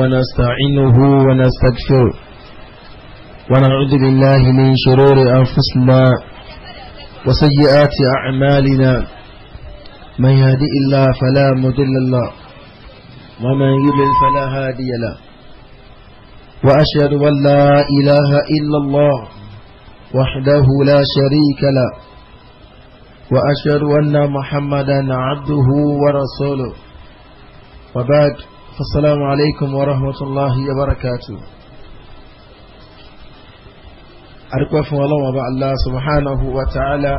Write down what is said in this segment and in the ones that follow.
ونستعينه ونستغفره ونعوذ بالله من شرور أنفسنا وسيئات أعمالنا من يهدئ الله فلا مضل له ومن يضلل فلا هادي له وأشهد أن لا إله إلا الله وحده لا شريك له وأشهد أن محمدا عبده ورسوله وبعد السلام عليكم ورحمة الله وبركاته أركوا الله وبع الله سبحانه وتعالى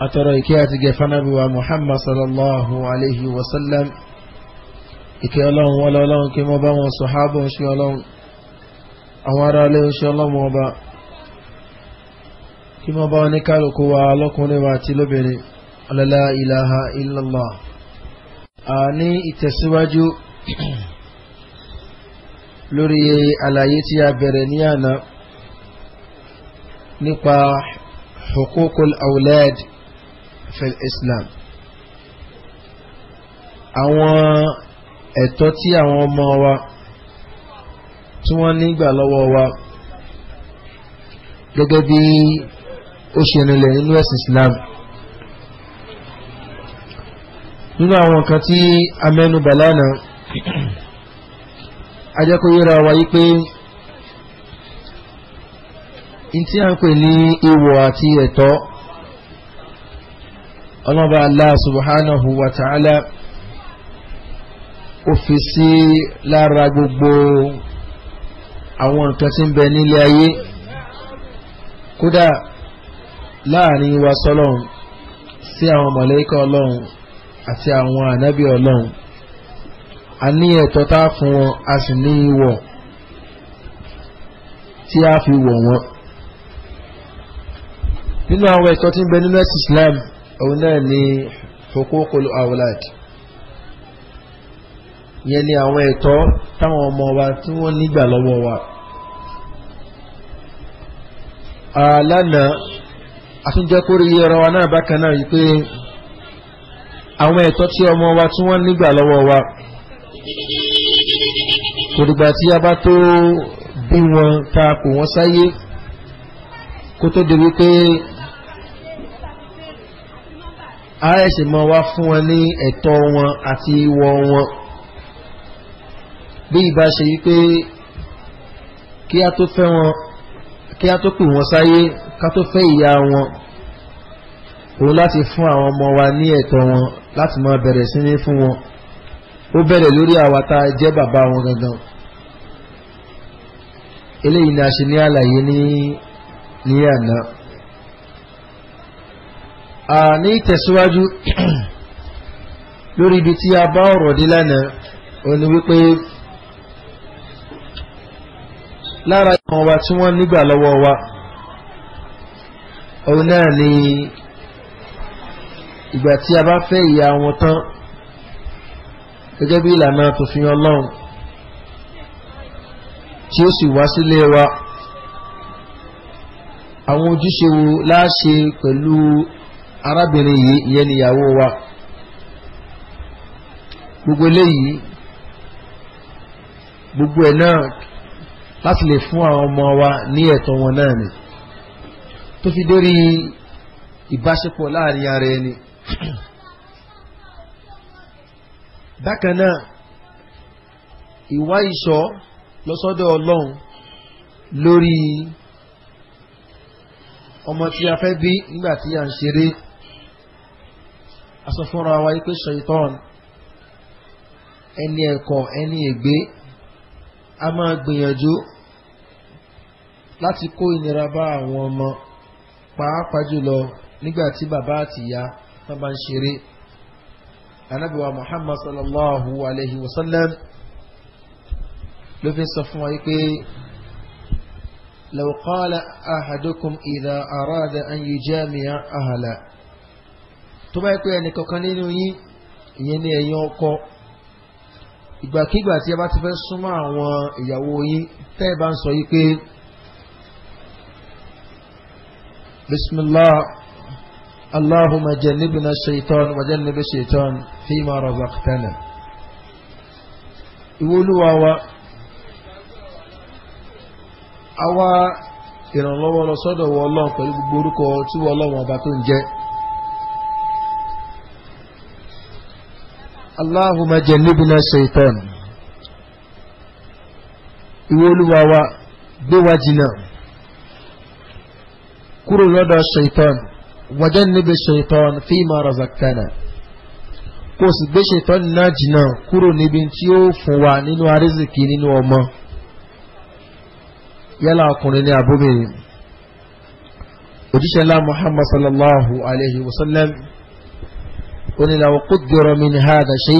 أترى إكيات جفنب محمد صلى الله عليه وسلم إكي الله ولا الله كما بام وصحابه إن شاء الله أمر عليه إن شاء الله وبا كما بام نكالكوا لكم واتي لبني لا إله إلا الله ní ìtẹ̀síwájú lórí àlàyé tí a bẹ̀rẹ̀ ní àná nípa hukukul awlad fil islam àwọn ẹ̀tọ́ tí àwọn ọmọ wa tí wọ́n nígbà lọ́wọ́ wa gẹ́gẹ́ bí ó ṣe nílẹ̀ nínú ẹ̀sìn islam nínú àwọn nǹkan tí a mẹ́nubà lánàá ajẹ́kọ̀yẹ́ra wa yí pé in tí a ń pè ní ìwọ̀ àti ẹ̀tọ́ ọlọ́ba Allah subhanahu wa ta'ala ó fi sí lára gbogbo àwọn nǹkan tí ń bẹ nílé ayé kódà láàrin wa sọ́lọ́run sí àwọn mọ̀lẹ́kọ̀ ọlọ́run àti àwọn ànábì ọlọ́run a ní ẹ̀tọ́ tá a fún wọn a sì ní ìwọ̀ tí a fi wọ̀ wọ́n nínú àwọn ẹ̀tọ́ tí ń bẹ nínú ẹ̀sìn Islam òun náà ni huququl awlad yẹn ni àwọn ẹ̀tọ́ táwọn ọmọ wa tí wọ́n nígbà lọ́wọ́ wa àlànà àtúnjẹ́kórí ẹran wa náà bákan náà yìí pé àwọn ẹ̀tọ́ tí ọmọ wa tí wọ́n nígbà lọ́wọ́ wa kò dìgbà tí a bá tó bí wọn ta kò wọ́n sáyé kó tó di wípé a ẹ̀sìn mọ́ wá fún wọn ní ẹ̀tọ́ wọn àti ìwọ wọn bí ìbá ṣe wípé kí a tó fẹ́ wọn kí a tó pè wọn sáyé ká tó fẹ́ ìyá wọn òun láti fún àwọn ọmọ wa ní ẹ̀tọ́ wọn láti máa bẹ̀rẹ̀ sí ní fún wọn ó bẹ̀rẹ̀ lórí àwa tá a jẹ́ bàbá wọn gangan eléyìí ni a ṣe ní àlàyé ní ní àná a ní ìtẹ̀síwájú lórí ibi tí a bá ọ̀rọ̀ dé lánàá ó ní wípé lára ìwọ̀n wa tí wọ́n nígbà lọ́wọ́ wa òun náà ni ìgbà tí a bá fẹ́ ìyá wọn tán gẹ́gẹ́ bí ìlànà tòfin ọlọ́run tí ó sì wá sílé wa àwọn ojúṣe wo láṣe pẹ̀lú arábìnrin yìí ìyẹn níyàwó wa gbogbo eléyìí gbogbo ẹ̀ náà láti lè fún àwọn ọmọ wa ní ẹ̀tọ́ wọn náà ni tó fi dórí ìbáṣepọ̀ láàrin ara ẹni. bákan náà ìwá ìṣọ́ lọ́sọ́dọ̀ ọlọ́run lórí ọmọ tí a fẹ́ bí nígbà tí a ń ṣeré aṣọ fúnra wa pé ṣèyítọ́n ẹni ẹ̀kọ́ ẹni ègbé a máa gbìyànjú láti kó ìnira bá àwọn ọmọ pàápàá jùlọ nígbà tí bàbá àtìyá tó bá ń ṣeré ànábì wa muhammad sallallahu alayhi wa sallam ló fi sọ fún wa yìí pé law qala ahadukum idha arada an yujami'a ahla tó bá yẹ pé ẹnìkankan nínú yín ìyẹn ní ẹ̀yin ọkọ ìgbàkígbà tí ẹ bá ti fẹ́ súnmọ́ àwọn ìyàwó yín tẹ́ ẹ bá ń sọ yìí pé bismillah. اللهم جنبنا الشيطان وجنب الشيطان فيما رزقتنا ìwọlúwa wa àwa ìrànlọ́wọ́ lọ sọ́dọ̀ wọ ọlọ́run pẹ̀lú gbogbo orúkọ tí wọ ọlọ́run ọba tó ń jẹ́ Allahumma jannibna shaitan ìwọlúwa wa gbé wa jìnnà kúrò lọ́dọ̀ shaitan وجنب الشيطان فيما رزقتنا kò sì gbé ṣètọ́ni náà jìnnà kúrò níbi tí ó fún wa nínú àrísìkí nínú ọmọ yálà ọkùnrin ní abóbìnrin òjíṣẹ́ ńlá muhammad sallallahu alayhi wa sallam onílàwọ̀ kò dìrọ̀ mi ní hàdà ṣe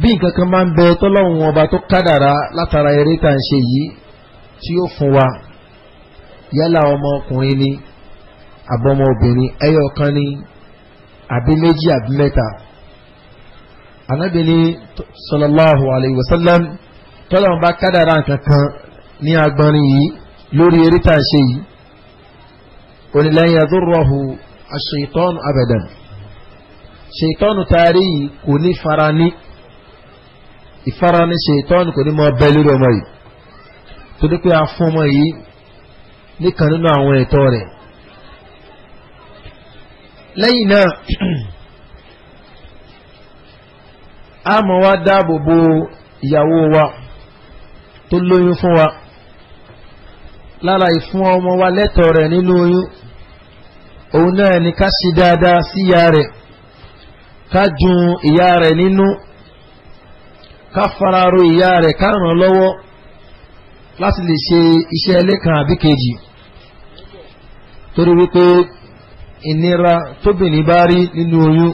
bí nǹkan kan máa ń bẹ tọ́lọ́hún ọba tó kádàrá látara eré tá ṣe yìí tí ó fún wa yálà ọmọ ọkùnrin ni àbọ̀mọ obìnrin ẹyọ kan ní àbí méjì àbí mẹ́ta anábìnrin sallallahu alayhi wa sallam tọ́lọ́run bá kádàrá nǹkan kan ní agbọ́nrin yìí lórí eré tá a ṣe yìí onílẹ̀yìn adúrọ̀hù aṣèitọ́nù abadan ṣèitọ́nù taari yìí kò ní farani ìfarani ṣèitọ́nù kò ní mọ bẹ́ẹ̀ lórí ọmọ yìí torí pé a fún ọmọ yìí níkan nínú àwọn ẹ̀tọ́ rẹ̀ lẹ́yìn náà a máa wá dáàbò bo ìyàwó wa tó lóyún fún wa lára ìfún ọmọ wa lẹ́tọ̀ọ́ rẹ̀ nínú oyún òun náà ni ká ṣe dáadáa sí ìyá rẹ̀ ká jun ìyá rẹ̀ nínú ká fararo ìyá rẹ̀ ká ràn lọ́wọ́ láti lè ṣe iṣẹ́ ẹlẹ́kan àbí torí wípé ìnira tóbìnrin bá rí nínú oyún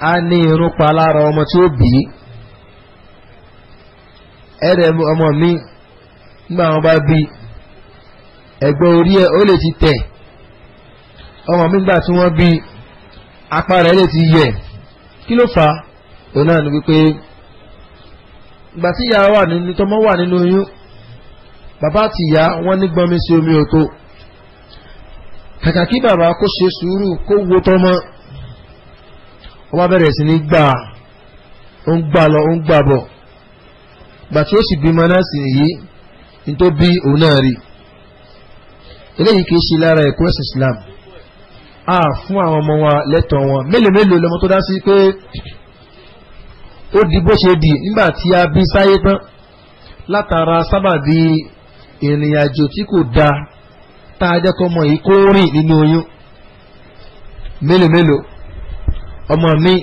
á ní irun pa lára ọmọ tí ó bí ẹ̀rẹ̀ ọmọ mi nígbà wọn bá bí ẹ̀gbẹ́ orí ẹ̀ ó lè ti tẹ̀ ọmọ mi gbà tí wọ́n bí apá rẹ̀ lè ti yẹ̀ kí ló fà á òun náà ni wípé ìgbà tí ìyá wà nínú tọmọ wà nínú oyún bàbá àti ìyá wọn ní gbọmí sí omi òtó kàkà kí bàbá kó ṣe sùúrù kó wo tọmọ ó bá bẹ̀rẹ̀ sí ní gbà ó ń gbà lọ ó ń gbà bọ̀ gbà ó sì bímọ náà sì yí nítorí òun náà rí eléyìí kì í ṣe lára ẹ̀kọ́ ẹ̀sìn Islam a fún àwọn ọmọ wa lẹ́tọ̀ọ́ wọn mélòó mélòó lọmọ tó dá sí pé ó di bó ṣe di nígbà tí a bí sáyé tán látara sábàbí ìrìn àjò tí kò dáa tá a jẹ́ kọ́ ọmọ yìí kó rìn nínú oyún mélòó mélòó ọmọ mi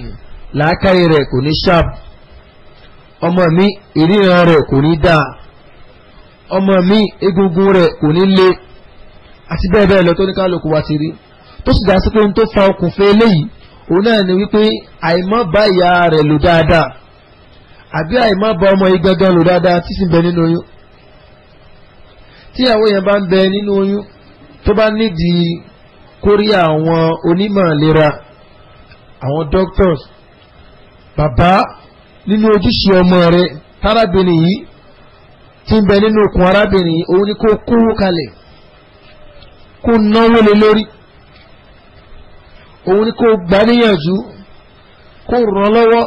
làákàyè rẹ̀ kò ní sharp ọmọ mi ìríran rẹ̀ kò ní dáa ọmọ mi egungun rẹ̀ kò ní le àti bẹ́ẹ̀ bẹ́ẹ̀ lọ tó ní kálukú wa ti rí tó sì dá sí pé ohun tó fa okùnfẹ́ eléyìí òun náà ni wípé àìmọ́ bá ìyá rẹ̀ lò dáadáa àbí àìmọ́ bá ọmọ yìí gangan lò dáadáa tí bẹ nínú oyún tíyàwó yẹn bá ń bẹ nínú oyún tó bá nídìí kórí àwọn onímọ̀ ìlera àwọn doctors bàbá nínú ojúṣe ọmọ rẹ tárábìnrin yìí ti ń bẹ nínú okùn arábìnrin yìí òun ni kó kówó kalẹ̀ kó náwó lé lórí òun ni kó gbà níyànjú kó ràn lọ́wọ́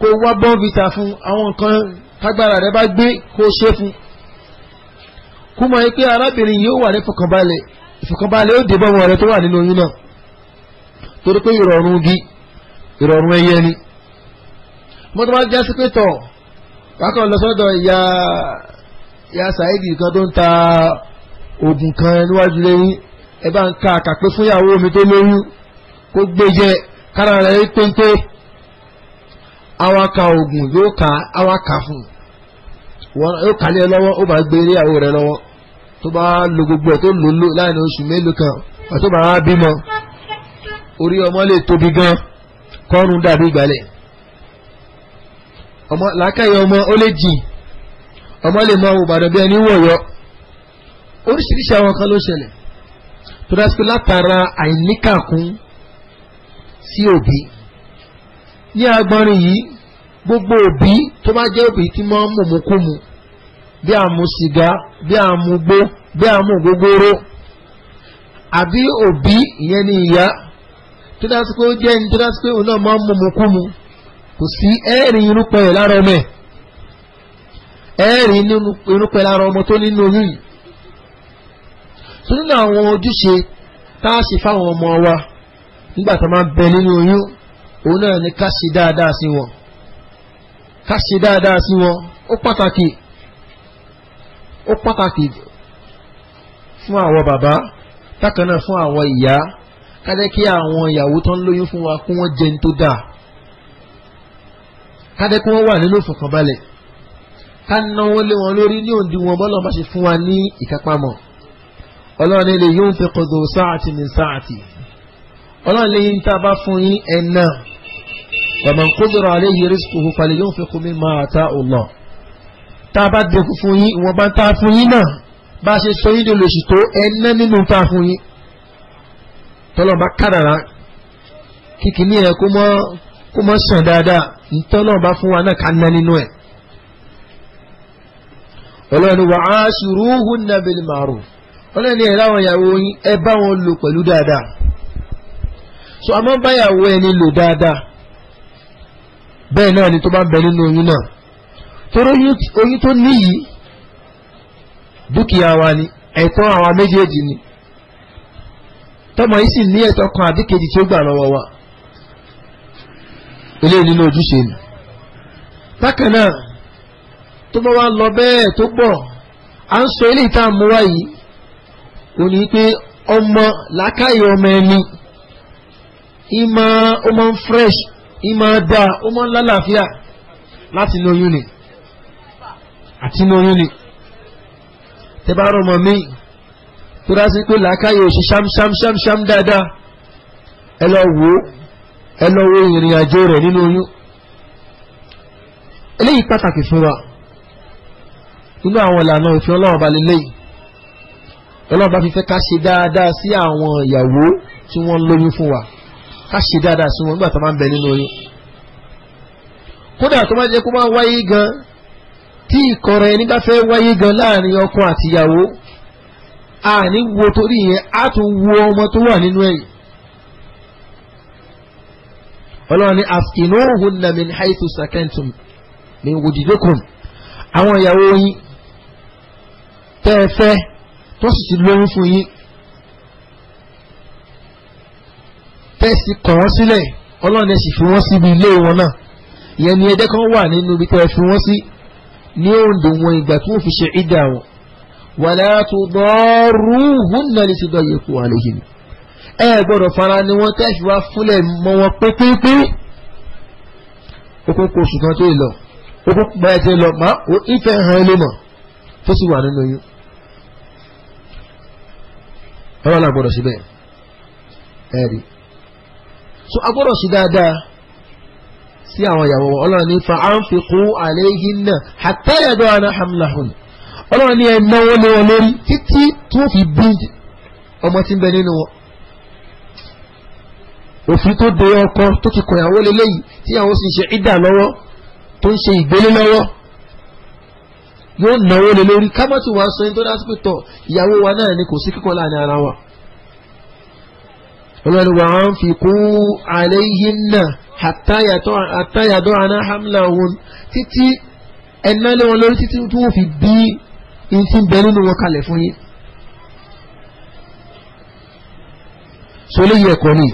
kó wá bọ́ǹvìtà fún àwọn nǹkan tágbára rẹ bá gbé kó ṣe fún un kó mọ̀ pé arábìnrin yìí ó wà ní ìfọ̀kànbalẹ̀ ìfọ̀kànbalẹ̀ ó dé bá ọmọ rẹ̀ tó wà nínú oyún náà torí pé ìrọ̀rùn gi ìrọ̀rùn ẹyẹ ni mo tó bá já sí pé tọ̀ wákàn lọ sọ́dọ̀ ìyá ìyá Saidi kan tó ń ta oògùn kan níwájú lẹ́yìn ẹ bá ń ka àkàpé fún ìyàwó mi tó lóyún kó gbé jẹ kára rẹ̀ péńpé àwọn aka oògùn yóò kà àwọn aka fún un wọn ó kàlẹ́ ẹ lọ́wọ́ ó bá gbé iléyàwó rẹ lọ́wọ́ tó bá lo gbogbo ẹ̀ tó lò lò láàrin oṣù mélòó kan àti bá wá bímọ orí ọmọ lè tóbi gan kọ́run dàbí ìgbàlẹ̀ ọmọ làákàyè ọmọ ó lè jìn ọmọ lè máa wò bàdàn bí ẹni wọ̀yọ́ oríṣiríṣi àwọn kan ló ṣẹlẹ̀ tó látara àìníkàkún sí òbí ní agbọ́nrin yìí gbogbo òbí tó bá jẹ́ òbí tí máa ń mú mu kú mu bí àmú sìgá bí àmú gbó bí àmú gbogbooro àbí òbí ìyẹn ni ìyá tó dá sí pé ó jẹ́ ní tó dá sí pé òun náà máa ń mú mu kú mu kò sí ẹ́ẹ̀rìn irúpẹ́ rẹ̀ lára ọmọ ẹ̀ ẹ́ẹ̀rìn irúpẹ́ lára ọmọ tó nínú oyún yìí tó nínú àwọn ojúṣe tá a ṣe fáwọn ọmọ wa nígbà tó máa bẹ nínú oyún òun náà ni ká ṣe dáadáa sí wọn ká ṣe dáadáa sí wọn ó pàtàkì ó pàtàkì fún àwọn bàbá bákan náà fún àwọn ìyá ká jẹ́ kí àwọn ìyàwó tó ń lóyún fún wa kó wọ́n jẹun tó dáa ká jẹ́ kí wọ́n wà nínú ìfọ̀kànbalẹ̀ ká náwó lé wọn lórí ní òǹdíwọ̀n bọ́lá bá ṣe fún wa ní ìkápámọ̀ ọlọ́run ní yóò fi kọ̀dọ̀ sáàtì ní sáàtì ọlọ́run lè yín tá a bá fún yín ẹ̀ náà wàmọ̀ nkúndùrọ̀ àléyìí rísíkùhù falẹ̀ yóò fi kún mi máa ta Allah tá a bá dẹkùn fún yín ìwọ̀n bá ń ta fún yín náà bá a ṣe sọ yín lòlòsì tó ẹ̀ná nínú ta fún yín tọ́lọ̀ bá kádàrá kíkiní ẹ̀ kó mọ́ kó mọ́ sàn dáadáa ntọ́lọ̀ bá fún wa náà ká ná nínú ẹ̀ ọlọ́ni wà á ṣùrùhùn nàbẹ̀ lè màrù ọlọ́ni ẹ̀rọ àwọn ìyàwó yín ẹ bá wọn lò pẹ̀lú dáadáa so àmọ́ báyàwó ẹni lò dáadáa bẹ́ẹ̀ náà ni tó bá ń bẹ nínú oyún náà torí oyún tó níyì dúkìá wa ni ẹ̀tọ́ àwa méjèèjì ni tọmọ yìí sì ní ẹ̀tọ́ kan àbí kejì tí ó gbà lọ́wọ́ wa eléyìí nínú ojúṣe ni bákan náà tó bá wá lọ bẹ́ẹ̀ tó pọ̀ à ń sọ eléyìí tá à mú wá yìí ò ní pé ọmọ làákàyè ọmọ ẹni ìmọ̀ ọmọ fresh ìmọ̀ ẹ̀dá ó máa ń lálàáfíà láti inú oyún ni àti inú oyún ni tẹ bá rọmọ mi tó dá sí pé làákàyè òsì ṣámṣámṣámṣám dáadáa ẹ lọ wò ó ẹ lọ wo ìrìn àjò rẹ̀ nínú oyún eléyìí pàtàkì fún wa nínú àwọn ìlànà òfin ọlọ́run balẹ̀ lẹ́yìn ọlọ́run bá fi fẹ́ ká ṣe dáadáa sí àwọn ìyàwó tí wọ́n lóyún fún wa ká ṣe dáadáa sí wọn nígbà tó máa ń bẹ nínú oyún kódà tó máa jẹ́ kó máa wáyé gan tí ìkọrọ ẹni bá fẹ́ wáyé gan láàrin ọkọ àtìyàwó àní wo torí yẹn á tún wo ọmọ tó wà nínú ẹ̀yìn ọlọ́run ni askinuhunna min haythu sakantum min wujudikum àwọn ìyàwó yín tẹ́ ẹ fẹ́ tó sì ti lóyún fún yín tẹ́sí kọ̀ wọ́n sílẹ̀ ọlọ́run ẹ̀ sì fi wọ́n síbi ilé wọn náà ìyẹn ni ẹ̀jẹ̀ kan wà nínú ibi tẹ́ ẹ fi wọ́n sí ní òǹdè wọn ìgbà tí wọ́n fi ṣe ìdá wọn wàlẹ́ àtúndọ́rù húnnà lè ti dọ̀ yẹ kó àlẹ́ yìí ẹ gbọ́dọ̀ fara ni wọ́n tẹ́sí wá fúnlẹ̀ mọ́ wọn pépépé okun kò ṣùgbọ́n tó lọ okun báyìí tẹ́ lọ máa ó ìfẹ́ hàn ẹ́ lé mọ̀ tó sì wà nínú yín ọlọ́run àgbọ̀dọ̀ síbẹ̀ ẹ̀rí so a gbọ́dọ̀ ṣe dáadáa sí àwọn ìyàwó wọn ọlọ́run ní fa anfiqu alayhinna hatta yada'na hamlahun ọlọ́run ní ẹ náwó lé wọn lórí títí tó fi bí ọmọ tí ń bẹ nínú wọn òfin tó de ọkọ tó ti kọ ìyàwó lélẹ́yìí tí ìyàwó sì ṣe ìdà lọ́wọ́ tó ń ṣe ìgbélé lọ́wọ́ yóò náwó lé lórí ká má sọ yín tó dá sí pé tọ ìyàwó wa náà ni kò sí kíkọ́ láàrin ara wa wọ́n ni wàá fi kú àléyìn náà àtàyàdọ́ àná hamlahun títí ẹ̀ná lé wọn lórí títí tí wọ́n fi bí ntí bẹ nínú wọn kalẹ̀ fún yín. so léyìn ẹ̀kọ́ ni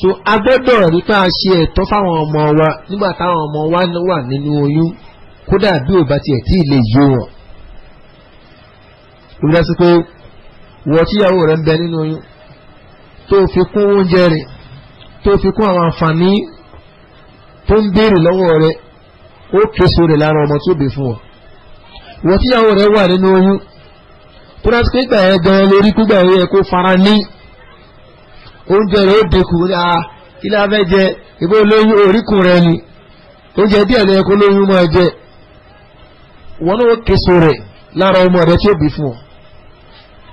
so a gbọ́dọ̀ nípa ṣe ẹ̀tọ́ fáwọn ọmọ wa nígbà táwọn ọmọ wa wà nínú oyún kódà bí ò bá tiẹ̀ tí ì lè yé wọn. ìgbà sí pé wọ́n tíyàwó rẹ̀ ń bẹ nínú oyún. tó fi kún oúnjẹ rẹ̀ tó fi kún àwọn àǹfààní tó ń béèrè lọ́wọ́ rẹ̀ ó késo rẹ̀ lára ọmọ tó bí fún ọ. wọ́n tíyàwó rẹ̀ wà nínú oyún pé gbà yẹn gan-an fara ní oúnjẹ rẹ̀ ó dínkù ní ah, a kí la fẹ́ lóyún oríkùn ni oúnjẹ díẹ̀ ló kó lóyún máa jẹ wọn náà késo rẹ̀ lára ọmọ rẹ̀ tí ó fún ọ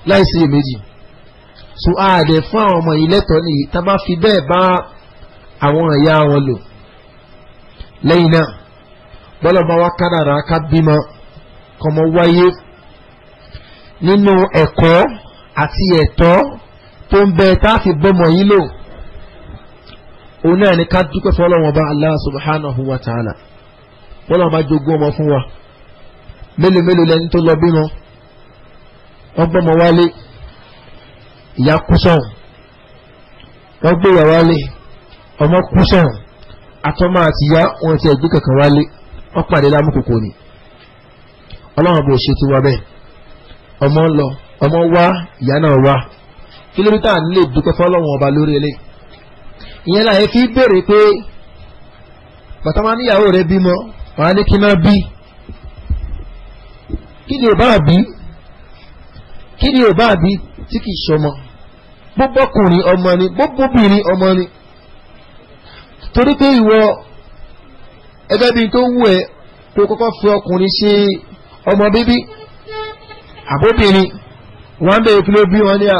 láìsí so àdẹ fún àwọn ọmọ yìí lẹ́tọ̀ọ́ nìyí tá a bá fi bẹ́ẹ̀ bá àwọn ìyá wọn lò lẹ́yìn náà bọ́lá ọba wa kádàrá ká bímọ kọ́mọ wáyé nínú ẹ̀kọ́ àti ẹ̀tọ́ tó ń bẹ tá a fi bọ́mọ yìí lò òun náà ni ká dúpẹ́ fún ọlọ́wọ́n Allah subhanahu wa ta'ala bọ́lá ọba jogún ọmọ fún wa mélòó mélòó lẹni tó lọ bímọ ọgbọ́n wálé ìyá kú sọ̀hún wọ́n gbé ìyá wálé ọmọ kú sọ̀hún atọ́mọ àti ìyá wọn ti ẹ̀gbẹ́ kankan wálé wọ́n pàdé lámùkòkò ni ọlọ́run bò ṣe tiwa bẹ́ẹ̀ ọmọ ń lọ ọmọ wá ìyá náà wá kí ló dé tá à dúpẹ́ fọlọ́run ọba lórí ilé ìyẹn láyé fi béèrè pé bàtà máa níyàwó rẹ bímọ wàá ní kí náà bí kí ni ò bá bí kí ni ò bá bí tí kì í ṣọmọ bóbọ́kùnrin ọmọ ni bóbóbìnrin ọmọ ni torí pé ìwọ ẹgbẹ́ bíi tó wù ẹ́ tó kọ́kọ́ fi ọkùnrin ṣe ọmọ bíbí àbóbìnrin wọn bẹ̀rẹ̀ kí ló bí wọn ní à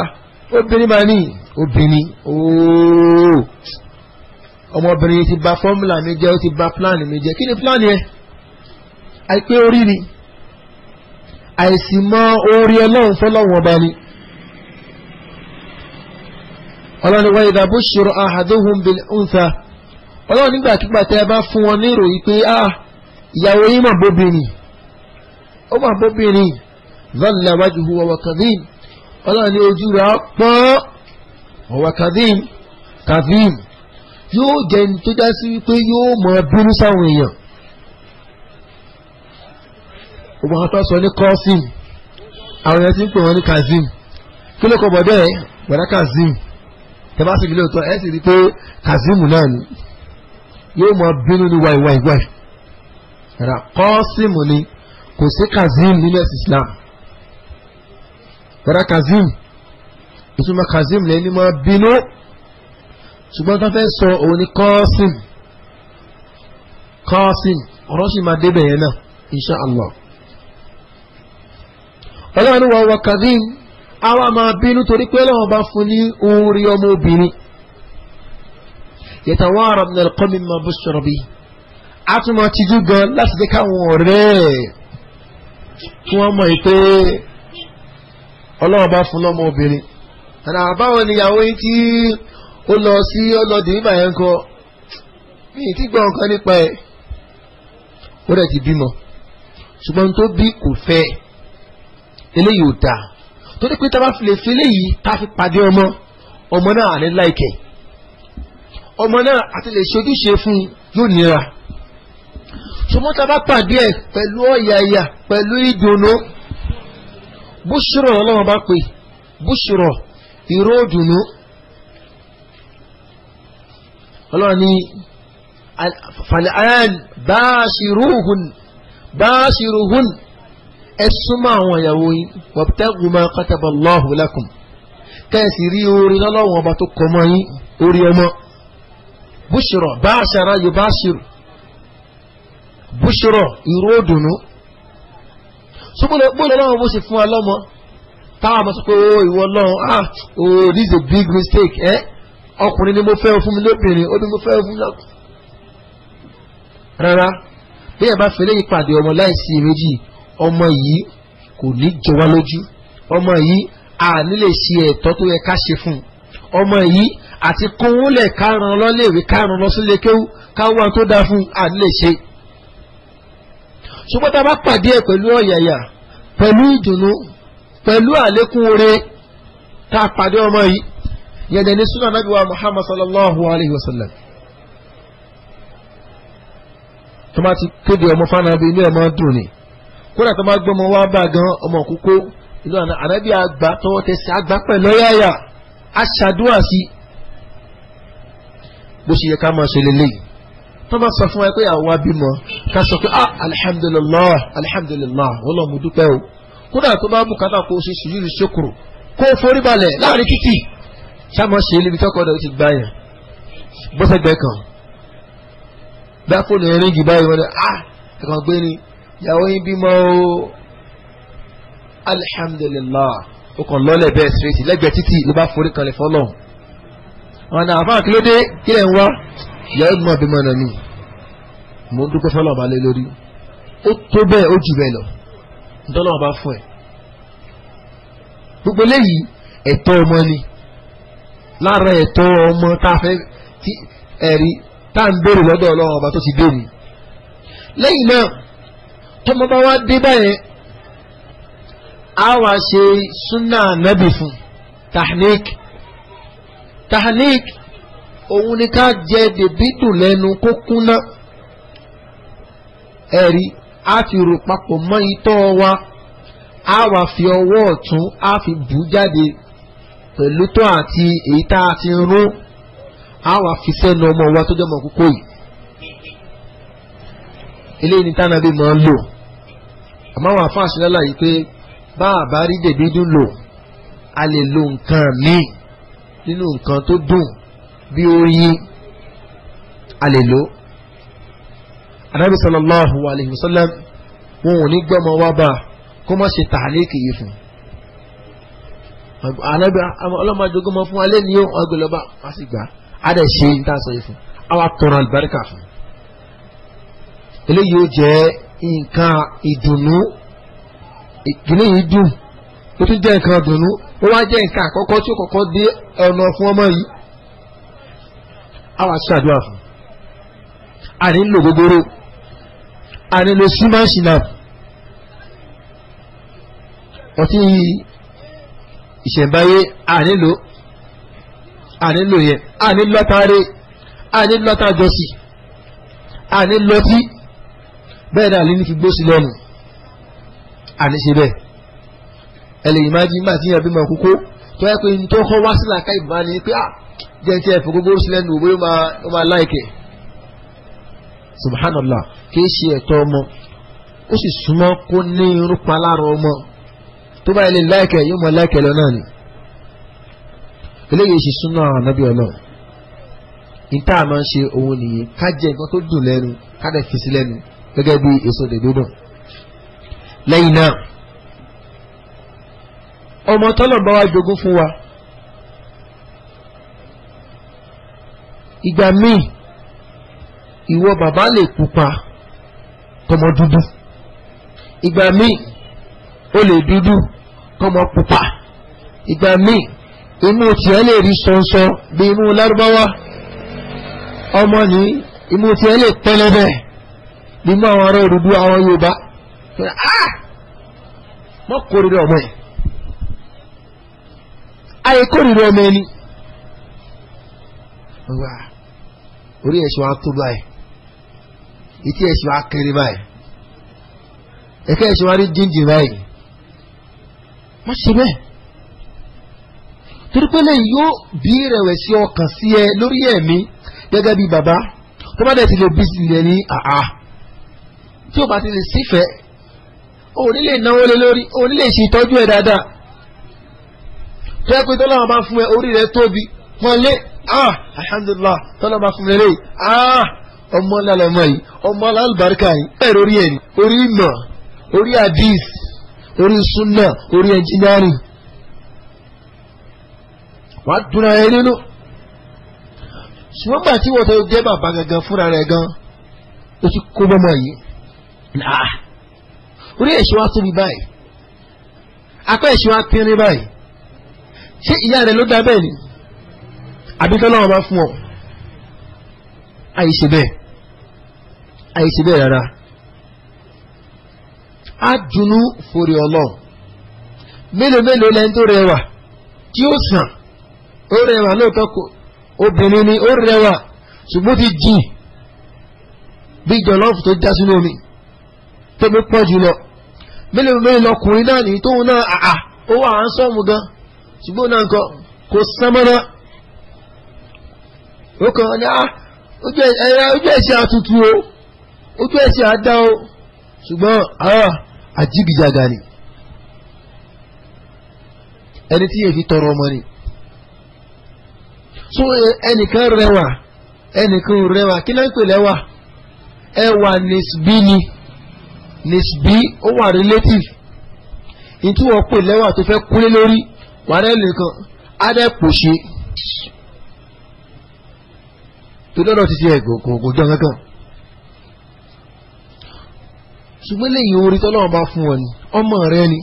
obìnrin máa ní obìnrin ooo ọmọbìnrin ti bà fọ́múlà mi jẹ́ ó ti bà pílánì mi jẹ́ kí ni pílánì yẹn àìpé orí ni àìsí mọ orí ọlọ́run fọlọ́run ọba ni. ọlọ́ni wáyé dàbò ṣòro ahaduhum bil untha ọlọ́run nígbàkigbà tẹ́ ẹ bá fún wọn a ah, ìyàwó yín mà bóbìnrin ó mà bóbìnrin wa kadhim ọlọ́run ojú rẹ̀ pọ́n wa kadhim yóò jẹ́ tó já sí wípé yóò mọ bínú sáwọn èèyàn ògbà wọn sọ ní àwọn èèyàn ti ń pè ní kazim kí ló tẹ́bá sì nílò tọ́ ẹ sì rí pé kazeem náà ni yóò mọ bínú ní wáìwáìwáì rà kọ́sìm ni kò sí kazeem nílẹ̀ islam rà kazeem ìtumọ̀ kazeem lẹ́ni mọ bínú ṣùgbọ́n tó fẹ́ sọ òun ni kọ́sìm kọ́sìm ọ̀rọ̀ sì máa débẹ̀ yẹn náà insha ọlọ́run wa wọ kazeem àwa máa bínú torí pé lọ́wọ́ bá fún ní orí ọmọ obìnrin yatawara min alqawmi mimma bushira bihi a tún máa tijú gan láti jẹ́ káwọn ọ̀rẹ́ ẹ̀ kí wọ́n mọ̀ pé ọlọ́wọ́ bá fún lọ́mọ obìnrin àná àbáwo níyàwó yín tí ó lọ sí ọlọ́dún ìgbà yẹn kọ mi ì tí gbọ́ nǹkan nípa ẹ̀ ó rẹ̀ ti bímọ ṣùgbọ́n tó bí kò fẹ́ eléyìí ò dáa torí pé tábà fi lè fi léyìí tá a fi pàdé ọmọ ọmọ náà àní láìkẹ́ ọmọ náà àti lè ṣojúṣe fún yóò nira ṣùgbọ́n tábà pàdé ẹ̀ pẹ̀lú ọ̀yàyà pẹ̀lú ìdùnnú búṣúrọ̀ ọlọ́run bá pè búṣúrọ̀ ìró ìdùnnú ọlọ́run ní fàlẹ́ àyàn báṣirúhùn báṣirúhùn ẹ súnmọ́ àwọn ìyàwó yín wabtagu ma kataba Allahu lakum kẹ́sì rí orí lọ́lọ́wọ́n ọba tó kọ́ mọ́ yín orí ọmọ búṣọrọ báṣara yubashiru búṣọrọ ìró òdùnnú sọgbọ́n gbọ́dọ̀ lọ́wọ́ bó ṣe fún wa lọ́mọ táwọn ọmọ sọ pé ó ìwọ lọ́wọ́ ah oh this is a big mistake ẹ eh? ọkùnrin ni mo fẹ́ fún mi lóbìnrin ó ní mo fẹ́ fún mi lọ́kùnrin rárá bí ẹ bá fẹ́ lẹ́yìn pàdé ọmọ láìsí méjì ọmọ yìí kò ní jọ wá lójú ọmọ yìí a nílè ṣe ẹ̀tọ́ tó yẹ ká ṣe fún un ọmọ yìí àti kówó lẹ̀ kárùn lọ́lẹ́wé kárùn lọ sílé kéwú káwọn tó dáa fún un a nílè ṣe. ṣùgbọ́n tá a bá pàdé ẹ̀ pẹ̀lú ọ̀yàyà pẹ̀lú ìdùnnú pẹ̀lú àlékún oore tá a pàdé ọmọ yìí yẹn ní súnà nàbí wa Muhammad sallallahu alayhi wa sallam. tó bá ti kéde ọmọ fanabi inú ẹ̀ máa dùn ni kódà tó máa gbọ́ ọmọ wa bá gan ọmọ òkókó ìlú àná ànábì àgbà tọwọ́ tẹsẹ̀ àgbà pẹ̀lú ọ̀yàyà aṣàdúrà sí bó ṣe yẹ ká máa ṣe lélẹ́yìí tó bá sọ fún wa pé àwa bímọ ká sọ pé ah alihamdulilah alihamdulilah wọlọ mo dúpẹ́ o kódà tó bá bùkátà kó o ṣe sùjúdù ṣokùrù kó o forí balẹ̀ láàrin títì sáàmù ṣe é níbi tọkọ náà ó ti gbá yẹn bọ́sẹ̀ gbẹ kan bá fóònù yẹn ríngì báyìí wọn ni ah ẹ̀kan gbé ni ìyàwó yín bímọ o alihamdulilah ó kàn lọ́lẹ̀ bẹ́ẹ̀ sírètì lẹ́gbẹ̀ẹ́ títì ló bá forí kan lè fọ́lọ̀ wọn náà àfáà kí ló dé kí lè ń wá ìyàwó ìgbìmọ̀ bímọ náà ni mò ń dúpẹ́ fọ́lọ̀ ọba lé lórí ó tó bẹ́ẹ̀ ó jù bẹ́ẹ̀ lọ ntọ́lọ́ ọba fún ẹ̀ gbogbo eléyìí ẹ̀tọ́ ọmọ ni lára ẹ̀tọ́ ọmọ tá a fẹ́ ẹ̀rí tá à ń béèrè lọ́dọ̀ ọlọ́run ọba tó ti dé mi lẹ́yìn náà tọmọ bá wá dé báyẹn a wá ṣe súnà nábì fún tahnik tahnik òun ni ká jẹ dèbí dùn lẹ́nu kó kúnná ẹ̀rí a fi rò papọ̀ mọ́ itọ́ wa a wá fi ọwọ́ ọ̀tún a fi bù jáde pẹ̀lú tó àti èyí tá a ti rún a wá fi sẹ́nu ọmọ wa tó jẹ́ ọmọ kókó yìí eléyìí ni tánàbí máa ń lò àmọ́ àwọn àfáàsì lọ́la yìí pé bá a bá rí dèbí dùn lò a lè lo nǹkan míì nínú nǹkan tó dùn bí oyin a lè lò anabi sallallahu alayhi wa sallam wọn ò ní gbọ́mọ wá bá kó má ṣe tàlíkì yìí fún anabi ọlọ́mọdé fún alẹ́ ni yóò ọgbẹ́lọ́ba wá sí gbà á dẹ̀ ṣe ní tá a sọ yìí fún àwa tọrọ àlùbáríkà fún eléyìí ó jẹ́ nǹkan ìdùnnú ìkíní yìí dùn ó tún jẹ́ nǹkan ìdùnnú ó wá jẹ́ nǹkan àkọ́kọ́ tí ó kọ́kọ́ dé ọ̀nà fún ọmọ yìí àwa ṣàdúrà fún àní ń lò gbogbooro àní lo símáǹsì náà ọtí ìṣẹ̀ǹbáyé àní lò àní lò yẹn àní lọ́tàrí àní lọ́tàjọsí àní lọ́tí bẹ́ẹ̀ náà lè ní fi gbósì lẹ́nu àníṣe bẹ́ẹ̀ ẹ lè ìmájí nígbà tí yẹn bí mọ kókó tó yẹ pé ní tó kọ́ wá sílẹ̀ àká ìbọn ni pé ah jẹ́ ti ẹ̀ fún gbogbo sílẹ̀ nù bóyá ó máa láìkẹ̀ subhanallah kì í ṣe ẹ̀tọ́ ọmọ ó sì súnmọ́ kó ní irun pa lára ọmọ tó bá ilé láìkẹ̀ yóò mọ láìkẹ̀ lọ náà ni eléyìí sì súnmọ́ ànábì ọlọ́run ní tá a máa ń ṣe òun nìyí ká jẹ nǹkan tó dùn lẹ́nu ká dẹ̀ fi sí lẹ́nu gẹ́gẹ́ bí èso dèbídùn lẹ́yìn náà ọmọ tọ́lọ̀ bá wá jogún fún wa ìgbà míì ìwọ bàbá lè pupa kọmọ dúdú ìgbà míì ó lè dúdú kọmọ pupa ìgbà míì imú tiẹ̀ lè rí sọ̀nsọ̀ bí imú lárúbáwá ọmọ ní imú tiẹ̀ lè pẹlẹbẹ bí mú àwọn ará òdúdú àwọn Yorùbá ah! mọ kórìíra ọmọ yẹn ayé kórìíra ọmọ ẹni orí ẹ̀ṣọ́ ató báyìí etí ẹ̀ṣọ́ akéré báyìí ẹ̀kẹ́ ẹ̀ṣọ́ arí jíjìn báyìí má ṣe bẹ́ẹ̀ torí pé lẹ́yìn yóò bí ìrẹ̀wẹ̀sì ọkàn sí ẹ lórí ẹ̀mí gẹ́gẹ́ bí bàbá tó bá dẹ̀ ti lè bí sílẹ̀ ní àá tí o bá ti lè sífẹ̀ẹ́ o ò ní lè náwó lé lórí o ò ní lè ṣe ìtọ́jú ẹ̀ dáadáa tó yẹ pé tọ́lọ́wọ́ bá fún ẹ orí rẹ tóbi wọn lé ah alhamdulillah tọ́lọ́wọ́ bá fún mi lé ah ọmọ lálọ́mọ yìí ọmọ alálùbáríkà yìí bẹ́ẹ̀ lórí ẹ̀ orí ìmọ̀ orí hadith orí sunna orí ẹnjìnírìn wàá dúnra ẹ nínú ṣùgbọ́n gbà tí wọ́n tẹ́ jẹ́ bàbá gangan fúnra rẹ̀ gan o ti kó bọ́mọ yìí náà ah. orí ẹ̀ṣin wa tóbi báyìí apá ẹ̀ṣin wa pínrín báyìí ṣé ìyá rẹ ló dá bẹ́ẹ̀ ni àbí tó náà máa fún ọ àìṣe bẹ́ẹ̀ àìṣe bẹ́ẹ̀ rárá á dunú forí ọlọ́run mélòó mélòó lẹ́ni tó rẹwà tí ó sàn ó rẹwà lóòótọ́ kò obìnrin ni ó rẹwà ṣùgbọ́n ti jìn bí jọlọ́ọ̀fù tó já sínú omi. tó gbé pọ̀ jù lọ mélòó mélòó lọkùnrin náà nìyí tóun náà àà ó wà á ń sọ̀mù gan ṣùgbọ́n náà nǹkan kò sánmọ́nà ó kàn ní à ah, ojú ẹ̀sìn àtútù o ojú ẹ̀sìn àdá o ṣùgbọ́n àà àjìgìjàgà ni ẹni tí tọrọ ọmọ ni so ẹnìkan rẹwà ẹnìkan rẹwà kí ló ń pè ẹwà nìsbí ni. nisbi ó wà relative ìtú wọn pè lẹ́wà tó fẹ́ kúlé lórí wàrẹ́ nìkan adẹ́pòṣe tó lọ́dọ̀ títí ẹ̀ kò jọ kankan ṣùgbọ́n lẹ́yìn orí tọ́lọ́wọ́n bá fún ọ ni ọmọ rẹ ni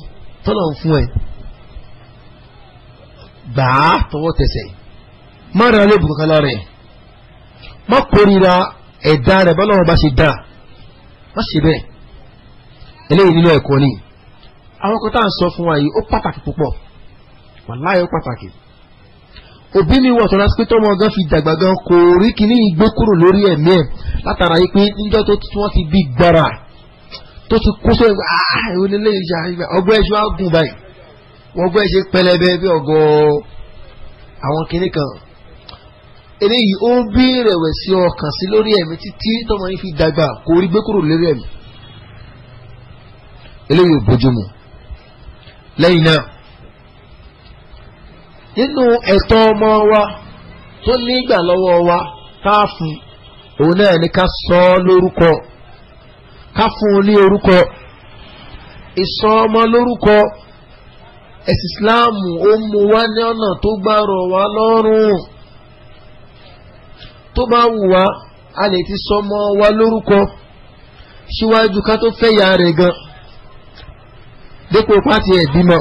tọ́lọ́wọ́n fún ẹ gbà á tọwọ́ tẹsẹ̀ má ra lébùn kankan lára ẹ̀ má kórira ẹ̀dá rẹ̀ bọ́lọ́wọ́n bá ṣe dá má ṣe bẹ́ẹ̀ eléyìí nínú ẹ̀kọ́ ni àwọn kan tá à ń sọ fún wa yìí ó pàtàkì púpọ̀ wàláyé ó pàtàkì òbí mi wọ̀ sọ́ra pé tọ́mọ gan fi dàgbà gan kò rí kíní ìgbé kúrò lórí ẹ̀mí ẹ̀ látara yìí pé níjọ́ tó tí wọ́n ti bí gbàrà tó ti kó sọ ah onílé ìjà ọgbẹ́ ẹ̀ṣọ́ àgùn báyìí ọgbẹ́ ẹ̀ṣẹ̀ pẹlẹbẹ bí ọgọ́ àwọn kíní kan eléyìí ó bí rẹ̀wẹ̀sì ọkàn sí lórí ẹ̀mí títí tọ́mọ yìí fi dàgbà kò rí gbé kúrò lórí ẹ̀mí eléyìí ò bójúmu lẹ́yìn náà nínú ẹ̀tọ́ ọmọ wa tó nígbà lọ́wọ́ wa ká fún òun náà ni ká sọ ọ́ lórúkọ ká fún un ní orúkọ ìsọ ọmọ lórúkọ ẹ̀sìn ìsìláàmù ó mú wá ní ọ̀nà tó gbárọ̀ wá lọ́rùn tó bá wù wá a lè ti sọmọ wa lórúkọ síwájú ká tó fẹ́ ya rẹ̀ gan-an dípò pàtì ẹ̀ bímọ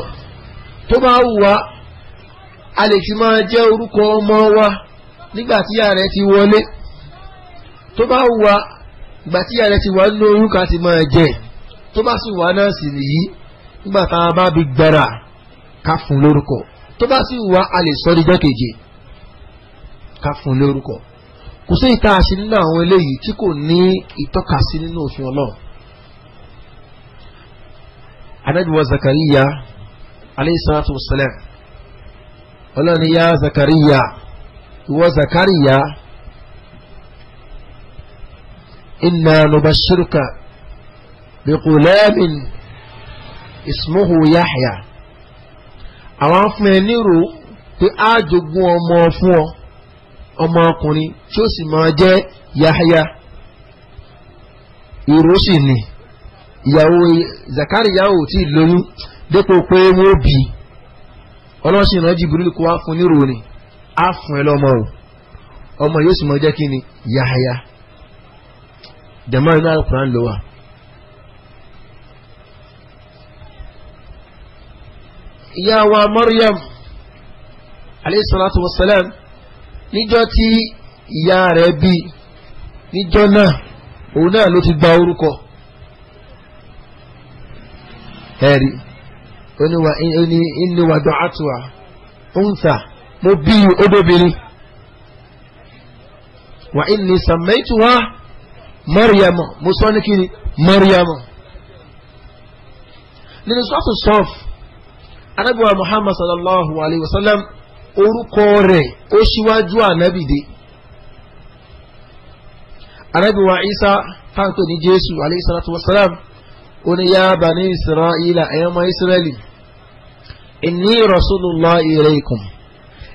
tó bá wù wá a lè fi máa jẹ́ orúkọ ọmọ wa nígbà tí ìyá rẹ̀ ti wọlé tó bá wù wá ìgbà tí ìyá rẹ̀ ti wà nínú oyún ká ti máa jẹ tó bá sì wà náà sì nìyí nígbà tá a bá bi gbàrà ká fún lórúkọ tó bá sì wà a lè sọ díjọ́ keje ká fún lórúkọ kò sí ìta àṣírí nínú àwọn eléyìí tí kò ní ìtọ́kasí nínú òfin ọlọ́run anabiwa zakariya aleyhisalatu wasalam ọlọ́ni ya zakariya ìwọ zakariya inna nubashiruka biqulamin ismuhu yahya àwọn fún ẹ nírò pé á jogún ọmọ fún ọ ọmọ ọkùnrin tí ó sì máa jẹ́ yahya ìró sì ni ìyàwó Zakariya ò tí ì lóyún dépò pé wọ́n bí ọlọ́sìn ìran Jibril kó wá fún nírò ni á fún ẹ lọ́mọ o ọmọ yóò sì mọ jẹ́ kí ni Yahya jama inú àkùrán ló wà. ìyá wa Maryam alayhi salatu wa tí ìyá rẹ̀ bí níjọ́ náà òun náà ló ti gba orúkọ ẹ̀rí oníwà ẹni ìníwà dọ̀átùwà ọ̀nsà mo bí odobìnrin wà ìní sàmẹ́tùwà mọ́ríyàmù mo sọ ní kíni mọ́ríyàmù. nínú sọ́ọ̀tù sọ́ọ̀f anábìwá muhammad sallallahu alayhi wa sallam orúkọ rẹ̀ ó ṣíwájú ànábìdé anábìwá isa táǹtò ní jésù alayhi salatu wa salam ó ní yá bani israẹli ẹ̀yọ́ ọmọ israẹli inni rasulullah ilaykum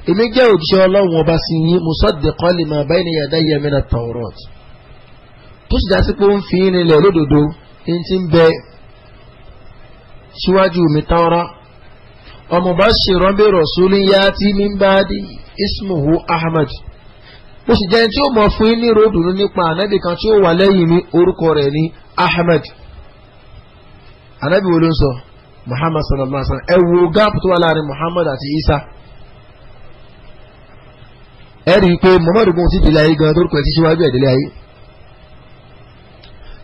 èmi jẹ́ òjíṣẹ́ ọlọ́run ọba sí yín musaddiqan lima bayna yadayya mina tawrat tó sì dásí pé ó ń fi yín nílẹ̀ lódodo ní ti ń bẹ síwájú mi tawra ọmọ bá ṣe rọ́bì rọ̀sùlù yá tí mi ń bá di ismuhu ahmad mo sì jẹ́ ẹni tí ó mọ̀ fún yín ní ròdùnú nípa ànábì kan tí ó wà lẹ́yìn mi orúkọ rẹ̀ ní ahmad anabi wo ló ń sọ muhammad sallallahu alaihi wa sallam ẹ wo gáàpù tó wà láàrin muhammad àti isa ẹ rí i pé muhammad gbọ́n ti dìlẹ̀ ayé gan-an torúkọ ẹ ti ṣíwájú ẹ̀ dìlẹ̀ ayé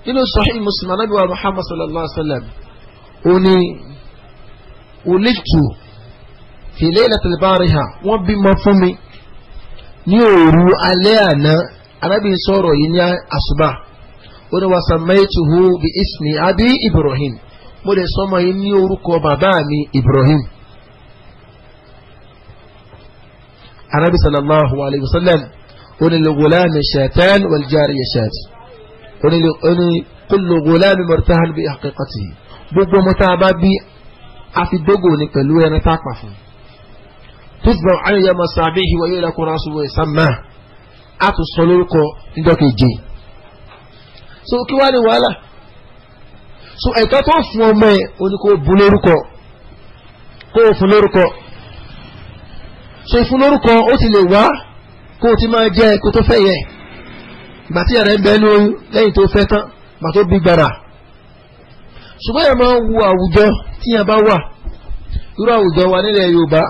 nínú sahih muslim anabi wa muhammad sallallahu alaihi wa sallam ó ní oliftu fi laylatil bariha wọ́n bímọ fún mi ní òru alẹ́ àná arábìn sọ̀rọ̀ yìí ní àṣùbà ó ní wàsàmẹ́tùhù bí ismi abi ibrahim mo lè sọ ọmọ yìí ní orúkọ bàbá mi Ibrahim anabi sallallahu alayhi wa sallam onílé gulami shaitan waljari ya shati onílé oní kullu gulami murtahan bi haqiqatihi gbogbo ọmọ tá a bá bí afidógò ni pẹ̀lú ẹni tá a pa fún tusba ayé masabihi wa yóò lakun rasu wa isamma a lórúkọ ndọ́kejì so kí wàá ní wàhálà so ẹ̀tọ́ tó fún ọmọ ẹ̀ oní kò bu lórúkọ kó o fún lórúkọ so ìfún lórúkọ ó ti lè wá kó o ti máa jẹ́ ẹ̀kọ́ tó fẹ́ yẹ ìgbà tí ń bẹ ní oyún lẹ́yìn tó fẹ́ tán ìgbà tó bí gbàrà ṣùgbọ́n yẹn máa ń wo àwùjọ tí yẹn bá wà irú àwùjọ wa nílẹ̀ Yorùbá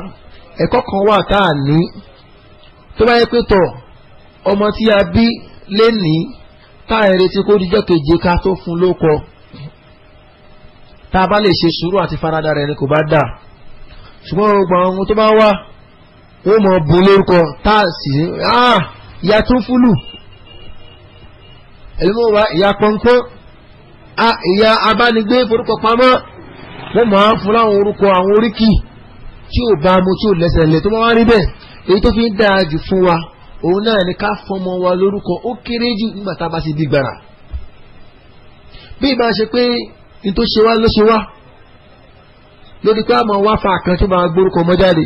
ẹ̀kọ́ kan wà tá a ní tó bá yẹ pé tọ̀ ọmọ tí a bí lé ní tá a retí kó dijọ́ keje ká tó fún lóko tá a bá lè ṣe sùúrù àti faradà rẹ̀ ni kò bá dà ṣùgbọ́n ọgbà ohun tó bá wà ó mọ̀ bu lórúkọ tá a sì ah, ìyá tó fúlù ẹlẹ́mọ̀ wa ìyá pọ̀npọ̀n ah, ìyá abánigbé forúkọ pamọ́ wọ́n máa ń fún láwọn orúkọ àwọn oríkì tí ò bá mu tí ò lẹ́sẹ̀ lẹ̀ tó máa wá rí bẹ́ẹ̀ èyí tó fi ń dáa jù fún wa òun náà ni ká fọmọ wa lórúkọ ó kéré jù nígbà tá a bá ti di gbàrà bí ìbá ṣe pé ní tó ṣe wá ló ṣe wá lórí pé àmọ́ wá fa àkàn tí màá gbórúkọ ọmọ jáde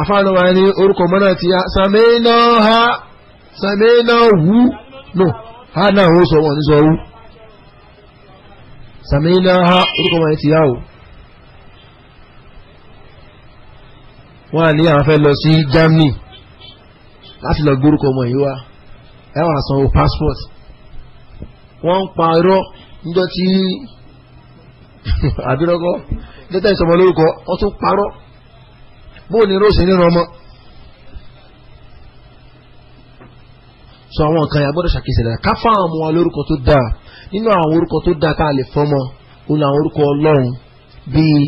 àfáànù wa ni orúkọ ọmọ náà ti ya sàmínà ha sàmínà wú no ha náà ó sọ wọn ní sọ wú sàmínà ha orúkọ ọmọ yẹn ti yá o. wọ́n á ní àwọn fẹ́ lọ sí Germany láti lọ gbórúkọ ọmọ yìí wá ẹ wàá o passport wọ́n ń pa irọ́ níjọ́ tí àbírọ́kọ́ dẹ́tà ìsọmọ lórúkọ wọ́n tún parọ́ bóò ní róòsì nínú ọmọ. sọ àwọn nǹkan yà gbọ́dọ̀ ṣàkíyèsí dáadáa ká fáwọn ọmọ wa lórúkọ tó dáa nínú àwọn orúkọ tó dáa tá a lè fọmọ òun àwọn orúkọ ọlọ́run bíi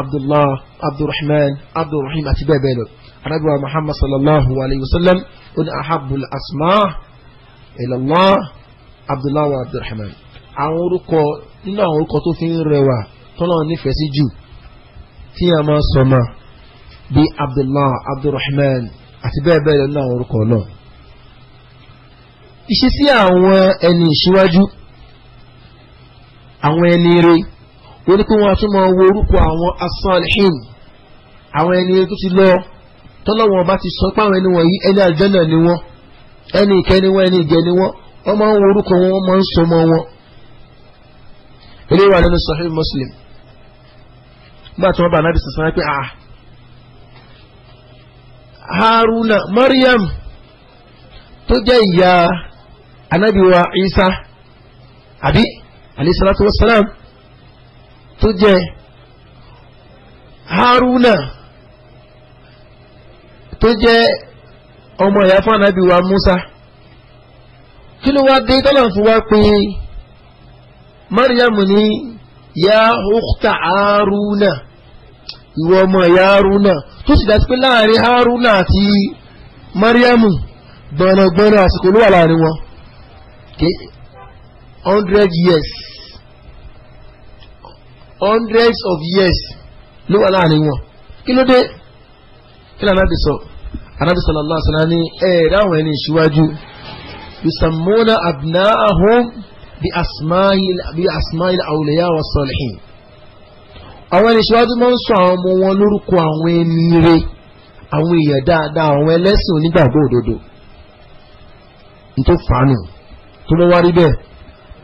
abdullah abdulrahman abdulrahim àti bẹ́ẹ̀ bẹ́ẹ̀ lọ anabiwa muhammad sallallahu alayhi wa sallam ó ahabul asma ilallah abdullah wa abdulrahman àwọn orúkọ nínú àwọn orúkọ tó fi ń rẹwà tọ́nà nífẹ̀ẹ́ sí jù tí a máa sọ ma bíi abdullah abdulrahman àti bẹ́ẹ̀ bẹ́ẹ̀ lọ nínú àwọn orúkọ náà. ìṣesí àwọn ẹni ìṣíwájú àwọn ẹni rè wọ́n ní pé wọ́n á tún máa wo orúkọ àwọn asalihin àwọn ẹni rè tó ti lọ tọ́lọ́wọ́n bá ti sọ pé àwọn ẹni wọ̀nyí ẹni àjẹ́nà ni wọ́n ẹni ìkẹ́ wọ́n ẹni ìjẹ wọ́n wọ́n máa ń wo orúkọ wọn wọ́n máa ń sọ ọmọ wọn ilé wa nínú Sahih Muslim nígbà tí wọ́n bá anábì sísan pé ah Haruna Mariam tó jẹ́ ìyá anábì wa Isa àbí alayhi salatu wa salam tó jẹ́ Haruna tó jẹ́ ọmọ ìyá fún anábì wa Musa kí ló wá dé tọ́lá fún wa pé. Maryam ní yá ukhta Haruna ìwọ ọmọ ìyá Haruna tó sì dájú pé láàrin Haruna àti Maryam gbọ̀nàgbọ̀nà àsìkò ló wà láàrin wọn hundred years hundreds of years ló wà láàrin wọn kí ló dé kí ló anábì sọ anábì sallallahu alaihi wasallam ní ẹ̀ẹ́dáwọn ẹni ìṣíwájú yusammuna abna'ahum bí asmail awuliya wa salihin àwọn ẹni ṣíwájú máa ń sọ àwọn ọmọ wọn lórúkọ àwọn ẹni rẹ àwọn èèyàn dáadáa àwọn ẹlẹ́sìn onígbàgbọ́ òdodo nítorí fàánù tó ló wá rí bẹ́ẹ̀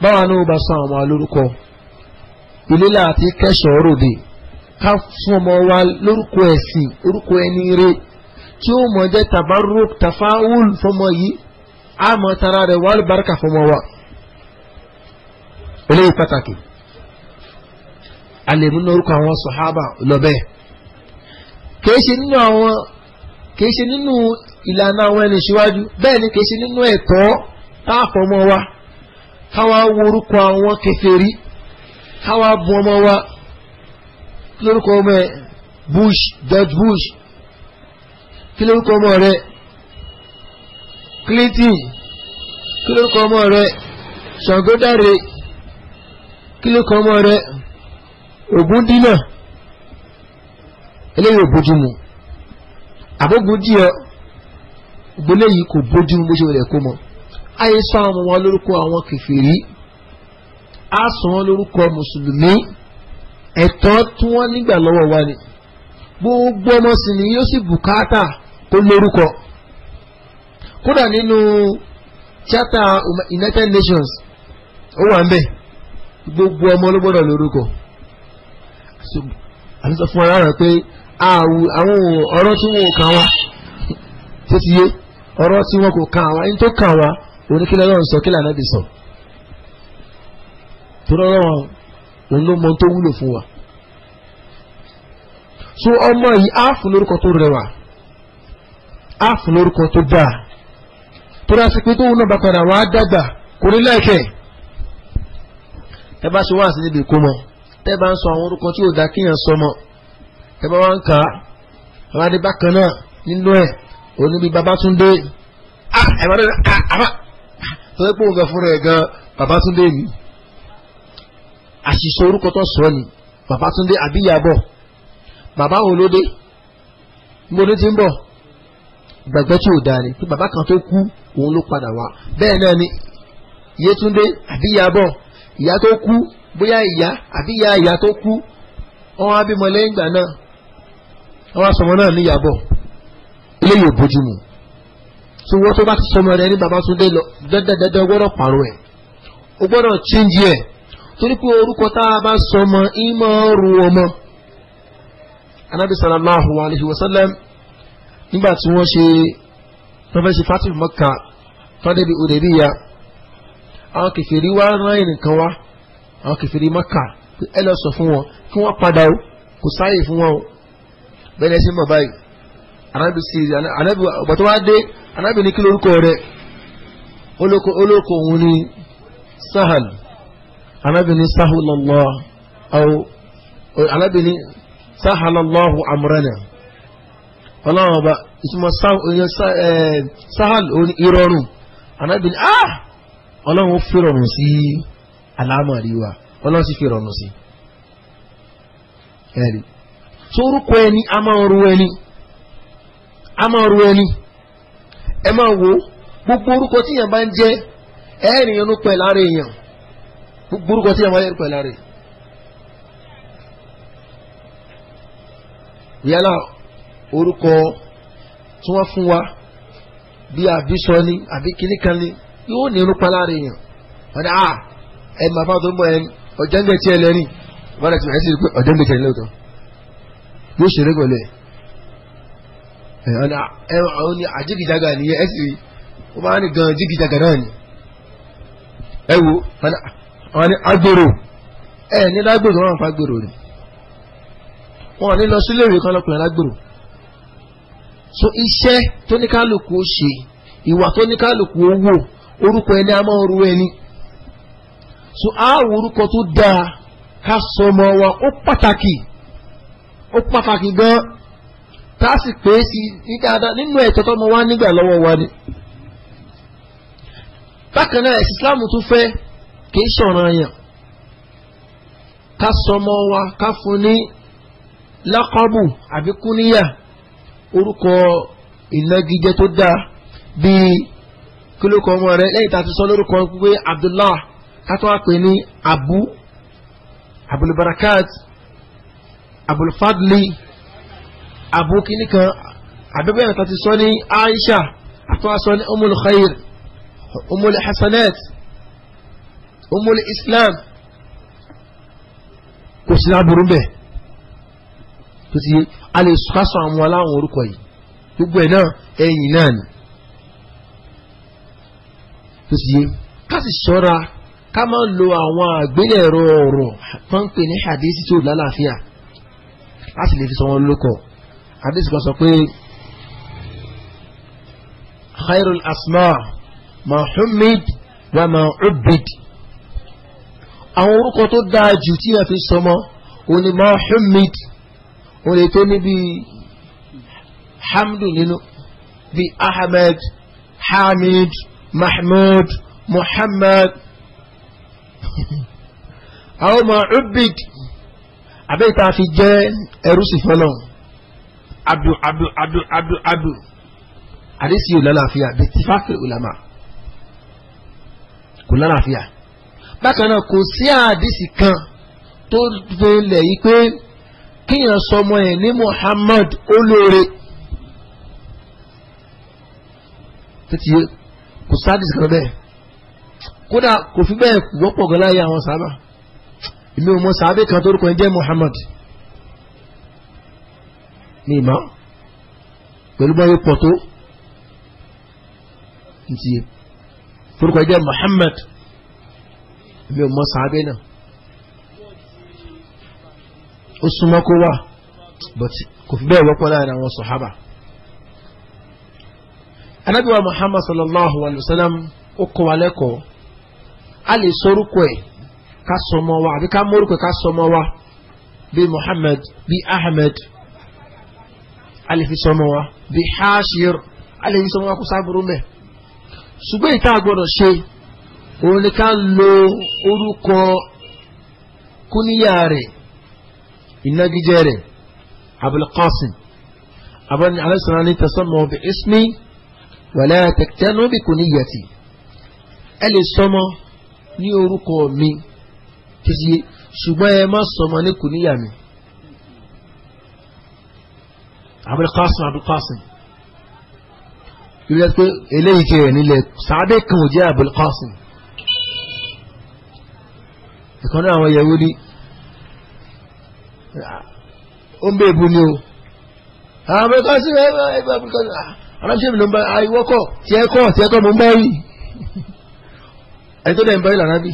báwa náà bá sọ àwọn ọmọ lórúkọ ilé láti kẹsàn-án ròde ká fún ọmọ wa lórúkọ ẹ̀sìn orúkọ ẹni rẹ tí ó mọ̀ jẹ́ tabaruk tafawul fọmọ yìí àmọ́ tara rẹ̀ wàlúbáràkà fọmọ wa eléyìí pàtàkì a lè mú orúkọ àwọn sọ̀hábà lọ bẹ́ẹ̀ kìí ṣe nínú àwọn kìí ṣe nínú ìlànà àwọn ẹni ṣíwájú bẹ́ẹ̀ ni kìí ṣe nínú ẹ̀kọ́ táàpọ̀ ọmọ wa káwa wo orúkọ àwọn kèfèrí káwa bu ọmọ wa lórúkọ ọmọ ẹ Bush George Bush kí lórúkọ ọmọ rẹ Clinton kí lórúkọ ọmọ rẹ Ṣàngódàrè. kí ló kọ́ ọmọ rẹ ògùn dínà eléyìí ò bójú mu àbógun dí yìí kò bójú mu bó ṣe wọlé kó mọ ayé sọ àwọn ọmọ wọn lórúkọ àwọn kèfèrí á sọ wọn lórúkọ mùsùlùmí ẹ̀tọ́ tí wọ́n nígbà lọ́wọ́ wa ni gbogbo ọmọ sì ni yóò sì bùkátà United Nations ó wà ń gbogbo ọmọ ló gbọ́dọ̀ lórúkọ àti sọ fún ara rẹ pé àwọn ọ̀rọ̀ tí wọn kà wá títí yé ọ̀rọ̀ tí wọn kò kà wá ẹni tó kà wá oníkílẹ̀ náà sọ kílẹ̀ ànábì sọ torí ọlọ́wọ́ òun ló mọ tó wúlò fún wa so ọmọ yìí á fún lórúkọ tó rẹwà á fún lórúkọ tó dáa torí àsìkò tó wúlò bá wà á dàgbà kò ní láìpẹ́ ẹ bá ṣe wá sí níbi ìkómọ tẹ bá ń sọ àwọn orúkọ tí ò dá kéèyàn sọmọ ẹ bá wá ń kà á aládé bákan náà nínú ẹ oníbi Babátúndé ah ẹ bá dé ah àbá tó yẹ pé òun gan fúnra ẹ gan Babátúndé ni àṣìṣe orúkọ tó sọ ni Babátúndé àbíyàbọ̀ bàbá òun ló dé mo ní ti ń bọ̀ gbàgbẹ́ tí ò dáa ni pé bàbá kan tó kú òun ló padà wá bẹ́ẹ̀ náà ni Yétúndé àbíyàbọ̀ ìyá tó kú bóyá ìyá àbí ìyá ìyá tó kú wọn á bímọ lẹ́yìn ìgbà náà wọn á sọmọ náà níyàbọ̀ eléyìí ò bójú mu tí wọ́n tó bá ti sọmọ rẹ ní Babátúndé lọ dandandandan gbọ́dọ̀ pààrọ̀ ẹ̀ o gbọ́dọ̀ chíńjì ẹ̀ torí pé orúkọ tá a bá sọmọ ìmọ̀ ru ọmọ anabi sallallahu alayhi wa sallam nígbà tí wọ́n ṣe wọ́n fẹ́ ṣe fatima maka fadébí òdèbíyà àwọn kèfèrí wá rán ẹnìkan wá àwọn kèfèrí Mákà pé ẹ lọ sọ fún wọn kí wọ́n padà o kò sáàyè fún wọn o bẹ́ẹ̀ ni ẹ ṣe mọ̀ báyìí anábì sí anábì ọ̀gbà tó wá dé anábì ní kí lórúkọ rẹ olóko olóko òun ni sahal anábì ní sahulallah àwọn ní sahalallahu amrana ọlọ́run ọba ìtumọ̀ eh, sahal ìrọ̀rùn anábì ní ah ọlọ́run fi rọrùn sí àlámọ̀rí wa ọlọ́run sì fi rọrùn sí ẹ̀rí tó orúkọ ẹni a máa ru ẹni a máa ru ẹni ẹ máa wo gbogbo orúkọ tí èèyàn bá ń jẹ́ ẹ̀ẹ́rìn ẹnu pẹ̀ lára èèyàn gbogbo orúkọ tí èèyàn bá ń jẹ́ pẹ̀ lára èèyàn. yálà orúkọ tí wọ́n fún wa bí àbísọ ni àbí kíníkan ni. yóò ní irú palára èèyàn wọ́n ní ah ẹ̀ máa fáwọn tó ń bọ̀ ń ti rẹ̀ sí pé ọ̀jẹ̀ ń bẹ̀ tiẹ̀ lẹ́wọ̀tọ̀ yóò ṣeré pẹ̀lú ẹ̀ ẹ̀ ọ̀n ní àjíkìjága ni ẹ̀ sì wọ́n ní gan jíkìjága náà ni ẹ wo wọ́n ní agbèrò ẹ̀ ní lágbèrò agboro fa agbèrò ni wọ́n ní lọ sílé ìwé kan lágbèrò so iṣẹ́ tóníkálùkù ó ṣe ìwà tóníkálùkù ó wò orúkọ ẹni a máa ń ru ẹni so àwọn orúkọ tó dáa ká sọ ọmọ wa ó pàtàkì ó pàtàkì gan tá a sì pè é sí nígbàdá nínú wa nígbà lọ́wọ́ wa ni bákan náà ẹ̀sìn Islam tún fẹ́ kì í ṣọ̀ràn ká wa ká fún ní lákọ́bù orúkọ ìnagijẹ tó dáa bíi. kí ló kọ ọmọ rẹ lẹ́yìn tá a ti sọ lórúkọ pé abdullah kátó àpè ní abu abulbarakat abulfadli abu kìnìkan abẹ́bẹ́ yẹn tá a ti sọ ní aisha àtọ́ àsọ ní umul khair umul hasanat umul islam kò sí láburú bẹ́ẹ̀ tó ti a lè sọ àwọn aláwọn orúkọ yìí gbogbo ẹ̀ náà ẹ̀yìn náà ni tó sì yé ká sì ṣọ́ra ká máa ń lo àwọn àgbélẹ̀rọ ọ̀rọ̀ tó ń pè ní hadith tí ò lálàáfíà láti lè fi sọ wọn lókọ̀ hadith kan sọ pé khairul asma ma humid wa ma ubid àwọn orúkọ tó dáa jù tí wọ́n fi sọmọ òun ni ma humid lè tó níbi hamdu nínú bíi ahmed hamid. Mahmud Muhammad àwọn ọmọ ubik abẹ́ ìta fi jẹ́ ẹrú sí fọlọ́ abdu abdu abdu abdu abdu àdísì yóò lálàáfíà bí tífáfì ulama kò lálàáfíà bákan náà kò sí àdísì kan tó fẹ́lẹ̀ yìí pé kíyàn sọmọ ẹ̀ ní Muhammad olóore kò sáàdìsì kan bẹ́ẹ̀ kódà kò fi bẹ́ẹ̀ wọ́pọ̀ gan láyé àwọn sábà èmi ò mọ sàábé kan tó rúkọ ẹ jẹ́ Muhammad ní ìmọ̀ pẹ̀lú báyìí pọ̀ tó ntí torúkọ ẹ jẹ́ Muhammad èmi ò mọ sàábé náà ó súnmọ́ kó wà bọ̀tì kò fi bẹ́ẹ̀ wọ́pọ̀ láyé àwọn sọ̀hábà anabi wa muhammad sallallahu alayhi wa sallam ó kọ́ wa lẹ́kọ̀ọ́ a lè sọ́rúkọ ẹ̀ ká sọmọ wa àbí ká mọ́rúkọ ẹ̀ ká sọmọ wa bíi muhammad bíi ahmed a lè fi sọmọ wa bíi hashir a lè fi sọmọ wa kó ṣùgbọ́n ìta gbọ́dọ̀ ṣe òun ni ká lo orúkọ kúníyà rẹ̀ ìnagijẹ abani alayhi salaam ni tasamu bi ismi wàlẹ́ tẹ̀tẹ́nu bí kò ní yẹtì ẹ lè sọmọ ní orúkọ mi títí ṣùgbọ́n ẹ má sọmọ ní kò níyà mi. abdulkasim abdulkasim ìrẹsì pé eléyìí ti rẹ̀ nílẹ̀ sàádé kan ò jẹ́ abdulkasim ìkan náà àwọn Yahudi ó ń bẹ́ẹ̀ bu ni o abdulkasim abdulkasim. Ah, alábísẹ́mi ló ń bá ariwo kọ̀ tiẹ̀ kọ̀ tiẹ̀ kọ̀ mo ń bá rí ẹni tó dẹ̀ ń bá rí lànàbí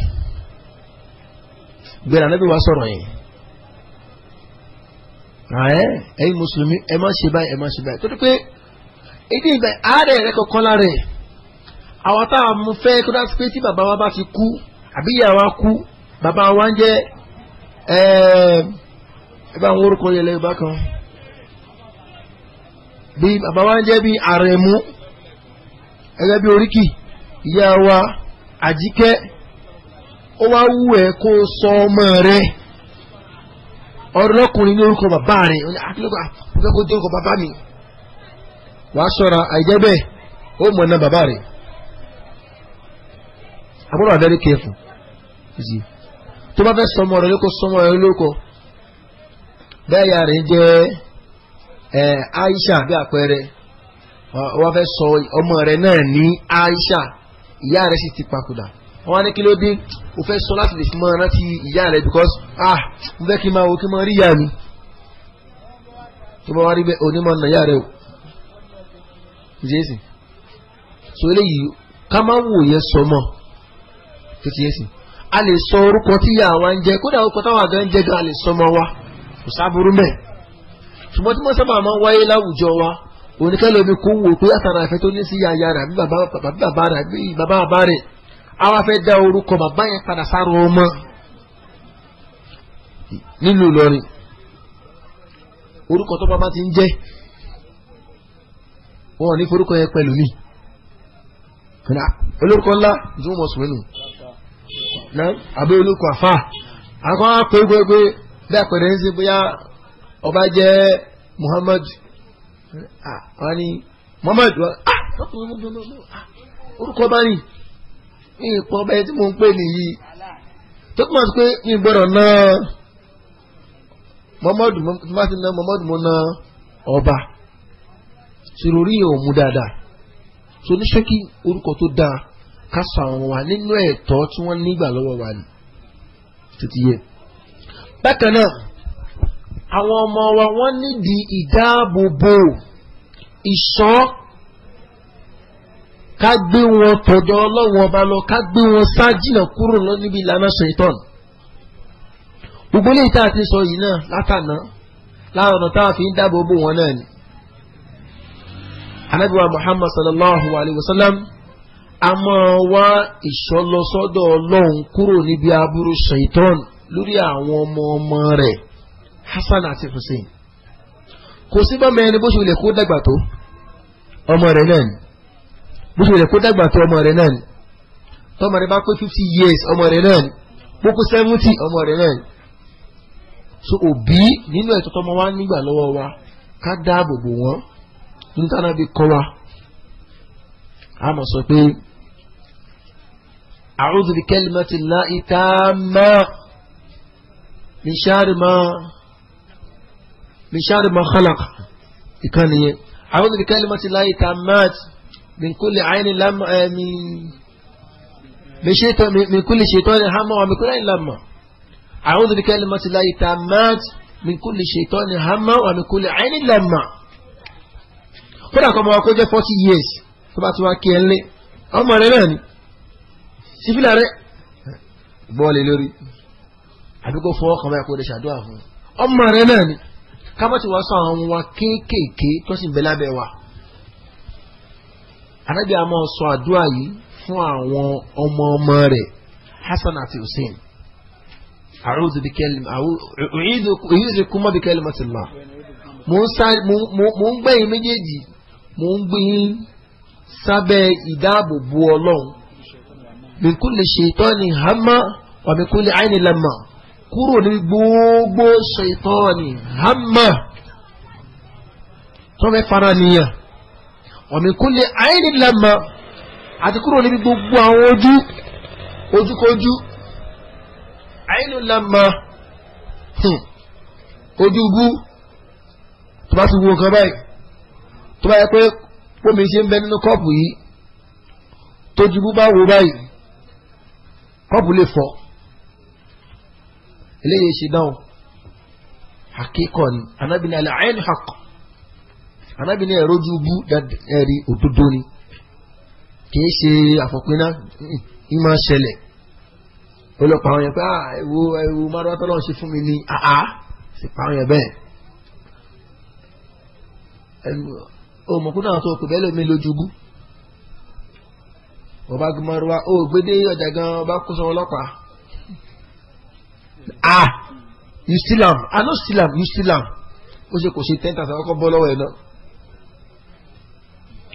gbẹ̀rẹ̀ lànàbí wa sọ̀rọ̀ yẹn ààyè ẹ̀yin mùsùlùmí ẹ má ṣe báyìí ẹ má ṣe báyìí tó dé pé èdè ìgbà ààrẹ rẹ kọ̀ọ̀kan lára ẹ̀ àwọn tá a mú fẹ́ kó dá sí pé tí bàbá wa bá ti kú àbí ìyá wa kú bàbá wa ń jẹ́ ẹ bá ń wórúkọ yẹlẹ yorùbá kan. bí bàbá wa ń jẹ́ bí àrẹ̀mú gẹ́gẹ́ bí oríkì ìyá wa àjíkẹ́ ó wá wù ẹ́ kó sọ ọmọ rẹ ọ̀rọ̀lọ́kùnrin ní orúkọ bàbá rẹ ó àtúntò àpòkẹ́ dé orúkọ bàbá mi wàá ṣọ́ra àìjẹ́ bẹ́ẹ̀ ó mọ̀ ná bàbá rẹ àbúrò Aisha bí àpẹẹrẹ wọ́n fẹ́ sọ ọmọ rẹ náà ní Aisha ìyá rẹ sì ti papòdà wọ́n ní o sọ láti lè fi máa rántí ìyá rẹ because ah mo kí n máa wo kí n máa rí ìyá mi tó bá wá rí nà ìyá o ìjẹ́sìn so eléyìí ká ti yẹn a lè sọ orúkọ tí ìyá wa ń a wa kò sábúrú ṣùgbọ́n tí wọ́n sábà máa ń wáyé láwùjọ wa oníkẹ́lẹ́mi kó wò pé àtàrà àfẹ́ tó ní sí yàyà rẹ̀ àbí bàbá rẹ̀ àbí bàbá bàbá rẹ̀ àwa fẹ́ dá orúkọ bàbá ọmọ nínú Ìlọrin orúkọ tó ti ń jẹ́ wọn ò ní forúkọ yẹn pẹ̀lú mi olórúkọ ńlá ìdúró mọ̀ sùnmẹ́nu àbí àfà bí ọba jẹ́ Muhammad Ah ni Muhammad ah, ah, orúkọ bá ní ìpọ̀ ọba yẹn tí mo ń pè nìyí tó kọ́ pé mi gbọ́dọ̀ ná Muhammad tó bá ti ná Muhammad mo ná ọba sùrùrí yẹn ò mú dáadáa so ní ṣókí orúkọ tó dáa ká sọ àwọn wa nínú ẹ̀tọ́ tí wọ́n nígbà lọ́wọ́ wa ni títí yẹ bákan náà àwọn ọmọ wa wọ́n nídìí ìdáàbòbò ìṣọ́ ká gbé wọn tọ̀dọ̀ ọlọ́run ọba lọ ká gbé wọn sá jìnnà kúrò lọ níbi ìlànà ṣètọ́n gbogbo ilé ìta àti sọ yìí náà látànà láwọn ọ̀nà táwọn fi ń dáàbòbò wọn náà ni anabiwa muhammad sallallahu alayhi wa sallam a máa wá ìṣọlọsọdọ ọlọ́run kúrò níbi aburú ṣètọ́n lórí àwọn ọmọ ọmọ rẹ̀. Hasan àti Hussein kò sí bá mẹ́rin bó ṣe wulẹ̀ kó dàgbà tó ọmọ rẹ̀ náà ni bó ṣe wulẹ̀ kó dàgbà tó ọmọ rẹ̀ náà ni tọ́mọ rẹ̀ bá pé fifty years ọmọ rẹ̀ náà ni kókó seventy ọmọ rẹ̀ náà ni so òbí nínú ẹ̀tọ́ tọ́mọ wa nígbà lọ́wọ́ wa ká dáàbò bò wọ́n nínú táwọn náà kọ́ wa a mọ̀ sọ pé a'udhu bi kalimati llahi tamma min ní sáré ma khalaq ìkan nìyẹn a'udhu bi kalimati llahi tammati min kulli ayni lamma ẹ̀mí min kulli shaytanin hamma wa min kulli ayni lamma a'udhu bi kalimati llahi tammati min kulli shaytanin hamma wa min kulli ayni lamma. kódà kọ́ ọmọ wa kó jẹ́ forty years tó bá ti wá kí ẹ ń lé ọmọ rẹ náà ni sífìlà rẹ bọ́ọ̀lì lórí àdúgbò fọwọ́ kan báyìí kó o lè ṣàdúrà fún ọmọ rẹ náà ni kámọ́tì wá sọ àwọn wa kéékèèké tó sì ń bẹ lábẹ́ wa. anábì àmọ́ sọ àdúrà yìí fún àwọn ọmọ ọmọ rẹ̀ Hasan àti Hussein. àrùn bí kẹ́lí èyí sì kú mọ́ bí kẹ́lí mọ́tì lọ. mo ń gbẹ̀yìn méjèèjì mo ń gbẹ̀yìn sábẹ́ ìdáàbòbò ọlọ́run. min kulli shaytanin hamma wa min kulli ayni lamma kúrò ní gbogbo ṣètọ́ni hàmà tó fẹ́ fara nìyàn ọ̀mìnkúnlẹ̀ àìnílámà àti kúrò níbi gbogbo àwọn ojú ojúkojú àìnílámà hmm. ojúbú tó bá ti wo nǹkan báyìí tó bá yẹ pé pómi ṣe ń bẹ nínú kọ́ọ̀pù yìí tójúbú bá wo báyìí kọ́ọ̀pù lè fọ́ eléyìí ṣe dáhùn hakíkọ ni anabi ní alẹ́ àyẹ́nu hakọ anabi ní ẹ̀rọ ojú bú ẹ̀rí òdodo ni kìí ṣe àfọ̀pínná ní máa ṣẹlẹ̀ olùpàá àwọn yẹn pé ẹ̀wò ah, ẹ̀wò márùn àtọ́lọ́ ṣe fún mi ní àá sì pa àwọn yẹn bẹ́ẹ̀ òmùkúndà àwọn tó kù bẹ́ẹ̀ lómi lójú bú ọba gbọmọdé wa ó gbédé ọjà gan ọba kó sọ ọlọ́pàá ah you still am i no still am you still am ó ṣe kò ṣe ten thousand kọ́kọ́ bọ́ lọ́wọ́ ẹ̀ náà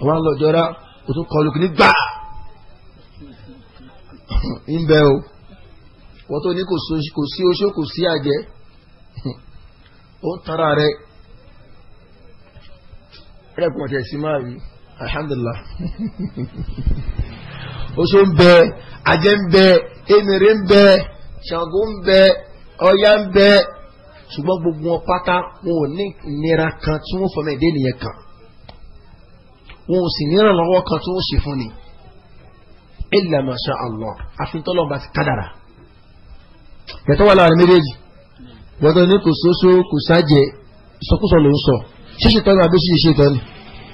wọ́n á lọ jọra kò tún kọlu kìíní gbà ń bẹ o wọ́n tó ní kò sí oṣó kò sí àjẹ́ ó ń tara rẹ̀ rẹ́pọ̀ tẹ̀ sí máa rí alhamdulilah oṣó ń bẹ àjẹ́ ń bẹ èmèrè ń bẹ. Ṣàngó ń bẹ Ọya ń bẹ ṣùgbọ́n gbogbo wọn pátá wọn ò ní ìnira kan tí wọ́n fọmọ ìdí nìyẹn kan wọn ò sì níran lọ́wọ́ kan tí wọ́n ṣe fún ni illa ma sha Allah àfi tọ́lọ́run bá ti kádàrà yàtọ̀ wà láàrin méjèèjì gbọ́dọ̀ ní kò sóso kò sájẹ ìsọkúsọ ló ń sọ ṣíṣe tọ́nu àbí ṣíṣe ṣe tọ́nu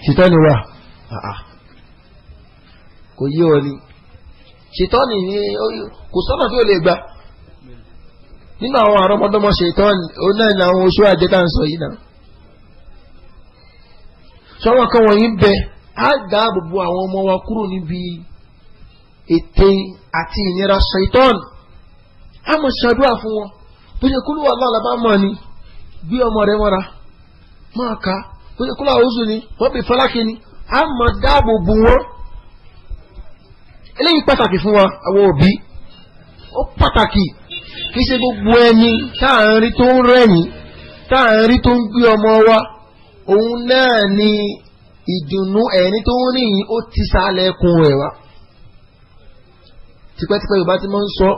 ṣètọ́ni wà kò yé ọ ni ṣètọ́ni ni kò sọ́nà tí ó lè gbà. nínú àwọn àrọ́mọdọ́mọ ṣètọ́n òun náà ní àwọn oṣù àjẹtà ń sọ yìí náà sọ́wọ́n kan bẹ á àwọn ọmọ wa kúrò níbi ète àti ìnira ṣètọ́n á mọ̀ ṣàdúrà fún wọn bó kúlù wà lálàbá mọ̀ ni bí ọmọ rẹ mọ́ra máa ka bó kúlù àwọn oṣù ni wọ́n fọlákì ni kì í ṣe gbogbo ẹni tá à ń rí tó ń rẹ̀yìn tá à ń rí tó ń gbé ọmọ wa òun náà ni ìdùnnú ẹni tó ń rìn yìí ó ti sálẹ̀ kun rẹ̀ wá. tipẹ́tipẹ́ Yorùbá ti máa ń sọ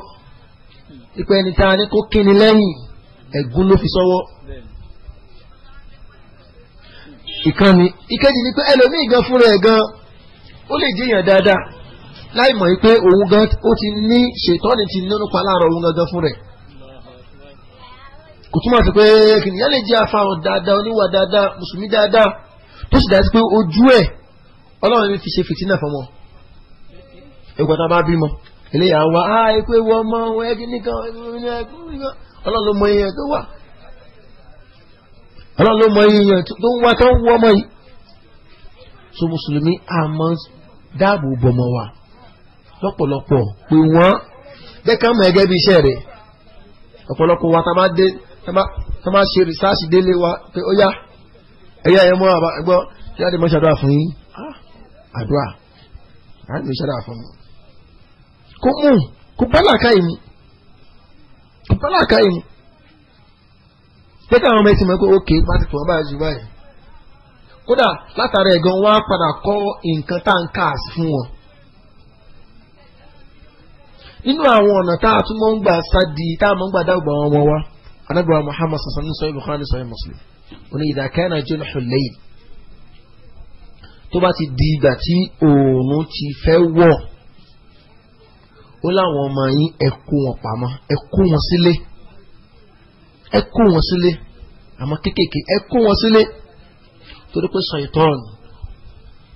tipẹ́ ẹni tá a ní kó kíni lẹ́yìn ẹ̀gún ló fi sọ́wọ́. ìkànnì ìkejì ni pé ẹlòmíì gan fúnra ẹ̀ gan ó lè jẹ́yàn dáadáa láì mọ̀ pé òun gan ó ti ní ṣètọ́ni ti nínú pa láàárọ̀ òun gangan fún rẹ̀ kò túmọ̀ sí pé kìnìyàn lè jẹ́ afahàn dáadáa oníwà dáadáa mùsùlùmí dáadáa tó sì dájú pé ojú ẹ̀ ọlọ́run fi ṣe fìtínà fọmọ ẹgbẹ́ tá a bá bímọ eléyà wá á ikú ewu ọmọ ẹgbẹ́ nìkan ọlọ́run ló mọ iye tó wà ọlọ́run ló mọ iye tó ń tó wọ́ ọmọ yìí so mùsùlùmí àmọ́ dáàbò bọ̀mọ̀ wa lọ́pọ̀lọpọ̀ pé wọ́n bẹ́ẹ̀ ká mọ̀ ẹgẹ́ bí iṣẹ́ rẹ̀ ọ̀pọ̀lọpọ̀ wa tá a máa ṣe rìsáàsì délé wa pé ó yá ẹ̀yà ẹ̀ mọ́ àgbọ̀ kí á lè mọ́ ṣàdúrà fún yín ah, àdúrà á lè mọ́ ṣàdúrà fún mi. kò mú kò bá làákàyè mi kò bá làákàyè mi bẹ́ẹ̀ ká àwọn ọmọ ẹ̀ ti mọ̀ pé ókè bá ti pọ̀ báyìí ju báyìí kódà látara ẹ̀gàn wọn á padà kọ́ nǹkan tá à ń kà fún wọn nínú àwọn ọ̀nà tá a tún mọ́ ń gbà sádi tá a mọ́ ń gbà dágbà wọn wọ́n wá anábìwá muhammad sasani sọ ibùkún ní sọyìn muslim oní ìdàkẹ́nà jẹ́nu xulẹ́yìn tó bá ti di ìgbà tí oòrùn ti fẹ́ wọ̀ ó láwọn ọmọ yín ẹ kó wọn pamọ́ ẹ kó wọn sílé ẹ kó wọn sílé àmọ́ kéékèèké ẹ kó wọn sílé torí pé ṣàìtọ́ọ̀nù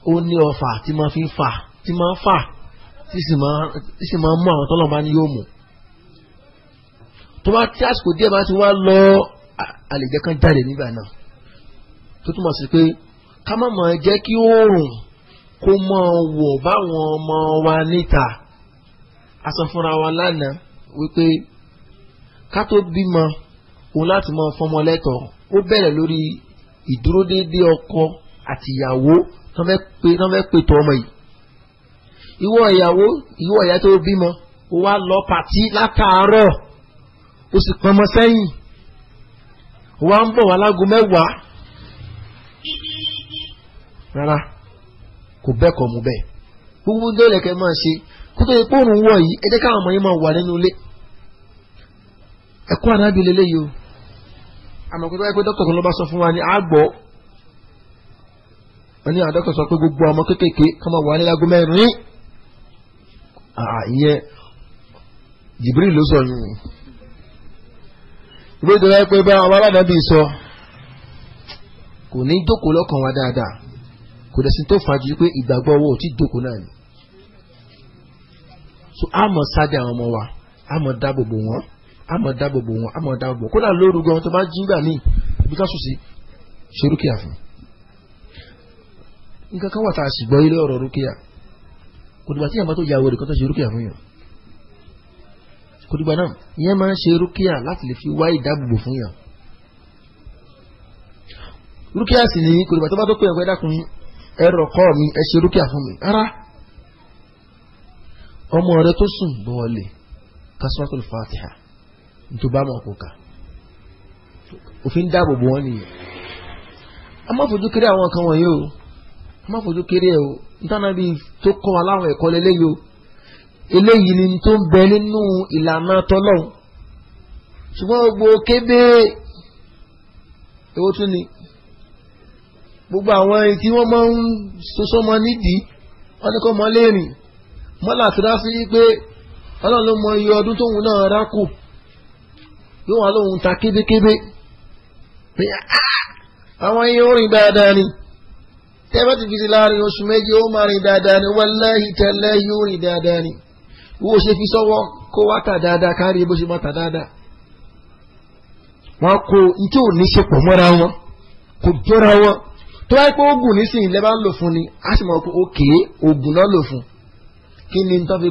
ó ní ọfà tí máa fi ń fà tí máa ń fà tí sì máa mú àwọn tọ́lọ̀ máa ní yóò mú tó bá tí àsìkò díẹ̀ bá ti wá lọ àlejò kan jáde nígbà náà tó túmọ̀ sí pé ká má máa jẹ́ kí oòrùn kó máa wọ̀ báwọn ọmọ wa níta a sọ fúnra wa lánàá wípé ká tó bímọ òun láti máa fọmọ lẹ́tọ̀ọ́ ó bẹ̀rẹ̀ lórí ìdúródédé ọkọ àtìyàwó tán pe tán fẹ́ pe tó ọmọ yìí ìwọ ìyàwó ìwọ ìyá tó bímọ ó wá lọ pàtí látàárọ̀ ó sì pọnmọ sẹ́yìn ó wá ń bọ̀ wá lágo mẹ́wàá rárá kò bẹ́ẹ̀ kọ́ mu bẹ́ẹ̀ gbogbo délẹ̀kẹ́ máa ṣe kó tó yẹ kó òun wọ̀ yìí ẹ káwọn ọmọ máa wà nínú ilé ẹ̀kọ́ àdábì lélẹ́yìí o àmọ́ pé báyìí pé dókítà kan ló bá sọ fún wa a gbogbo ọmọ kéékèèké kọ́ máa wà àyẹ ah, ah, jibril ló sọ yìí ìwé ìjọba ẹ pé bá àwọn aládàbí sọ kò ní jókòó lọ́kàn wa dáadáa kò dẹ̀ tó fàájú pé ìgbàgbọ́ tí náà ni so a mọ̀ sáde ọmọ wa a mọ̀ dáàbòbò wọn a mọ̀ wọn a mọ̀ kódà lóru gan tó bá jí gbà ibi ká sùn sí ṣe rúkìá fún nǹkan kan wà tá a koruba ti yamba to ya wu ori ka to se erukia fun ya koruba naa yi eme n se erukia lati le fi wa idabugbo fun ya koruba si ni koruba to ba to pe nweda kun ero ka omi e fun mi ara ọmọ ọrịa to sun bọọlị kasuwa tuul fatih n to ba m ọkụ ka o fi ndabugbo wọn ni ya má fojú kéré ẹ o ntànàbí tó kọ́ wa láwọn ẹ̀kọ́ lélẹ́yìí o eléyìí ni tó ń bẹ nínú ìlànà tọ́lọ́hún ṣùgbọ́n gbogbo kébé èwo tún ni gbogbo àwọn ẹni tí wọ́n máa ń sọ́sọ́ mọ nídìí wọ́n ní kó mọ lérìn mọ́là tó dá sí pé ọlọ́run ló mọ iye ọdún tóun náà rákù yóò wá lóun ta kébékébé ah, ah, àwọn iye orin tẹ́bẹ́tì fi sí láàrin oṣù méjì ó máa rìn dáadáa ni wallahi tẹ́lẹ̀ yóò rìn dáadáa ni wo ṣe fi sọ́wọ́ kó wá tà dáadáa kárí bó ṣe máa tà dáadáa. wọn kò wọn kò jọra wọn tó wáyé pé oògùn nísìnyí ni a sì mọ̀ pé òkè oògùn náà lò fún kí ni tó fi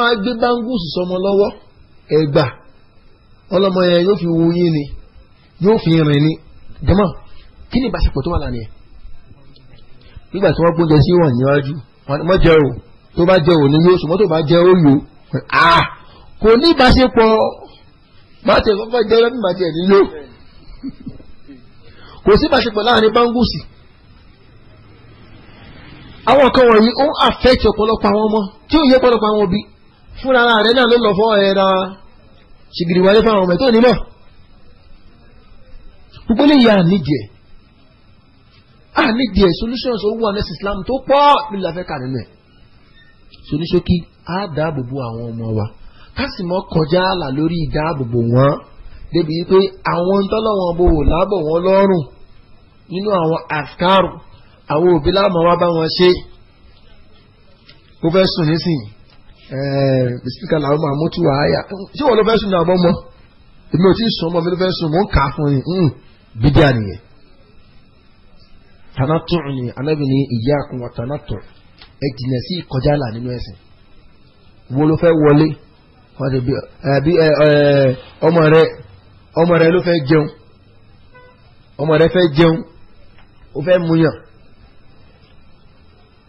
oògùn sọmọ lọ́wọ́ ọlọ́mọ yẹn yóò fi ni kí ni ìbáṣepọ̀ tó wà lánàá yẹn nígbà tí wọ́n gbóúnjẹ sí wọn níwájú wọ́n jẹ o tó bá jẹ o ní yóò sùn mọ́tò bá jẹ o yò á kò ní ìbáṣepọ̀ má tẹ kọ́kọ́ jẹ lọ́bí má tiẹ̀ nílò kò sí ìbáṣepọ̀ láàrin báńgùsì àwọn kan wọ̀nyí ó ń àfẹ́tì ọ̀pọ̀lọpọ̀ àwọn ọmọ tí ó yẹ ọ̀pọ̀lọpọ̀ àwọn òbí fúnra rẹ̀ náà ló lọ fọ́ ẹ̀ ra ṣìgìrì wáyé fáwọn ọmọ ẹ̀ tó ní gbogbo lè yà nídìí ẹ̀ a ní díẹ̀ solutions ó wà nẹ́sì islam tó pọ̀ nílùú afẹ́ka nínú ẹ̀ soníṣókí á dáàbòbò àwọn ọmọ wa ká sì mọ́ kọjá àlà lórí ìdáàbòbò wọn débi wípé àwọn tọ́lọ́wọ́n bò wò lábọ̀ wọn lọ́rùn nínú àwọn àfikàrù àwọn òbí láàmú wa bá wọn ṣe ó fẹ́ sùn nísìnyí ẹ̀ẹ́d spika làwọn máa mú tí wàá yà ṣé wọn ló fẹ́ sùn ní àbọ̀ mọ́ èmi ò tí ì sùn mọ́ mi ló fẹ́ sùn mò ń kà á fún yín hmm, bídíà nìyẹn tanatu ni anabi ni iyakun wa tanatu ẹ jìnà sí ìkọjá là nínú ẹ̀sìn wo ló fẹ́ wọlé àbí ọmọ rẹ ọmọ rẹ ló fẹ́ jẹun ọmọ rẹ fẹ́ jẹun ó fẹ́ múyàn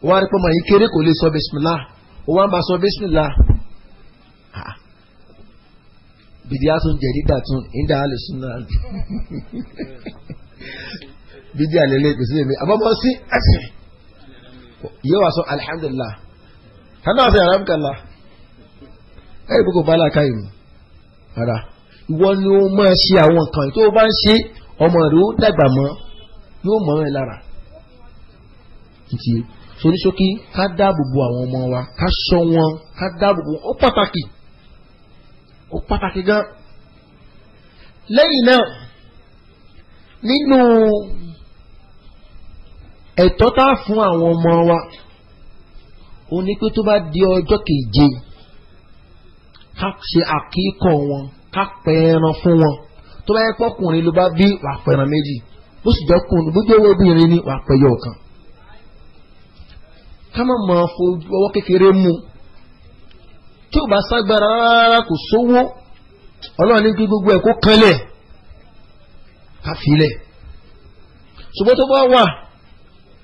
ó wá rí pọ́nmọ́ yìí kéré kò lè sọ bisimilá ó wá ń bá sọ bisimilá bìdí àtúnjẹ dídà bídí àlẹ́lẹ́ kò sí èmi àbámọ́ sí ẹ̀sìn yóò wá sọ alihamdulilah hànà àti aramkala ẹ̀ ìbúkọ̀ bá aláka yìí mu rárá ìwọ ni ó máa ṣe àwọn nǹkan tó o bá ń ṣe ọmọ rẹ ó dàgbà mọ́ yóò mọ̀ ẹ́ lára nti soníṣókí ká dáàbò bo àwọn ọmọ wa ká ṣọ́ wọn ká dáàbò bo ó pàtàkì ó pàtàkì gan lẹ́yìn náà nínú ẹ̀tọ́ tá a fún àwọn ọmọ wa ó ní pé tó bá di ọjọ́ keje ká ṣe àkíkọ̀ wọn ká pẹ̀ẹ́ran fún wọn tó bá yẹ pọ́kùnrin ló bá bí wà pẹ̀ẹ́ran méjì bó sì jẹ́ kùnrin bó jẹ́ obìnrin ni wà pẹ̀yọ kan ká má mọ ọwọ́ kékeré mú tí ò bá ságbára rárá kò sówó ọlọ́run ní kí gbogbo ẹ̀ kó kanlẹ̀ ká filẹ̀ ṣùgbọ́n tó bá wà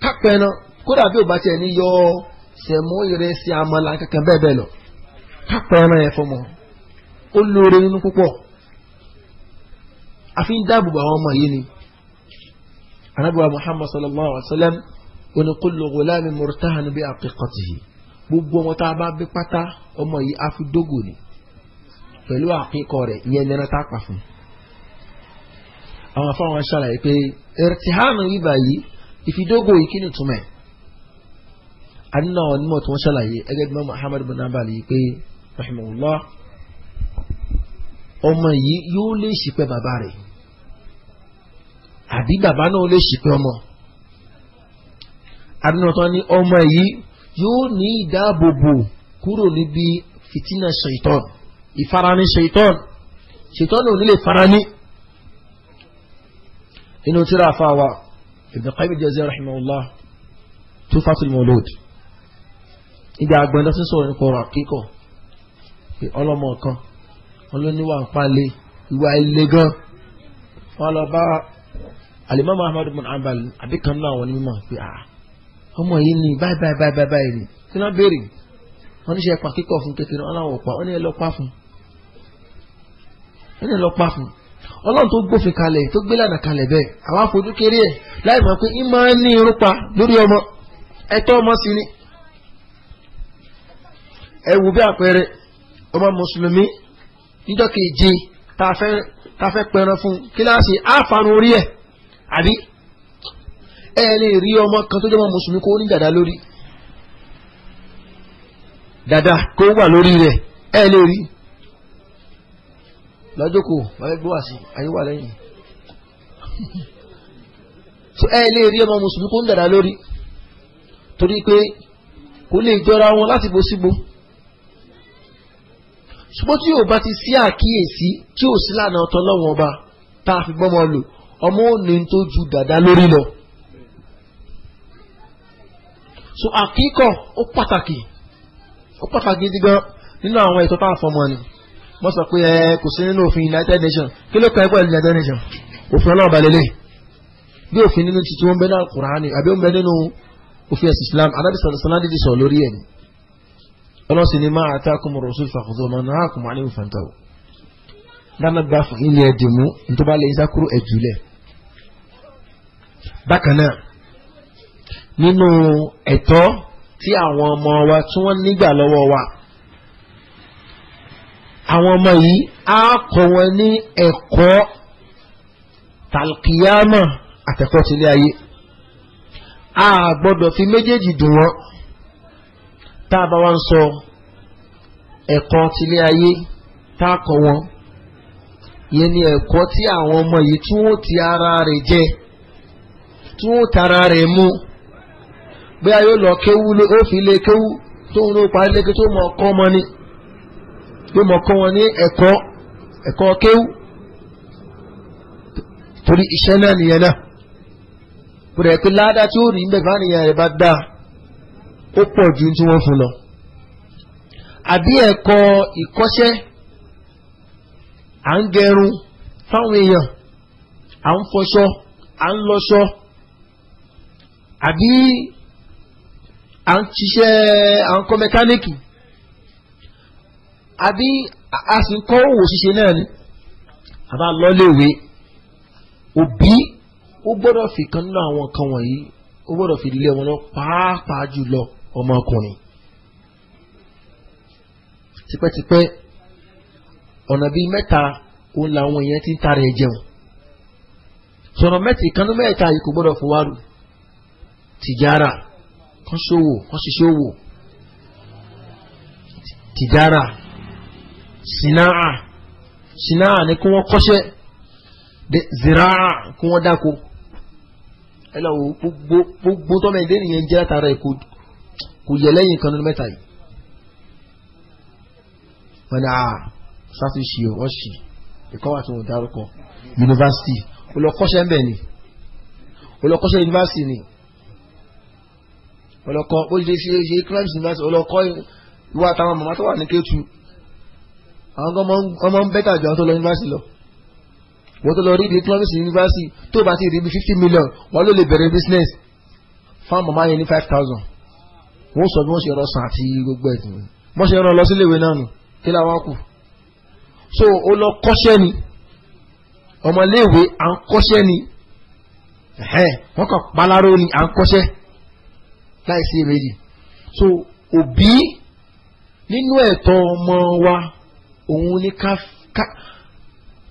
kápẹ́ náà kódà bí o bá tiẹ̀ ní yọ sẹ̀mú ìrẹsì àmàlà kankan bẹ́ẹ̀ bẹ́ẹ̀ lọ kápẹ́ náà yẹn fọmọ ó lóore nínú púpọ̀ àfi ń dáàbò àwọn ọmọ yìí ni anabiwa muhammad sallallahu alaihi wa sallam oníkulù murtahan bi aqiqatihi gbogbo ọmọ tá a bá bí pátá ọmọ yìí àfi dógò ni pẹ̀lú àkíkọ rẹ̀ ìyẹn nira tá a pa fún un àwọn afáwọn aṣáláyé pé ẹ̀rẹ̀tìhánu yìí báyìí ìfidógò yìí kí ni túmọ̀ ẹ̀ adínà àwọn onímọ̀ tó ń ṣàlàyé ẹgẹ́ bí Muhammad bin abal yìí pé rahimahullah ọmọ yìí yóò lè ṣìpẹ̀ bàbá rẹ̀ àbí bàbá náà lè ṣìpẹ̀ ọmọ adínà tó ní ọmọ yìí yóò ní ìdáàbòbò kúrò níbi fìtínà ṣèitọ́n ìfarani ṣèitọ́n ṣèitọ́n ò ní lè farani inú tíra fa Ibn Qayyim al-Jawziyya rahimahullah tó fàtí mọ́lòd ìgbà àgbẹ̀dọ́ sí sọ̀rọ̀ nípa ọ̀rọ̀ àkíkọ̀ pé ọlọ́mọ kan ọlọ́níwà ń palẹ̀ ìwà ilé gan wọn lọ bá alimọ́ muhammad bin abal abikan náà wọn mímọ́ pé ah ọmọ yìí ni báyìí báyìí báyìí báyìí ni kí wọ́n béèrè wọ́n ní ṣe pa kíkọ̀ fún kékeré wọn láwọn ò pa wọ́n ní ẹ lọ pa fún wọ́n ọlọ́run tó gbófin kalẹ̀ tó gbé kalẹ̀ bẹ́ẹ̀ àwa fojú kéré ẹ̀ láì mọ̀ pé ń máa ń ní irun pa lórí ọmọ ẹ̀tọ́ ọmọ sí ni. ẹ ọmọ mùsùlùmí níjọ́ keje tá a fẹ́ pẹran fún kíláàsì àfààní orí ẹ̀ àbí ẹ lè rí ọmọ kan tó jẹ́ ọmọ mùsùlùmí kó ní dàda lórí dàda kó wà lórí lọ́jọ́kò wáyé gbówà sí ayé wà lẹ́yìn so ẹ lè rí ọmọ mùsùlùmí kó ń dàda lórí torí pé kò lè jọra wọn láti bo síbo ṣùgbọ́n tí yóò bá ti sí àkíyèsí tí yóò sí lànà ọ̀tọ̀ lọ́wọ́n ọba tá a fi gbọ́mọ lò ọmọ òní tó ju dàda lórí lọ. so àkíkọ̀ ó pàtàkì ó pàtàkì gidi gan nínú àwọn ètò tá a fọmọ ni wọ́n sọ pé ẹ kò sí nínú òfin United Nations kí ló kàn ẹ́ pẹ̀lú United Nations òfin ọlọ́run balẹ̀ lé bí òfin nínú títí wọn bẹ náà Kùránì àbí wọn bẹ nínú òfin ẹ̀sìn Islam anábì sọ̀rọ̀ dídì sọ̀rọ̀ lórí ẹ̀ ni ọlọ́sìn ni máa atakum ar-rasul fakhudhuhu wa ma nahakum anhu fantahu dáná gba fún ilé ẹ̀dì mú ntọ́ba lè sá kúrò ẹ̀jùlẹ̀. bákan náà nínú ẹ̀tọ́ tí àwọn ọmọ wa tí wọ́n nígbà lọ́wọ́ wa àwọn ọmọ yìí á kọ́ wọn ní ẹ̀kọ́ talkiyama àtẹ̀kọ́ tilé ayé a gbọ́dọ̀ fi méjèèjì dùn wọ́n tá a bá wá ń sọ ẹ̀kọ́ tilé ayé tá a kọ́ wọn yẹn ni ẹ̀kọ́ tí àwọn ọmọ yìí tí wọ́n ti ara rẹ̀ jẹ tí wọ́n tara rẹ̀ mu bí a yóò lọ kéwu ó fi lé kéwu tó ń lò parí lékè tó mọ̀ ọkọ́ ọmọ ni pé mo kọ́ wọn ní ẹ̀kọ́ ẹ̀kọ́ kéwú torí iṣẹ́ náà nìyẹn náà kò rẹ̀ pé ládàá tí ó rí mbẹ́ bá nìyẹn rẹ̀ bá dá ó pọ̀ ju tí wọ́n fún lọ. àbí ẹ̀kọ́ ìkọ́ṣẹ́ à ń gẹrun fáwọn èèyàn à ń fọṣọ à ń lọṣọ àbí à ń ṣiṣẹ́ à ń kọ́ mẹkáníìkì àbí a sì ń kọ́ òwò ṣíṣe náà ni àbá lọ́léèwé òbí ó gbọ́dọ̀ fi kan nínú àwọn nǹkan wọ̀nyí ó gbọ́dọ̀ fi lé ọmọ lọ pàápàá jùlọ ọmọkùnrin tipẹ́tipẹ́ ọ̀nà bíi mẹ́ta òun làwọn èèyàn ti ń tara ẹ̀ jẹun sọ̀rọ̀ mẹ́tì kanú mẹ́ta yìí kò gbọ́dọ̀ fún wa rù tìjára kan ṣòwò kan ṣiṣẹ́ òwò tìjára sinaa sinaa ni kí wọ́n kọ́ṣẹ́ ziraa kí wọ́n dáko ẹ lọ wo gbogbo gbogbo tọ́mọ ẹ̀dẹ́ nìyẹn jẹ́ látara ẹ̀ kò yẹ lẹ́yìn kan nínú mẹ́ta yìí wọ́n ní a sáfi ṣe ọ̀ wọ́n ṣe ẹ̀kọ́ wà tó ń dárúkọ yunifásitì ó lọ kọ́ṣẹ́ ń ni ó lọ kọ́ṣẹ́ yunifásitì ni ó lọ kọ́ ó ṣe ṣe crimes yunifásitì ó lọ kọ́ ìwà àtàwọn màmá tó àwọn ọmọ ń bẹ́tà jù àwọn tó lọ yunifásitì lọ wọ́n tó lọ rí ibi economics yunifásitì tó bá ti rí ibi fifty million wọ́n ló lè bẹ̀rẹ̀ business fáwọn màmá yẹn ní five thousand wọ́n sọ bí wọ́n ṣe rọ sàn àti gbogbo ẹ̀dùn wọ́n ṣe rán lọ sílé ìwé náà nù kí làwọn kù so ó lọ kọ́ṣẹ́ ni ọmọléèwé à ń kọ́ṣẹ́ ni wọ́n kàn paláró ni à ń kọ́ṣẹ́ láì sí èrè so òbí nínú ẹ̀tọ́ ọmọ wa òun ni ká ká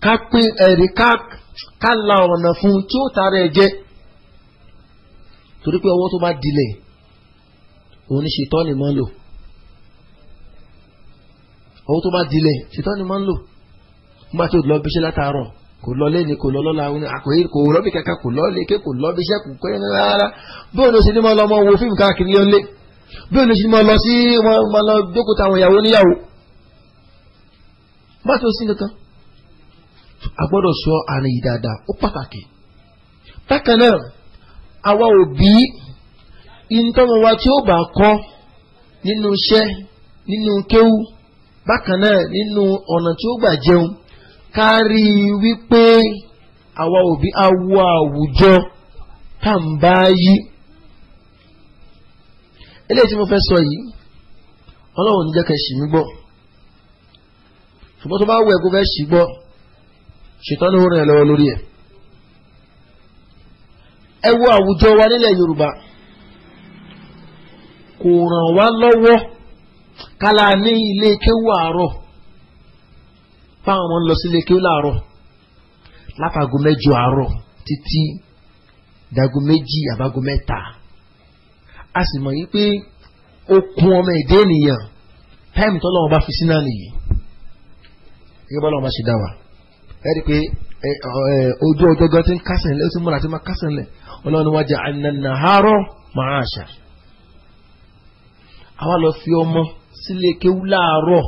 ká pín ẹ̀rí ká ká la ọ̀nà fún un tí ó tara ẹ̀ jẹ́ torí pé ọwọ́ tó bá dilẹ̀ òun ni ṣètọ́ni máa ń lò ọwọ́ tó bá dilẹ̀ ṣètọ́ni máa ń lò nígbà tó lọ bíṣẹ́ látàárọ̀ kò lọ lẹ́ni kò lọ lọ́la àkòyè kò rọ́bì kankan kò lọ léke kò lọ bíṣẹ́ kò kọ́ ẹ̀rọ rárá bóun ló ṣe ní máa lọ ọmọ wo fíìmù káàkiri yọ lé bóun ló ṣe ní máa lọ sí máa lọ jókòó táwọn ìyàwó níyàwó. bá ti lọ sí a gbọ́dọ̀ sọ àrùn yìí dáadáa ó pàtàkì bákan náà àwa òbí ìtọ́mọ tí ó bá kọ́ nínú iṣẹ́ nínú kéwú bákan náà nínú ọ̀nà tí ó gbà jẹun ká wípé àwa òbí awo àwùjọ tá n bá yí eléyìí tí mo fẹ́ sọ yìí ọlọ́run ní jẹ́ ká ṣùgbọ́n tó bá wẹ̀ kó fẹ́ ṣì gbọ́ ṣètọ́ni ó ràn lọ́wọ́ lórí ẹ̀. ẹ wo àwùjọ wa nílẹ̀ Yorùbá kò ràn wá lọ́wọ́ kálá ní ilé kéwú àárọ̀ fáwọn ọmọ ń lọ sí ilé kéwú láàárọ̀ láfago mẹ́jọ àárọ̀ títí dago méjì àbágo mẹ́ta a sì mọ̀ yí pé ó kun ọmọ èdè ènìyàn táìmù tọ́lọ́wọ́n bá fi sínú àlè yìí gẹ́gẹ́ bọ́lá wọn bá ṣe dá wa ẹ rí i pé ojú ọjọ́ gan ti ń kásẹ̀ nílẹ̀ ó ti múra ti máa kásẹ̀ nílẹ̀ ọlọ́run ni wọ́n jẹ́ ànànàhárọ̀ máa ṣà àwa lọ fi ọmọ sílé kéwú láàárọ̀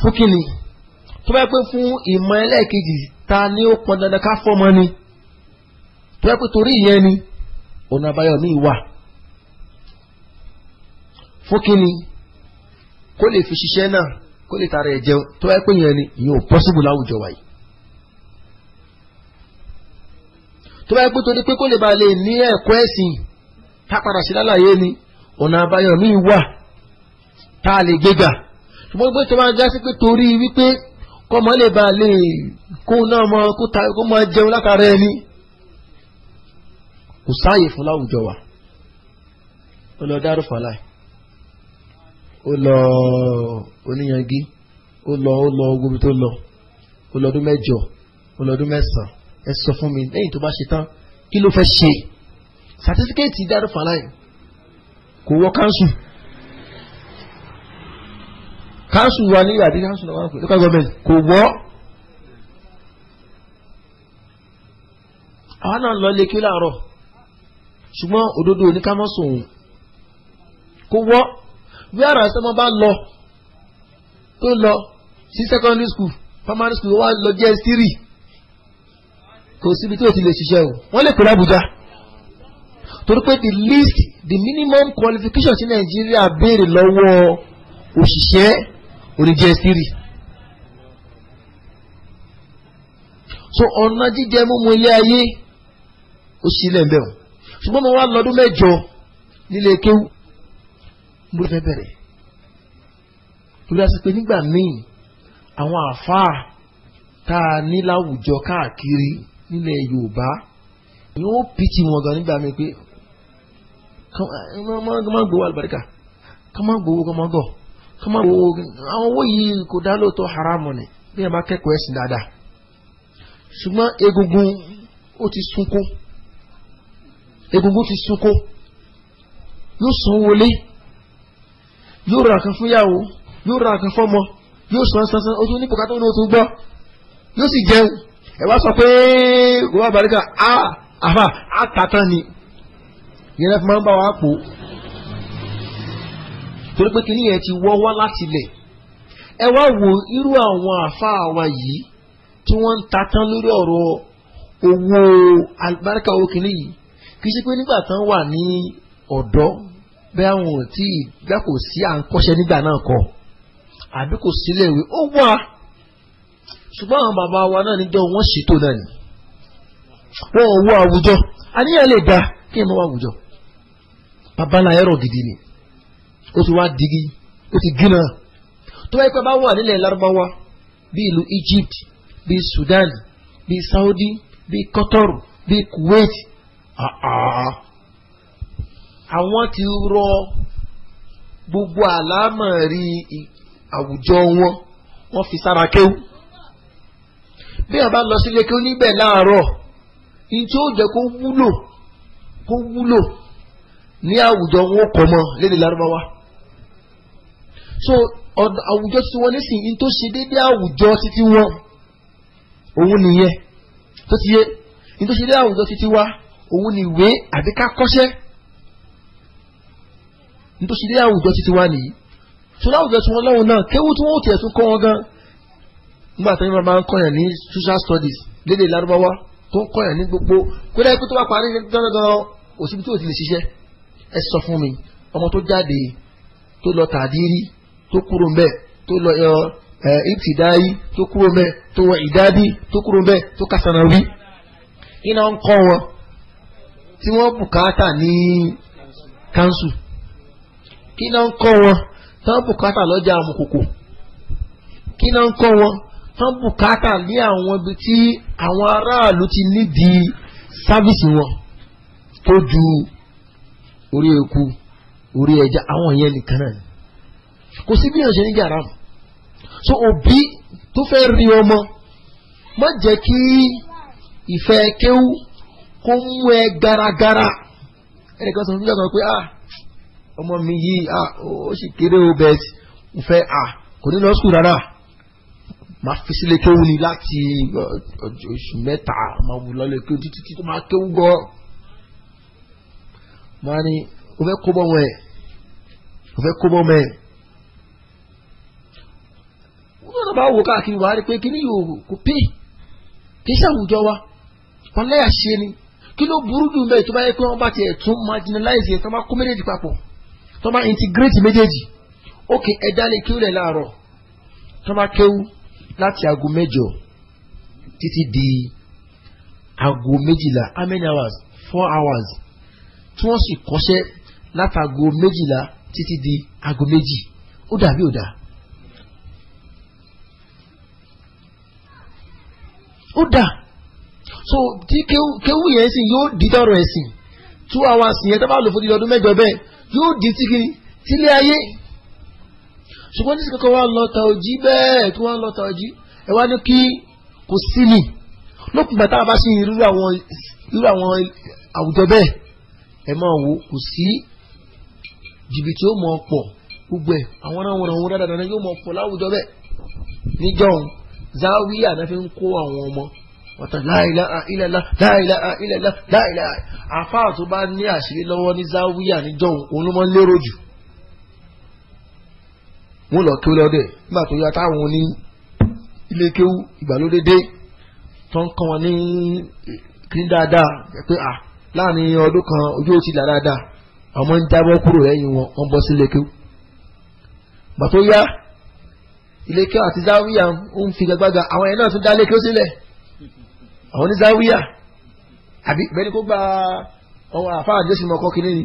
fún kínní tó bá yẹ fún ìmọ̀ ẹlẹ́ẹ̀kejì ta ni ó pọn dandan ká fọ́mọ ni tó yẹ pé torí ìyẹn ni ọ̀nà àbáyọ mi wà fún kínní kó lè fi ṣiṣẹ́ náà kó lè tara ẹ̀ jẹun tó wáyé pé yẹn ni ìyẹn ò pọ́sibù láwùjọ wa yìí. tó bá yẹ pé torí pé kó lè ba lè ní ẹ̀kọ́ ẹ̀sìn tá a padà sí lálàyé ni ọ̀nà àbáyọ míì wà tá a lè gbéga ṣùgbọ́n pé tó máa já pé torí wípé kọ́ mọ́ lè ba lè kó náà mọ kó máa jẹun látara ẹni kò sáàyè fún láwùjọ wa ọlọ́dárò fàlàyé ó lọ oníyangi ó lọ ó lọ gbogbo tó lọ ó lọ ọdún mẹ́jọ ó lọ ọdún mẹ́sàn ẹ sọ fún mi lẹ́yìn tó bá ṣe tán kí ló fẹ́ ṣe sàtífíkẹ́ẹ̀tì dárò fàlàyé kò wọ káńsù káńsù wa ní ìyàdí káńsù náà wà pé local government kò wọ́ àwa náà lọ lé kí láàárọ̀ ṣùgbọ́n òdodo oníkámọ́sùn kò wọ́ bí ara sọmọ bá lọ tó lọ sí secondary school primary school wá lọ jẹ́ sírì kò síbi tí o ti lè ṣiṣẹ́ o wọ́n lè pè lábùjá torí pé the least the minimum qualification ti Nàìjíríà béèrè lọ́wọ́ òṣìṣẹ́ oníjẹ́ sírì. so ọ̀nà jíjẹ múmu ilé ayé ó sílẹ̀ ń bẹ̀ wọ́n ṣùgbọ́n mo wá lọ́dún mẹ́jọ nílé kéwú mo fẹ́ bẹ̀rẹ̀ torí àti pé nígbà míì àwọn àfáà tá a ní láwùjọ káàkiri nílẹ̀ Yorùbá ni wọ́n pìtì wọn gan nígbà míì pé kọ́má gbowó àlùbáríkà kọ́má gbowó kọ́má gọ̀ kọ́má gbowó àwọn owó yìí kò dá lóòótọ́ haramu ni bí ẹ bá kẹ́kọ̀ọ́ ẹ̀sìn dáadáa ṣùgbọ́n egungun ó ti sunkún egungun ti sunkún yóò sanwó lé yóò ra kan fúnyàwó yóò ra kan fọmọ yóò san sansan o tún ní bùkátà òun tún gbọ́ yóò sì jẹun ẹ wá sọ pé gbogbo àbáríkà a àfà àtàtàn ni yẹn lẹ́fọ̀ máa ń bá wa pò torí pé kíní yẹn ti wọ́ wá láti lẹ̀ ẹ wá wo irú àwọn àfa àwa yìí tí wọ́n ń tatán lórí ọ̀rọ̀ owó àlùbáríkà owó yìí kì í ṣe pé nígbà tán wà ní ọ̀dọ́ bẹ́ẹ̀ àwọn ò tí ì bẹ́ẹ̀ kò sí à ń kọ́ṣẹ́ nígbà náà kọ́ àbí kò sílẹ̀ ìwé ó wà ṣùgbọ́n àwọn bàbá wa náà níjọ́ wọ́n ṣètò náà ni wọ́n ò wọ àwùjọ àníyàn lè ga kí ẹ̀ mọ́ àwùjọ bàbá náà ẹ̀rọ gidi ni ó ti wá digi ó ti gínà tó bá yẹ pé bá wà nílẹ̀ Lárúbáwá bí ìlú Egypt bí Sudan bí Saudi bí Qatar bí Kuwait. Ah, ah àwọn ti rọ gbogbo àlámọ̀rí àwùjọ wọn wọ́n fi sára kéwù bí a bá lọ sílé kéwù níbẹ̀ láàárọ̀ ní ó jẹ́ kó wúlò kó wúlò ní àwùjọ wọn kọ̀ mọ́ lédè lárúbáwá so àwùjọ tí wọ́n lé sí ní tó ṣe déédéé àwùjọ títí wọn òun nìyẹn tó ti yé ní tó ṣe déédéé àwùjọ títí wa òun ni ìwé àbíká kọ́ṣẹ́ nítorí ṣe àwùjọ títí wá nìyí tó láwùjọ tí wọ́n láwọn náà kéwù tí wọ́n ò tiẹ̀ tún kọ́ wọn gan nígbà tó yẹn máa ń kọ́yàn ní social studies lédè lárúbáwá tó ń kọ́yàn ní gbogbo kó dáa pé tó bá parí dandandan òsibí tó ti lè ṣiṣẹ́ ẹ sọ fún mi ọmọ tó jáde tó lọ tàdírí tó kúrò ń bẹ tó lọ ẹ ìtìdáyí tó kúrò ń tó wọ ìdádí tó kúrò ń tó kásánà wí iná ń kọ́ wọn tí wọ́n bùkátà ní kánṣu kí náà ń kọ́ wọn tán bùkátà lọ́jà àmùkòkò kí náà ń kọ́ wọn tán bùkátà ní àwọn ibi tí àwọn aráàlú ti nídìí sáfìsì wọn tó ju orí eku orí ẹja àwọn yẹn nìkan náà ni kò sí bí yàn ní yàrá mu so òbí tó fẹ́ rí ọmọ má jẹ́ kí ìfẹ́ kéwú kó mú ẹ garagara ẹnìkan sọ fún mi lọ́kàn pé ah ọmọ mi yìí à ah, ó sì kéré o bẹ́ẹ̀ mo fẹ́ à ah, kò ní lọ sùn rárá máa fi sílé kéwù ni láti uh, oṣù mẹ́ta máa wù lọ́lẹ̀ kéwù títí títí máa kéwù gọ́ máa ní o fẹ́ kó bọ́ wọn o fẹ́ kó bọ́ wọn wọ́n náà bá wò káàkiri wàá rí pé kí ni yóò kó pè kí sàwùjọ wa ọlẹ́yà ṣe ni kí ló burú jù bẹ́ẹ̀ tó yẹ pé wọ́n bá tiẹ̀ tún marginalize ẹ̀ tó bá kó méjèèjì papọ̀ tó máa integrate méjèèjì ok ẹ dálé kí ó lẹ̀ láàárọ̀ tó máa kéwú láti aago mẹ́jọ títí di aago méjìlá how many hours four hours tí wọ́n sì kọ́ṣẹ́ látàgo méjìlá títí di aago méjì ó dàbí ò dáa. ó dà so tí kéwù yẹn sìn yóò dídọ̀rọ̀ ẹ̀sìn two hours yẹn tó bá lò fún ọdún mẹ́jọ bẹ́ẹ̀ yóò di tí kiri tílé ayé ṣùgbọ́n ní sìkẹ́kọ̀ọ́ wa lọ ta òjì bẹ́ẹ̀ kí wọ́n lọ ta òjì ẹ wá ní kí kò sí ni lókùn bàtà bá ṣe irú àwọn irú àwọn àwùjọ bẹ́ẹ̀ ẹ máa wo kò sí jìbìtì ó mọ̀ pọ̀ gbogbo ẹ̀ àwọn náà wọ̀nà wọn dáadáa yóò mọ̀ pọ̀ láwùjọ bẹ́ẹ̀ níjọ́ zawiya náà fi ń kó àwọn ọmọ wọ́n la ilaha illallah la ilaha illallah la ilaha àfáà tó bá ní àṣírí lọ́wọ́ ní záwíyà níjọ́ òun ló mọ́ lérò jù wọ́n lọ kéwú lọ́dẹ̀ nígbà tó yá táwọn ní ilé kéwú ìgbàlódé dé tó ń kọ́ wọn ní kí dáadáa pé à láàrin ọdún kan ojú ó ti là dáadáa ọmọ ń jábọ́ kúrò lẹ́yìn wọn wọ́n bọ́ sí ilé kéwú gbà yá ilé kéwú àti záwíyà ń fi gbàgbàgbà àwọn ẹ̀ náà tún dá ilé kéwú sílẹ̀ àwọn ní záwíyà àbí bẹ́ẹ̀ni kó gba àwọn àfáà jésù mọ́ kọ́kínní ni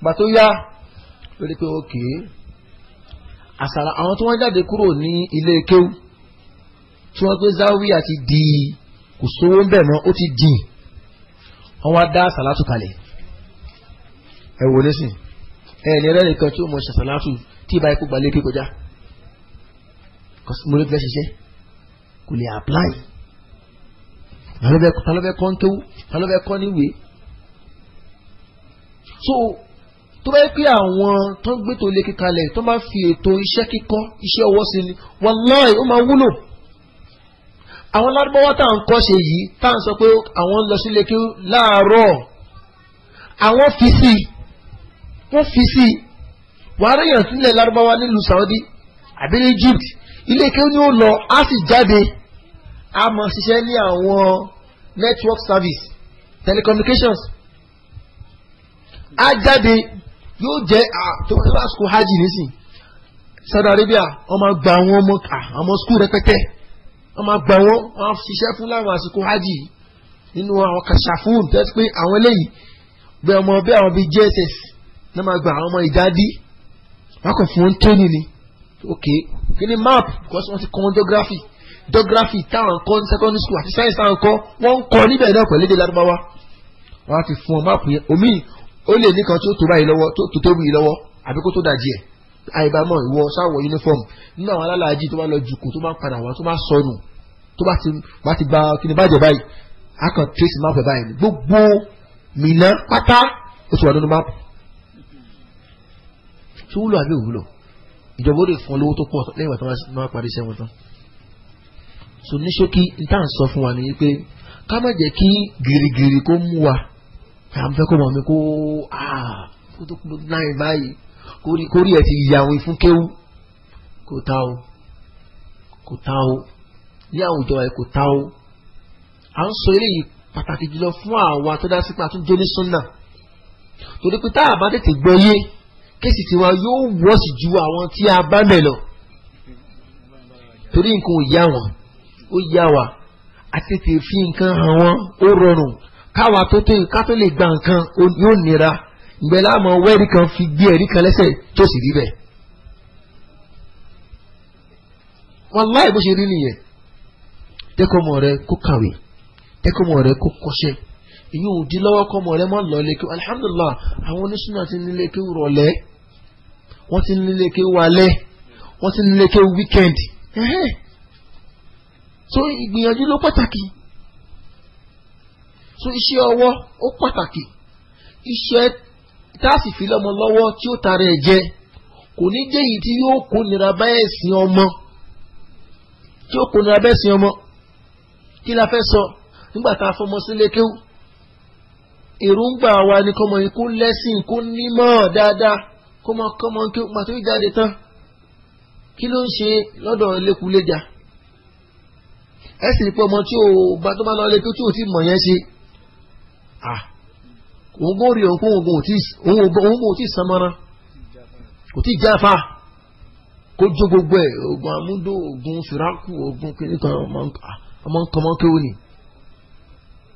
gbà tó yá lórí pé òkè àṣàrà àwọn tí wọ́n jáde kúrò ní ilé kéwú tí wọ́n pé záwíyà ti di kò sówó ń bẹ̀ mọ́ ó ti dìn wọ́n wá dá àṣàlátù kalẹ̀ ẹ wò nísìn ẹ ní ẹlẹ́rìí kan tí ó mọ ṣàṣàlátù tí ìbá ikú gbalé kékọjá mo ló fẹ́ ṣiṣẹ́ kò lè apply talọ́bẹ̀ kọ́ ń kéwú talọ́bẹ̀ kọ́ níwèé. so tó bá yẹ pé àwọn tó ń gbé tó lé kíkalẹ̀ tó máa fi ètò iṣẹ́ kíkọ́ iṣẹ́ ọwọ́ sí ni wàláì ó máa wúlò àwọn ládùbọ́wọ́ tá à ń kọ́ ṣe yìí tá à ń sọ pé àwọn lọ sílé kí láàárọ̀ àwọn fi sí wọ́n fi sí wàá ríyàn sílẹ̀ ládùbọ́wọ́ nílùú Saudi àbí Egypt ilé kí ó ní ó lọ á sì jáde a mọ̀ ṣiṣẹ́ ní àwọn network service telecommunications a jáde yóò jẹ́ àtọ́wọ́n bá sùkúl hajj nísìn Saudi Arabia wọ́n máa gba àwọn ọmọ kà àwọn sùkúl rẹpẹtẹ wọ́n máa gba wọn wọ́n á ṣiṣẹ́ fún láwọn àsìkò hajj nínú àwọn kàṣàfún tẹ́sí pé àwọn eléyìí bí ọmọ bí àwọn bíi JSS náà máa gba àwọn ọmọ ìdádí wọ́n kàn fún wọn tóní ni ok kí ni map because wọ́n ti kọ́ wọn geography geography táwọn kọ́ ní secondary school àti science táwọn kọ́ wọ́n ń kọ́ níbẹ̀ náà pẹ̀lú èdè lárúbáwá wọ́n á ti fún ọ máàpù yẹn omi ó lè nìkan tí ó tó báyìí lọ́wọ́ tó tó báyìí lọ́wọ́ àbí kó tó dà díẹ̀ àìbámọ̀ ìwọ sáwọ uniform nínú àwọn alálàájì tó bá lọ jùkú tó bá padà wá tó bá sọnù tó bá ti gba kíni bàjẹ́ báyìí a kàn trace máàpù ẹ̀ báyìí gbogbo mìíràn pátá ó ti wà nínú máàpù tó wúlò àbí òwúlò ìjọba ó lè fún ọ lówó tó pọ̀ lẹ́yìn ìgbà tó máa parí iṣẹ́ tán so ní ṣókí n tá à ń sọ fún wa nìyí pé ká má jẹ́ kí girigiri kó mú wa à ń fẹ́ kó mọ̀ mi kó aa kó tó kúrò náà báyìí kórìí ẹ̀ ti yàwìn fún kéwù kò tá o kò tá o ní àwùjọ ẹ̀ kò tá o à ń sọ eléyìí pàtàkì jùlọ fún àwa tó dá sí pé àtúndé ní súnà torí pé tá a bá tètè gbọ́ yé kéèsì tiwa yóò wọ́ọ̀sì ju àwọn tí a bá mẹ́ lọ torí nǹkan ò yá wọn. ó yá wa àti tè fi nǹkan hàn o ó rọrùn káwa tó tó ká tó lè gba nǹkan yóò nira ìgbẹ́ láàmú wẹ́ẹ̀rí kan fi gbé ẹ̀rí kan lẹ́sẹ̀ tó sì rí bẹ́ẹ̀. wàláì bó ṣe rí nìyẹn tẹ́kọ̀ọ́mọ rẹ kó kàwé tẹ́kọ̀ọ́mọ rẹ kó kọ́ṣẹ́ èyí ò di lọ́wọ́ kọ́mọ rẹ mọ́ lọ lékè alihamudulilah àwọn oníṣúná ti nílé wọ́n ti nílé ké wálẹ́ wọ́n ti nílé wíkẹ́ndì. so ìgbìyànjú ló pàtàkì so iṣẹ́ ọwọ́ ó pàtàkì iṣẹ́ táàsì fi lọ́mọ lọ́wọ́ tí ó tara ẹ̀ jẹ kò ní jẹ́ èyí tí yóò kó nira bá ẹ̀sìn ọmọ tí ó kó nira bá ẹ̀sìn ọmọ kí la fẹ́ sọ nígbà tá a fọmọ sílé kéwù èròǹgbà wa ni kọ́mọ yìí kó lẹ́sìn kó nímọ̀ dáadáa kọ́mọ kọ́mọ kí pàtó ìjáde tán kí ló ń ṣe lọ́dọ̀ lẹ́kùlẹ́jà ẹ sì rí pé ọmọ tí o bá tó bá lọ lẹ́kọ́ tí o ti mọ̀ yẹn ṣe òun gbọ́n rí òun kó òun kò tí ì samara kò tí ì jáfa kó jó gbogbo ẹ̀ oògùn amúdó oògùn fìràkù oògùn kìnìkan ọmọ nǹkan mọ́ ni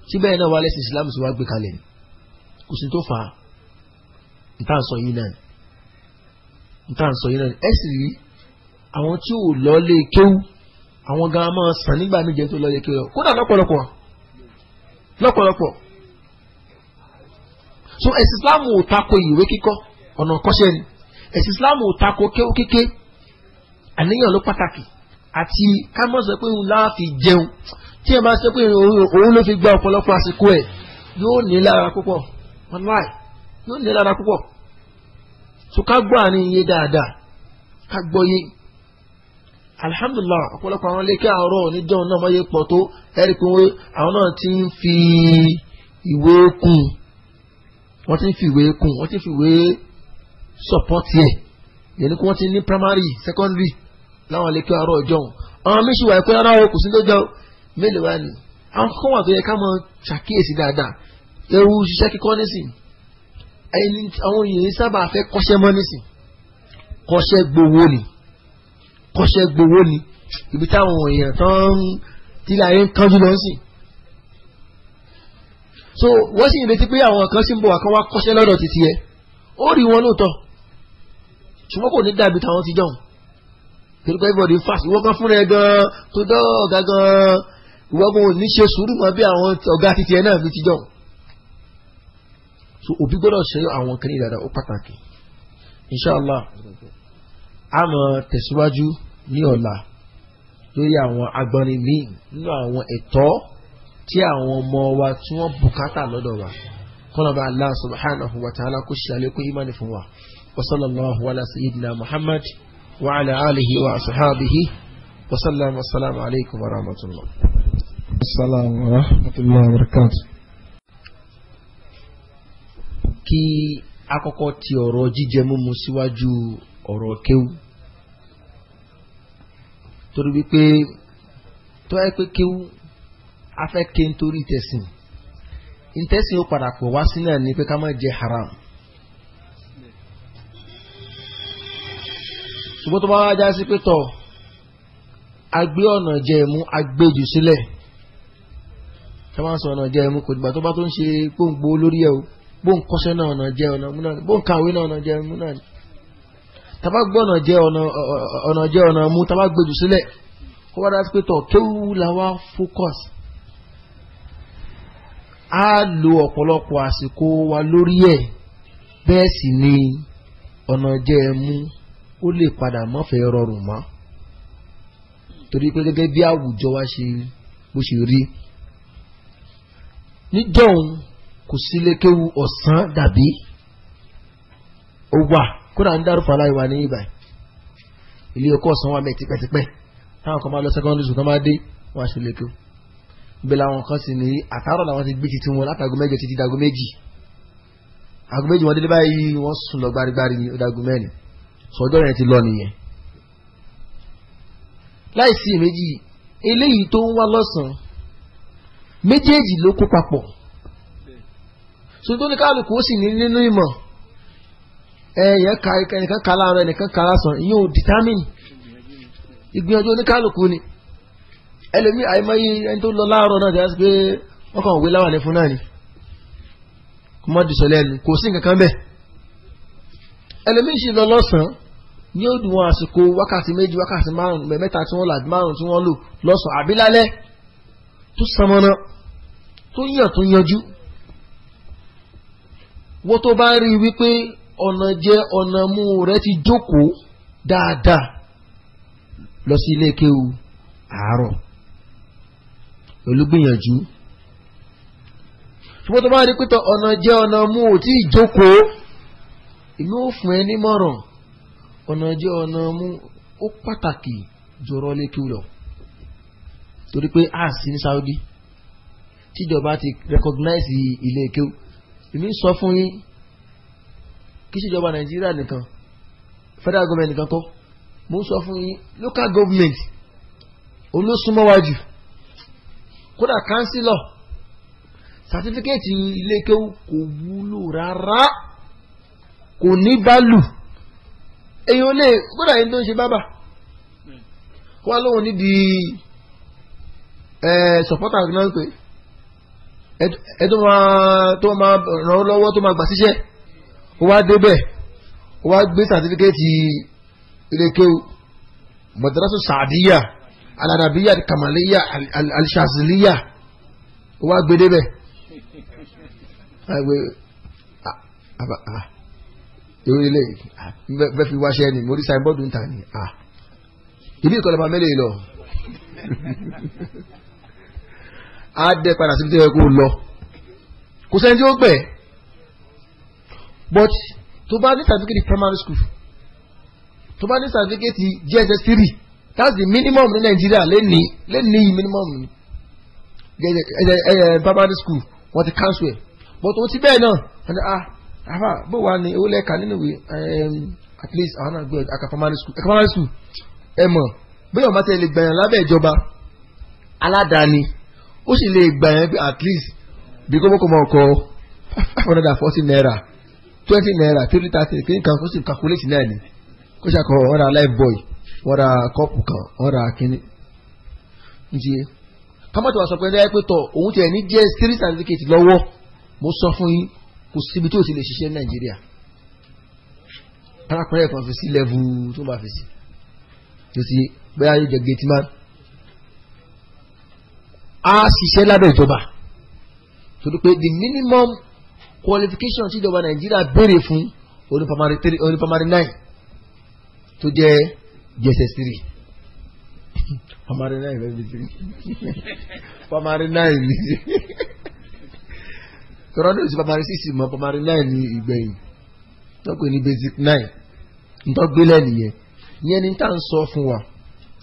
síbẹ̀ yẹn náà wà lẹ́sìn Islam sì wá gbé kalẹ̀ ni kò sí tó fà á nta sọ yìí náà nta sọ yìí náà ẹ sì rí àwọn tí ò lọ lé kéwù àwọn gan máa sàn nígbà mí jẹun tó lọ yẹ kí lọ kódà lọ́pọ̀lọpọ̀ lọ́pọ̀lọpọ̀ so ẹ̀sìn islam ò tako ìwé kíkọ́ ọ̀nà kọ́ṣẹ́ ni ẹ̀sìn islam ò tako kéwú kéké àníyàn ló pàtàkì àti ká má sọ pé òun láàfin jẹun tí ẹ bá sọ pé òun ló fi gba ọ̀pọ̀lọpọ̀ àsìkò ẹ̀ yóò ní lára púpọ̀ wàláì yóò ní lára púpọ̀ so ká gbọ́ àárín iye dáadáa ká gbọ́ yé alhamdulilah ọ̀pọ̀lọpọ̀ àwọn ilé kí àárọ̀ oníjọ́ náà mọ̀ yé pọ̀ tó ẹ̀rí pé àwọn náà ti ń fi ìwé kún wọ́n ti ń fi ìwé kún wọ́n ti ń fi ìwé sọ̀pọ́tì ẹ̀ yẹn ni kí wọ́n ti ní primary secondary láwọn ilé kí àárọ̀ ọjọ́ òun àwọn méjì wà ẹ̀kọ́ rárá o kò sí lójọ́ mélòó wá ni àwọn kan wà tó yẹ ká mọ ṣàkíyèsí dáadáa ewu ṣiṣẹ́ kíkọ́ nísìn àwọn èèyàn sábà fẹ́ kọ́ṣẹ́ mọ́ nísìn kọ́ṣẹ́ gbowó ni kọ́ṣẹ́ gbowó ni ibi táwọn èèyàn tán tí láyé ń kánjú lọ sí. so wọ́n sì ń retí pé àwọn kan sì ń bọ̀ wá kán wá kọ́ṣẹ́ lọ́dọ̀ títí ẹ̀ ó rí wọn lóòótọ́ ṣùgbọ́n kò ní dàbí táwọn ti jọ̀hún pẹ̀lú everybody fast ìwọ́n kan fúnra ẹ gan-an tó dọ́ ọ̀gá gan-an ìwọ́n kan ò ní ṣe sùúrù mọ́ bí àwọn ọ̀gá títí ẹ náà fi ti jọ̀hún. so òbí gbọ́dọ̀ ṣe àwọn kan ní dáadáa ó pàtàkì inshallah a máa tẹ̀síwájú ní ọ̀la lórí àwọn agbọ́nrin míì nínú àwọn ẹ̀tọ́ tí àwọn ọmọ wa tí wọ́n bùkátà lọ́dọ̀ wa kọ́nàbà Allah subhanahu wa ta'ala kó ṣe àlékún ìmánì fún wa wa sallallahu ala sayyidina Muhammad wa ala alihi wa ashabihi wa sallam alaykum wa rahmatullah. assalamu wa rahmatullahi wa kí àkọ́kọ́ ti ọ̀rọ̀ jíjẹ mímu síwájú ọ̀rọ̀ kéwù torí wípé tó ẹ pé kéwú afẹ́ ké nítorí ìtẹ̀sìn ìtẹ̀sìn ó padà pọ̀ wá sí náà ni pé ká má jẹ haram. ṣùgbọ́n tó bá wá já sí pé tọ̀ agbé ọ̀nà jẹ ẹ̀mú agbéjù sílẹ̀ ṣé wọ́n sọ ọ̀nà jẹ ẹ̀mú kò dìgbà tó bá tó ń ṣe gbòǹgbò lórí ẹ̀ o gbòǹkọ́sẹ́ náà ọ̀nà jẹ ọ̀nà náà ni gbòǹkàwé náà ọ̀nà jẹ ẹ̀mú náà ni tàbá gbọ́nà jẹ́ ọ̀nà jẹ́ ọ̀nà mú tàbá gbèjù sílẹ̀ kó wá dájú pé tọ̀ kéwú la wá focus á lo ọ̀pọ̀lọpọ̀ àsìkò wa lórí ẹ̀ bẹ́ẹ̀ sì ni ọ̀nà jẹ́ mú ó lè padà mọ́fẹ́ rọrùn mọ́ torí pé gẹ́gẹ́ bí àwùjọ wa ṣe bó ṣe rí níjọ́un kò sílé kéwú ọ̀sán dàbí ó wà kódà ń dárúkọ aláìwá ní ibà ilé ẹ̀kọ́ ọ̀sán wa mẹ́ẹ̀ tipẹ́tipẹ́ táwọn kan máa lọ secondary school kan máa dé wọn aṣọ lẹ́kọ̀ọ́ bí làwọn kan sì ní àtàrọ̀ làwọn ti gbé titi wọn látàgọ́ mẹ́jọ títí dàgọ́ méjì àgọ́ méjì wọn délé báyìí wọ́n sùn lọ gbárigbári ní ọ̀dàgọ́ mẹ́rin sọjọ́ yẹn ti lọ nìyẹn. láìsí méjì eléyìí tó ń wá lọ́sàn-án méjèèjì ló kó papọ̀ sọdọ́ni káàlùkù ó sì ní nínú ìmọ̀ ẹ̀yẹ eh, ka ẹnìkan ka láàárọ̀ ẹnìkan ka lásán ìyẹn ò determine ìgbìyànjú oníkálukú ni ẹlòmí àìmọye ẹni tó lọ láàárọ̀ náà dáa pé wọ́n kàn wé láwà fún náà ni kò mọ́ dìsọ̀ lẹ́nu kò sí nǹkan kan bẹ́ẹ̀ ẹlòmí sì lọ lọ́sàn-án ní ó dùn àsìkò wákàtí méjì wákàtí márùn-ún mẹ́ta tí wọ́n là márùn-ún tí wọ́n lò lọ́sàn-án àbí lálẹ́ tó sanmọ́nà tó yàn tó yanjú wọ́n tó bá rí wípé ọ̀nà jẹ ọ̀nà mú rẹ ti jókòó dáadáa lọ sí ilé kéwu àárọ̀ olùgbìyànjú ṣùgbọ́n tó bá rí pé ọ̀nà jẹ ọ̀nà mú ò tí ì jókòó èmi ò fún ẹ nímọ̀ràn ọ̀nà jẹ ọ̀nà mú ó pàtàkì jọrọ lé lọ torí pé a sì ní Saudi tíjọba ti recognize ilé kéwu èmi sọ fún yín kì í ṣèjọba nàìjíríà nìkan federal government nìkan kọ́ mo ń sọ fún yín local government olóṣùmọ́ wa jù kódà kánsílọ̀ sàtífíkẹ́ẹ̀tì ilé kéwú kò wúlò rárá kò ní bálù èyàn lè kódà yín tó ń ṣe bábà wá lóhùn nídìí ẹ sọpọ́tà náà pé ẹ tó máa ràn án lọ́wọ́ tó máa gbà síṣẹ́ ó wá débẹ̀ ó wá gbé sàtífíkẹ́tì ilékéwu madrasa sàdíyà alàdàbíyà kàmàlíyà alṣàzìlíyà ó wá gbé débẹ̀ ìwé ilé bẹ́ẹ̀ fi wáṣẹ́ ni mo rí signboard ń ta ni ibi ìkọlọ́ba mẹ́lẹ̀ lọ á dẹ́ padà síbi tí ó yẹ kó lọ kò sẹ́ni tí ó gbẹ̀ but tó bá ní certificate in primary school tó bá ní certificate in JSS three that's the minimum ní Nàìjíríà lẹ́ni lẹ́ni yìí minimum ni primary school What the council ẹ̀ but òun ti bẹ́ẹ̀ náà wọ́n ti ah àfà bó wà ní owó lẹ́ka nínú ìwé at least àwọn náà gbé aka primary school aka primary school ẹ mọ̀ bóyá ọmọ tẹ̀lé gbẹ̀yàn lábẹ́ ìjọba aládàáni ó sì lè gbẹ̀yàn at least bí kò mọ̀kọ́ mọ̀kọ́ five hundred and forty naira twenty naira three thirty kí n kan kó sì calculate náà ni kó ṣàkọ ọ̀rà life boy ọ̀rà kọ́ọ̀pù kan ọ̀rà kínní njí kámọ́tò wa sọ pé ẹ pé tọ òun tiẹ̀ ní jẹ́ three certificate lọ́wọ́ mo sọ fún yín kò síbi tó ti lè ṣiṣẹ́ ní Nàìjíríà arákùnrin kan fi sí lẹ́vù tó bá fi sí tó ti bẹ́ẹ̀ ayé jẹ gate man á ṣiṣẹ́ lábẹ́ ìjọba torí pé the minimum qualification tí ìjọba nàìjíríà béèrè fún oní primary three oní primary nine tó jẹ́ jss three primary nine bẹ́ẹ̀ bí three primary nine ni tọ́lọ́dún sí pamari six mọ́ pamari nine ní ìgbẹ̀yìn tó ní basic nine ntọ́gbélẹ̀ nìyẹn ìyẹn ni tá à ń sọ fún wa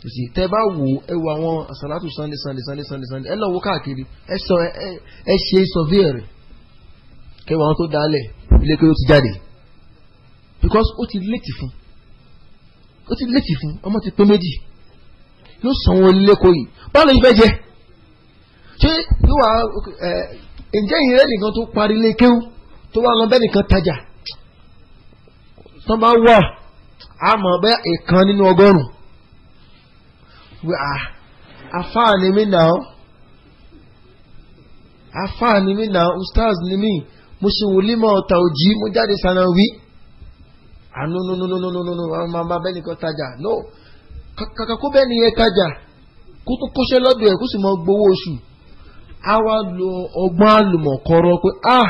kìsì tẹ bá wò ẹ wò àwọn àsàlátù sunday sunday sunday sunday sunday ẹ lọ wò káàkiri ẹ sọ ẹ ẹ ṣe sọfíẹrì ẹwà wọn tó dálẹ̀ ilé kí ló ti jáde because ó ti létí fún ó ti létí fún ọmọ ti pé méjì yóò sàn wọn lẹ́kọ̀ọ́ yìí báwo ló ń fẹ́ jẹ ṣé yóò wá ẹ ǹjẹ́ ìrẹ́ nìkan tó parí ilé kéwú tó wá lọ bẹ́ẹ̀ nìkan tajà tó bá wà á mọ̀ bẹ́ẹ̀ ìkan nínú ọgọ́rùn-ún àfáà ni mí náà àfáà ni mí náà ustaz ni mí. mo ṣe wòlímọ̀ ọ̀tà òjì mo jáde sànà wí ànú ah, no no no no no no no àwọn máa bẹ́ẹ̀ no kàkà kó bẹ́ẹ̀ nìyẹn tajà kó tó kọ́ṣẹ́ lọ́dọ̀ ẹ̀ kó sì gbowó oṣù wá lo ọgbọ́n àlùmọ̀kọ́rọ́ pé a ah,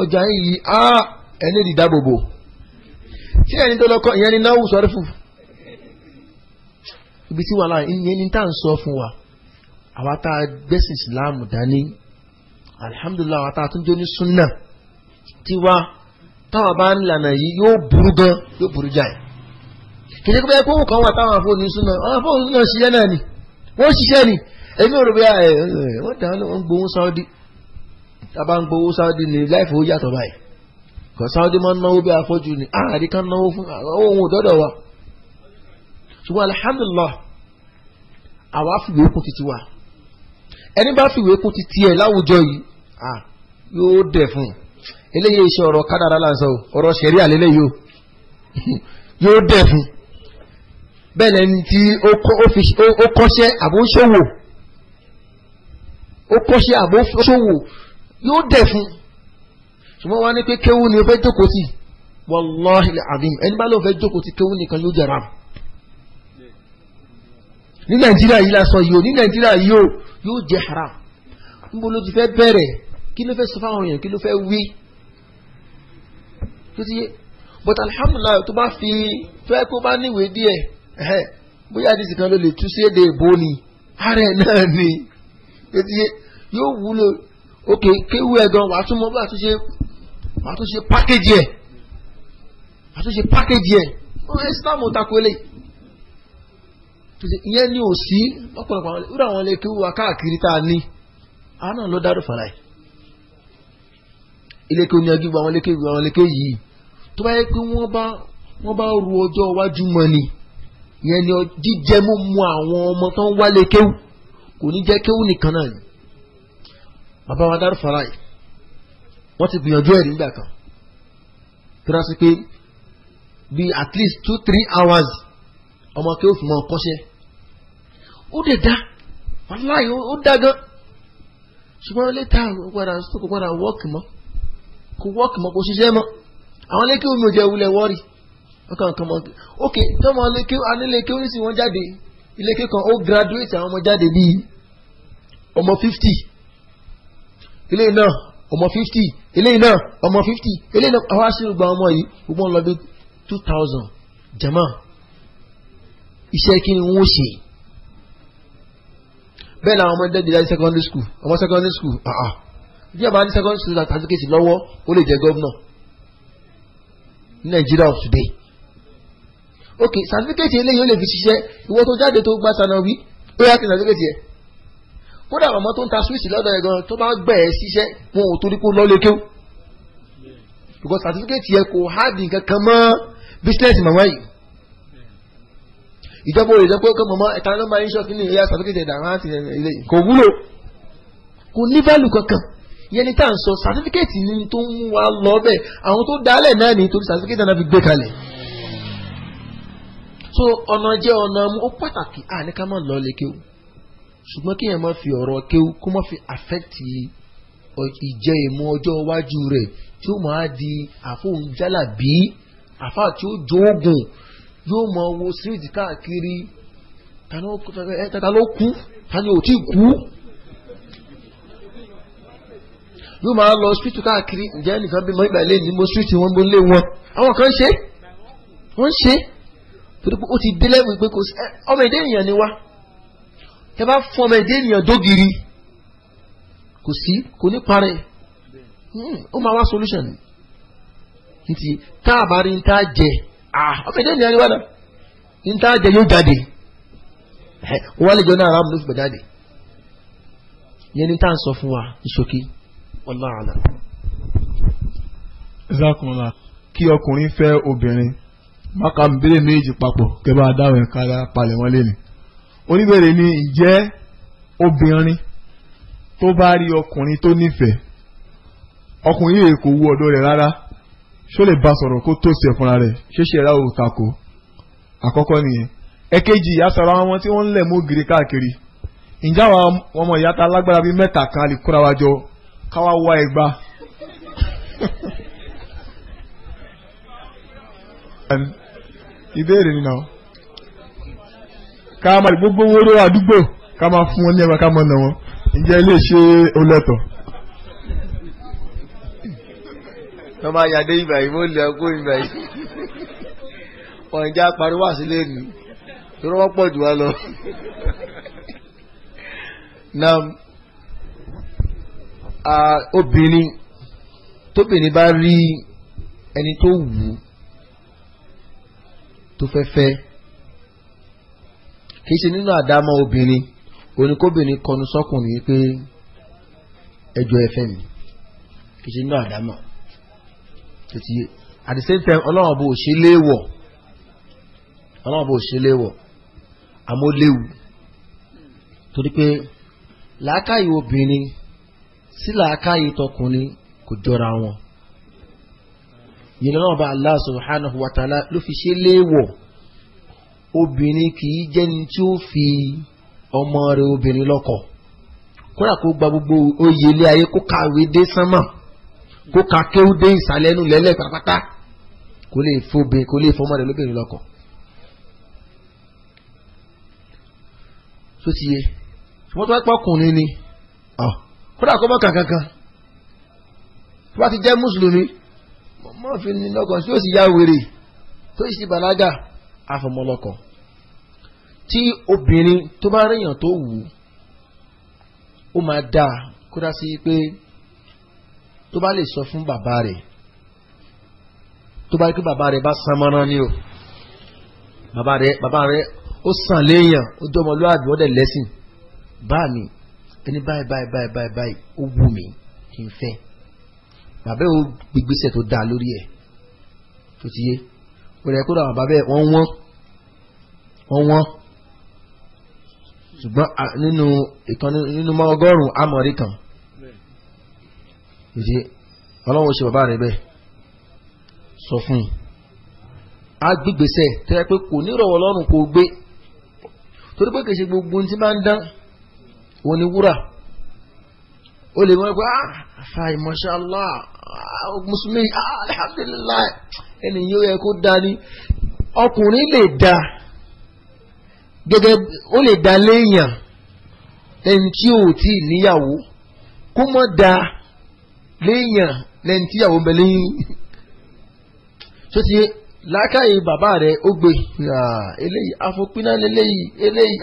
ọjà yìí a ah, ẹni di dábòbò tí ẹni tó lọ́kọ́ ìyẹn ni náwó fún ibi tí wàhálà ìyẹn ni tá à ń sọ fún wa àwa tá a gbẹ́sìn Islam dání alihamudulilayi àwa tá a tún sunnah. tiwa táwa bá ń lànà yìí yóò burú gan yóò burú jáì kìí kó bẹ́ẹ̀ kó wù kán wà táwọn afọ́ọ̀nù súnà àwọn afọ́ọ̀nù súnà ṣiṣẹ́ náà ni wọ́n ṣiṣẹ́ ni èmi ò rò bíi ẹ wọ́n dàn án gbowó sáódì tábà ń gbowó sáódì ni láìfò yàtọ̀ báyìí kò sáódì máa ń náwó bí afọ́jú ni àárí kan náwó fún ohun òdọ́dọ̀ wa ṣùgbọ́n alhamdulillah àwa fìwé kún titi wa ẹni bá fìwé kún titi ẹ̀ láwùjọ yìí yóò eléyìí iṣẹ́ ọ̀rọ̀ kádàrá làǹsọ̀ ọ̀rọ̀ ṣẹ̀rí àlélẹ́ yìí o yóò dẹ̀ fún bẹ́ẹ̀ lẹ́ni tí ó kọ́ṣẹ́ àbóṣòwò ó kọ́ṣẹ́ àbóṣòwò yóò dẹ̀ fún ṣùgbọ́n wọn á ní pé kéwú ni ó fẹ́ jókòó sí wàláhi àdìm ẹni bá ló fẹ́ jókòó sí kéwú nìkan yóò jẹ̀ra ní nàìjíríà yìí lásán yìí o ní nàìjíríà yìí o yóò jẹ haram níbo ti fẹ́ bẹ̀rẹ̀ kí ló fẹ́ sọ fáwọn èèyàn kí ló fẹ́ wí títí but alhamdulilayi tó bá fi fẹ́ kó bá níwèé díẹ̀ bóyá àdìsí kan ló lè tú sí èdè ìbò ni ààrẹ náà ni títí yóò wúlò ok kéwú ẹ̀ gan wàá tún mọ bí àtúnṣe wàá tún ṣe pákéjì ẹ̀ wàá tún ṣe pákéjì ẹ̀ wọ́n ẹ̀ sítámù takò eléyìí ìyẹn ni ò sí ọ̀pọ̀lọpọ̀ àwọn ilé àwọn ilé kéwú wa káàkiri tá a ní àánú ló dárò fàlàyé ilékè oníyanjú gba àwọn ilékè gba àwọn ilékè yìí tó bá yẹ pé wọ́n bá wọ́n bá ru ọjọ́ iwájú mọ́ ni yẹn ni jíjẹ mú mu àwọn ọmọ tó ń wá lékéwù kò ní jẹ́ kéwù nìkan náà ni bàbá wa dárò fara yìí wọ́n ti gbìyànjú ẹ̀rí nígbà kan kíra sí pé bíi at least two three hours ọmọ kéwù fún wọn kọ́ṣẹ́ ó dẹ̀ dá wàláyé ó dá gan ṣùgbọ́n lẹ́tà kò padà wọ́ọ̀kì mọ́ kò wọ́ọ̀kì mọ́ kò ṣiṣẹ́ mọ́ àwọn lékè omi ò jẹ́ wulẹ̀ wọ́ọ̀rì ọkàn kan mọ́ ok tọ́mọ lékè anílékè oníṣìí wọn jáde ilékè kan ó graduate àwọn ọmọ jáde bíi ọmọ fifty ilé náà ọmọ fifty ilé náà ọmọ fifty ilé náà àwọn aṣèrògbà ọmọ yìí gbogbo ń lọ bí two thousand jama iṣẹ́ kí ni wọ́n ṣe bẹ́ẹ̀ ni àwọn ọmọ jáde láti secondary school ọmọ secondary school ah ah ìjẹ́ bá ní second school certificate lọ́wọ́ ó lè jẹ́ gọ́vnà ní Nigeria of today ok certificate eléyìí ó lè fi ṣiṣẹ́ ìwọ tó jáde tó gba sanawi ó yàtọ̀ certificate yẹ kódà àwọn ọmọ tó ń ta switch lọ́dọ̀ ẹ̀ gan tó bá gbẹ̀ ẹ́ ṣiṣẹ́ wọn ò torí kó lọ lé kéw because certificate yẹ kò hard nǹkan kan mọ́ business màmá yìí ìjọba òye jẹ́ pé ó kọ́ mọ́mọ́ ẹ̀ta nọ́mbà insurance nínú ìyá certificate ẹ̀dá wọn á ti ilé kò wúlò kò ní value kankan yẹn ní tá à sọ sàtífíkẹ́tì ni tó ń mú wa lọ bẹ́ẹ̀ àwọn tó dálẹ̀ náà ni torí sàtífíkẹ́tì náà fi gbé kalẹ̀. so ọ̀nà jẹ́ ọ̀nà mú ó pàtàkì àní ká má lọ lè kéwù ṣùgbọ́n kéèyàn má fi ọ̀rọ̀ kéwù kó má fi àfẹ́tì ìjẹ́ ìmú ọjọ́ iwájú rẹ̀ tí ó máa di àfóhùnjálà bí àfáà tí ó jóògùn yóò máa wo síríìtì káàkiri ta ló kú ta ò tí kú. yóò máa lọ hospital káàkiri ǹjẹ́ nìkan bímọ ìgbà ilé ní mo street wọn gbólé wọn àwọn kan ṣe wọ́n ṣe torí pé ó ti dé lẹ́wọ̀n kò sí ọmọ èdè èèyàn ni wá ẹ bá fún ọmọ èdè èèyàn dógiri kò sí kò ní parẹ́ hmm, ó máa wá solution nti tá a bá jẹ ọmọ èdè èèyàn ni wá náà nta jẹ yóò jáde wọ́n lè wallahu a'lam. ìsákùnrin kí ọkùnrin fẹ́ obìnrin máka béèrè méjì papọ̀ kẹ́ bá dáhùn ẹ̀ka palẹ̀ wọn lẹ́nu oníbèrè ni ìjẹ́ obìnrin tó bá rí ọkùnrin tó nífẹ̀ẹ́ ọkùnrin yìí kò wú ọ̀dọ̀ rẹ̀ rárá ra tako kan káwá wá igba. ìbéèrè nínú àwọn ká máa gbogbo wóró àdúgbò ká máa fún wọn ní ẹ̀ma ká máa nà wọn ǹjẹ́ ilé ṣe olẹ́tọ̀. wọ́n máa yàdé ibà yìí wọ́n lè ọkọ ibà yìí wọ́n jẹ́ apariwo àsìlẹ̀ nì tó rọ́pọ̀ jù wá lọ obìnrin tóbìnrin bá rí ẹni tó wù ú tó fẹ́ fẹ́ kì í ṣe nínú àdámọ́ obìnrin oníkóbìnrin kọnu sọ́kùnrin pé ẹjọ́ ẹ fẹ́ mi kì í ṣe nínú àdámọ́ tètè at the same time ọlọ́run bò ṣe léèwọ̀ ọlọ́run bò ṣe léèwọ̀ àmọ́ léwu torí pé làákàyè obìnrin sílà káyì tọkùnrin kò jọra wọn yìnyín náà bá Allah subhanahu wa ta'ala ló fi ṣe léèwọ̀ obìnrin kì í jẹ́ni tí ó fi ọmọ rẹ̀ obìnrin lọ́kọ kódà kó gba gbogbo oyè ilé ayé kó kàwé dé sánmà kó ka kéwú dé ìsàlẹ̀ ẹnu lẹ́lẹ̀ pátápátá kó lè fóbe kó lè fọmọ rẹ̀ lóbìnrin lọ́kọ. tó ti yẹ wọ́n tó wá Oh kódà kọ́ mọ́ kankankan tó bá ti jẹ́ mùsùlùmí mọ́ fi ní lọ́kàn tí ó sì ya wèrè tó sì bàlágà àfọmọlọ́kọ̀ tí obìnrin tó bá ríyàn tó wù ó máa dáa kódà sí pé tó bá lè sọ fún bàbá rẹ̀ tó bá rí pé bàbá rẹ̀ bá san mọ́nà ni o bàbá rẹ̀ bàbá rẹ̀ ó sàn léèyàn ó dọ́mọlúwàbí ó dẹ̀ lẹ́sìn báà ni ẹni báyìí báyìí báyìí báyìí báyìí ó wù mí kí n fẹ́ bàbá ò to tó dáa lórí ẹ̀ tó ti yé ó rẹ̀ kódà àwọn bàbá ẹ̀ wọ́n wọ́n wọ́n wọ́n ṣùgbọ́n nínú ìkan nínú ọgọ́rùn-ún amọ̀rí kan ìdí ọlọ́run ṣe bàbá rẹ̀ bẹ́ẹ̀ sọ fún un agbègbèsẹ̀ tẹ́ pé kò nírọ̀wọ́ lọ́rùn kò gbé torí pé kì í ṣe gbogbo ohun tí máa ń dán òun ni wúrà ó lè mọ̀ pé àfà ah, mashallah ah, mùsùlùmí ah, alhamdulilayi ẹni yóò yẹ kó da ni ọkùnrin lè da gẹ́gẹ́ ó lè da léèyàn lẹ́ni tí ò tí ì níyàwó kó mọ̀ da léèyàn lẹ́ni tíyàwó ń bẹ lẹ́yìn tó ti bàbá rẹ̀ ó gbé eléyìí afọpínà lélẹ́yìí eléyìí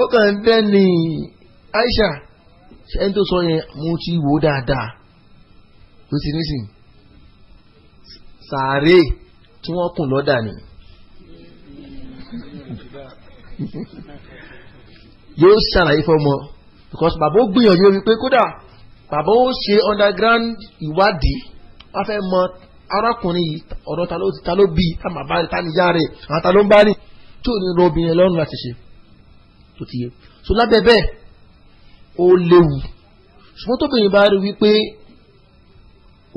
ó kàn bẹ́ẹ̀ nìyí. Aisha ṣe ẹni tó sọ yẹn mo ti wò dáadáa ló ti nísìn sàárè tí wọ́n kùn lọ́dà ni yóò ṣàlàyé fọmọ because bàbá ó gbìyànjú wípé kódà bàbá ó ṣe underground ìwádìí wọ́n fẹ́ mọ arákùnrin yìí ọ̀dọ́ ta ló ta ló bí ta màbá rẹ̀ ta níyà rẹ̀ àwọn ta tí ò ní rọ obìnrin lọ́rùn láti ṣe tó ti yẹ so lábẹ́ bẹ́ẹ̀ ó léwu ṣùgbọ́n tóbìnrin bá rí wípé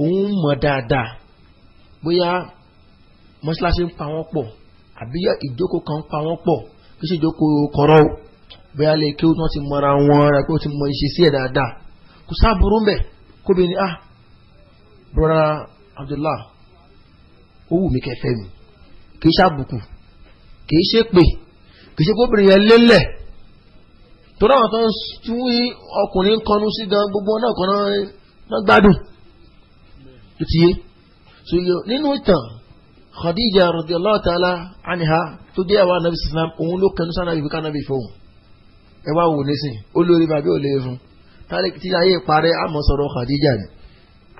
òun mọ̀ dáadáa bóyá mọ́ṣáláṣí ń pa wọ́n pọ̀ àbí ìjókòó kan ń pa wọ́n pọ̀ kí ṣe ìjókòó kọ̀rọ̀ o bóyá lè kí wọ́n ti mọra wọn rẹ̀ pé ó ti mọ ìṣesí ẹ̀ dáadáa kò sáàbùrú ń bẹ̀ kóbìnrin ah brother Abdullah ó wù mí kẹfẹ́ mi kì í ṣàbùkù kì í ṣe pè kì í ṣe kóbìnrin yẹn lélẹ̀ torí àwọn tó ń tún ọkùnrin kọnu sí gan gbogbo náà kan náà gbádùn tó ti yé so nínú ìtàn Khadija radiyallahu ta'ala anha tó jẹ́ àwọn anabi sinam òun ló kẹnu sáà nàbí ká nàbí fóun ẹ wá wò nísìn olórí bàbá ò lè fún tálẹ̀ tí ayé parẹ́ àmọ́ Khadija ni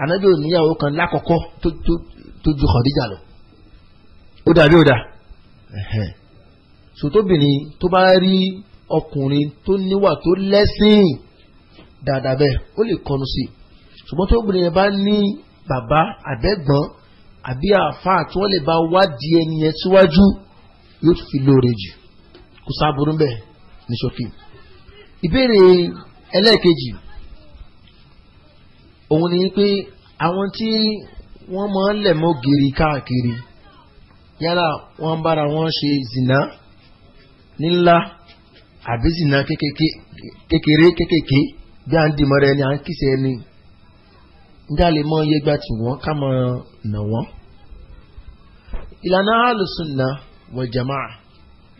anabi ò níyàwó kan lákọ̀ọ́kọ́ tó ju Khadija lọ ó dàbí ó dà sòtóbìnrin tó bá rí ọkùnrin tó níwà tó lẹ́sìn dáadáa bẹ́ẹ̀ ó lè kọnu sí i ṣùgbọ́n tó obìnrin yẹn bá ní bàbá àbẹ́gbọ́n àbí àáfàá tí wọ́n lè bá wádìí ẹni yẹn síwájú yóò fi lóore jù kò sáàbùrú bẹ́ẹ̀ ní ṣókí. ìbéèrè ẹlẹ́ẹ̀kejì òun ni pé àwọn tí wọ́n máa ń lẹ̀ mọ́ gírí káàkiri yálà wọ́n bára wọn ṣe zìnà nílá àbí zina kékeré kékèké bí à ń dìmọ́ rẹ ni à ń kíṣe ẹni ndé àlè mọ́ iye gba tì wọ́n ká mọ́ nà wọ́n. ìlànà alùsùnà wọ jamaa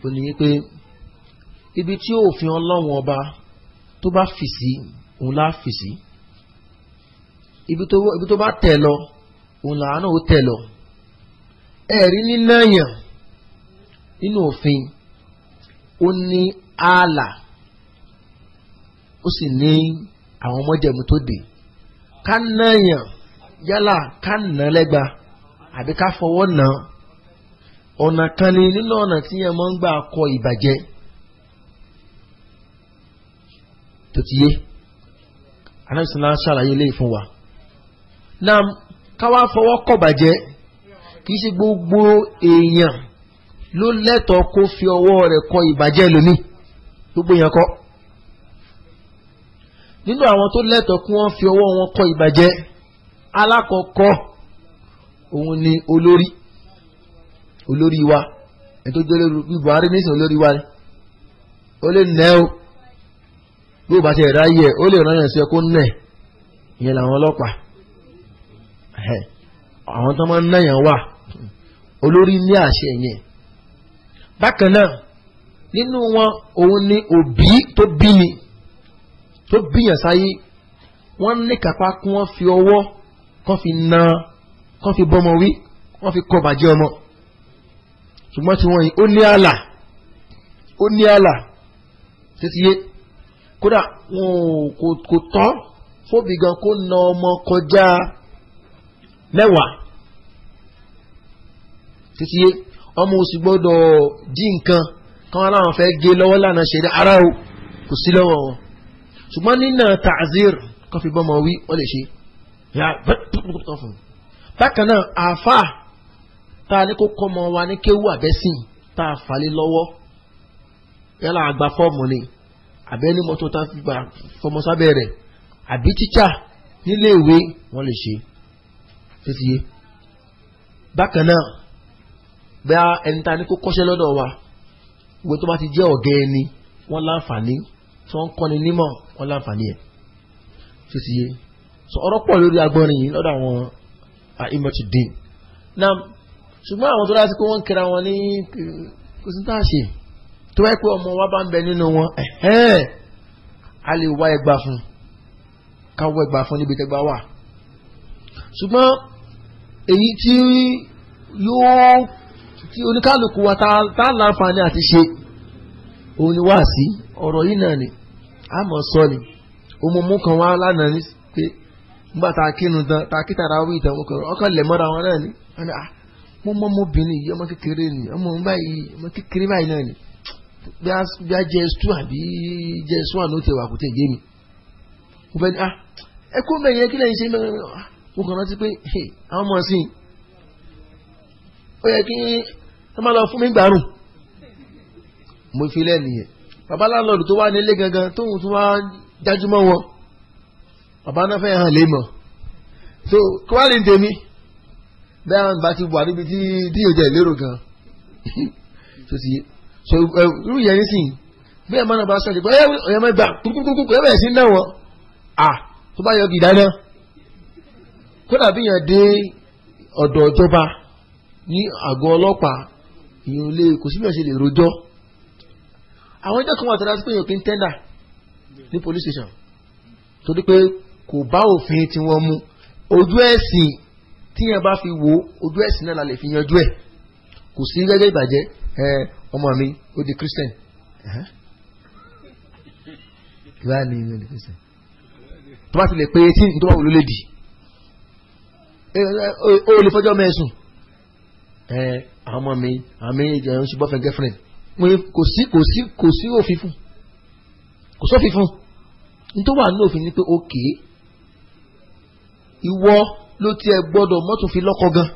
ò ní pé ibi tí òfin ọlọ́run ọba tó bá fì sí òun lá fì sí ibi tó bá tẹ̀ lọ òun làánà ó tẹ̀ lọ ẹ̀rí nínú ẹ̀yàn nínú òfin ó ní ààlà ó sì ní àwọn mọ́jẹ̀mú tó dé ká nàyàn yálà ká nà lẹ́gba àbí ká fọwọ́ nà ọ̀nà kan ni nínú ọ̀nà tí yẹn máa ń gbà kọ ìbàjẹ́ tó ti yé anáìsàn náà ṣàlàyé léyìí fún wa náà káwá fọwọ́ kọ̀ bàjẹ́ kì í ṣe gbogbo èèyàn ló lẹ́tọ̀ọ́ kó fi ọwọ́ rẹ̀ kọ ìbàjẹ́ lómi gbogbo yẹn kọ́ nínú àwọn tó lẹ́tọ̀ọ́ kí wọ́n fi ọwọ́ wọn kọ ìbàjẹ́ alákọ̀ọ́kọ́ òun ni olórí olórí wa ẹni tó gbélé bí Buhari nísìnyí olórí wa ni ó lè nẹ́ o bí o bá ti ẹ̀rá yẹ ó lè ràn yàn sí ẹ kó nẹ̀ ìyẹn làwọn ọlọ́pàá àwọn tó máa ń náyàn wà olórí ní àṣẹ yẹn bákan náà nínú wọn òun ni òbí tó bí ni tó bíyàn sáyé wọ́n ní kápá kí wọ́n fi ọwọ́ kán fi na kán fi bọ́mọ wí kán fi kọ́ bàjẹ́ ọmọ ṣùgbọ́n tí wọ́n yìí ó ní àlà ó ní àlà títí kódà wọn ò kò tọ́ fóbi gan kó na ọmọ kọjá mẹ́wàá títí ọmọ òsì gbọ́dọ̀ jí nǹkan kán aláwọn fẹ́ gé lọ́wọ́ lánàá ṣe ara o kò sí lọ́wọ́ wọn ṣùgbọ́n nínà ta'zir kán fi bọ́mọ wí ó lè ṣe yà bẹ́ẹ̀ fún un. bákan náà àáfà tá a ní kó kọ́ ọmọ wa ní kéwú àbẹ́sìn tá a fà lọ́wọ́ yálà àgbà fọ́ọ̀mù ni àbẹ́ni mọ́tò tá a fi gbà fọmọ sábẹ́ rẹ̀ àbí tíṣà nílé ìwé wọ́n lè ṣe títí yé bákan náà bẹ́ẹ̀ ẹni tá a ní kó kọ́ṣẹ́ lọ́dọ̀ wa ìwé tó bá ti jẹ́ ọ̀gá ẹni wọ́n láǹfààní tí wọ́n ń kọ́ni nímọ̀ wọ́n láǹfààní ẹ̀ ṣe ti yé sọ ọ̀rọ̀ pọ̀ lórí agbọ́nrin yìí lọ́dọ̀ àwọn àìmọ̀tì dín náà ṣùgbọ́n àwọn tó dáa sí pé wọ́n ń kira wọn ní kò sí táà ṣe tó wáyé pé ọmọ wa bá ń bẹ nínú wọn a lè wá ẹgbà fún ká wọ ẹgbà fún níbi tẹgbà wà ṣùgbọ́n èyí tí yóò tí oníkálukú wa tá a láǹfààní àti ṣe òun ni wá sí ọ̀rọ̀ yìí náà ni a mọ̀ sọ ni òmùmú kan wá lánàá ni pé nígbà tá a kírun tán tá a kí tàrà wí ìtàn ọkọ̀ ọkàn lẹ̀ mọ́ra wọn náà ni wọ́n ní ah, mo mọ ọmọbìnrin yìí ọmọ kékeré ni ọmọ báyìí ọmọ kékeré báyìí náà ni bí a jẹ stu àbí jẹ stu àná ó ti wà kó yé mi mo fẹ́ ni ah, ẹ kó ẹ máa lọ fún mi gbàrún mo fi lẹ́nu yẹn bàbá láńlọ́ọ̀dù tó wà nílé gangan tóun tún wá jájú wọn bàbá náà fẹ́ hàn lé mọ́ so kí wàá lè ń tèmi bẹ́ẹ̀ àwọn bá ti wà níbi tí díyò jẹ́ ìlérò gan so ti so irú yẹn ní sìn bẹ́ẹ̀ máa náà bá sọ̀rọ̀ pé ọ̀yẹ́ máa gbà kúkúkúkú ẹ̀ bẹ̀rẹ̀ sí ń dá wọn à tó bá yọ kì í dáná kódà bí yẹn dé ọ̀dọ̀ ìjọba ní àgọ́ ọlọ́pàá ìyẹn ò lè kò sí bẹ́ẹ̀ ṣe lè rojọ́ àwọn ẹjọ́ kan wà tọ́lá sí pé èèyàn kì í tẹ́ndà ní police station torí pé kò bá òfin tí wọ́n mú ojú ẹ̀sìn tíyẹn bá fi wo ojú ẹ̀sìn náà la lè fi yanjú ẹ̀ kò sí gẹ́gẹ́ ìbàjẹ́ ẹ ọmọ mi ó di christian ìwà ni ó di christian tó bá ti lè pé tí nítorí wọn ló lè dì ó lè fọjọ́ mẹ́sùn. àwọn ọmọ mi àmì ẹ̀yìn oṣù boyfriend girlfriend wọn kò sí kò sí kò sí òfin fún kò sófin fún nítorí wà òfin ni pé òkè ìwọ ló tiẹ̀ gbọ́dọ̀ mọ́tò fi lọ́kọ gan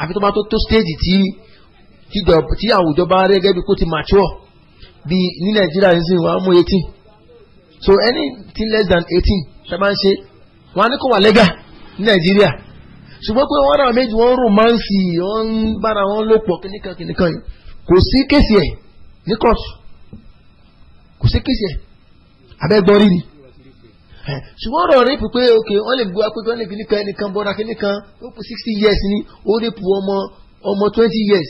àfi tó bá tó tó stage tí tí àwùjọ ti mature bí ní nàìjíríà mú eighteen so anything less than eighteen ṣe máa ń ṣe wọ́n á ní kó wà ṣùgbọ́n pé wọ́n náà méjì wọ́n rọ̀mánsì wọ́n bára wọn lò pọ̀ kìnìkan kìnìkan yìí kò sí kéèsì ẹ̀ ní kóòtù kò sí kéèsì ẹ̀ abẹ́gbọ́n rí ni ṣùgbọ́n ọ̀rọ̀ rẹ̀ pípé òkè wọ́n lè gbọ́ pé wọ́n lè ẹnìkan bọ́ra kìnìkan ó kù sixty years ni ó lè pu ọmọ ọmọ twenty years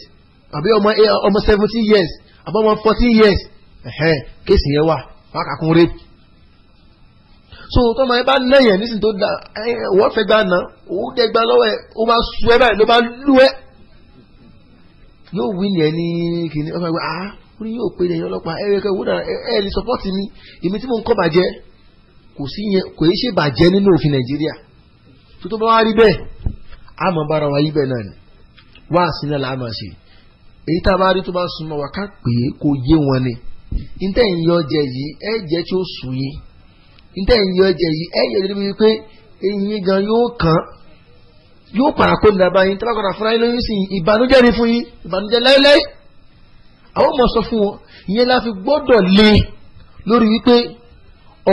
àbí ọmọ eh, ọmọ seventeen years àbí ọmọ fourteen years kéèsì yẹn wà wákàkùn rẹ̀ so tọ́mọ ịba bá n'isi nísìnyí tó da wọ́n fẹ́ gbà ná òun dẹ́ gbà lọ́wọ́ ẹ ó máa sọ ẹ báyìí ló máa lú ẹ. yóò wí ni ẹ ní kìnìún ọmọ ẹgbẹ́ ah ó ní yóò pé ẹ̀yin ọlọ́pàá ẹ ẹ̀ka ìwúdà ẹ ẹ̀ lè sọpọ́tì mi èmi tí mò ń kọ́ bàjẹ́ kò sí yẹn kò yẹ ṣe bàjẹ́ nínú òfin Nàìjíríà a bára wa yí bẹ́ẹ̀ náà ni wá máa ṣe èyí tá a wọn ni ní yọ níta ẹ̀yìn ọjẹ́ yìí ẹ̀yìn ọjẹ́ níbi wípé eyín gan yóò kàn yóò padà kó nira báyìí tí wọ́n padà fúnra yín lóyún sí ìbànújẹ́ ni fún yín ìbànújẹ́ láéláé àwọn ọmọ sọ fún wọn ìyẹn la fi gbọ́dọ̀ lé lórí wípé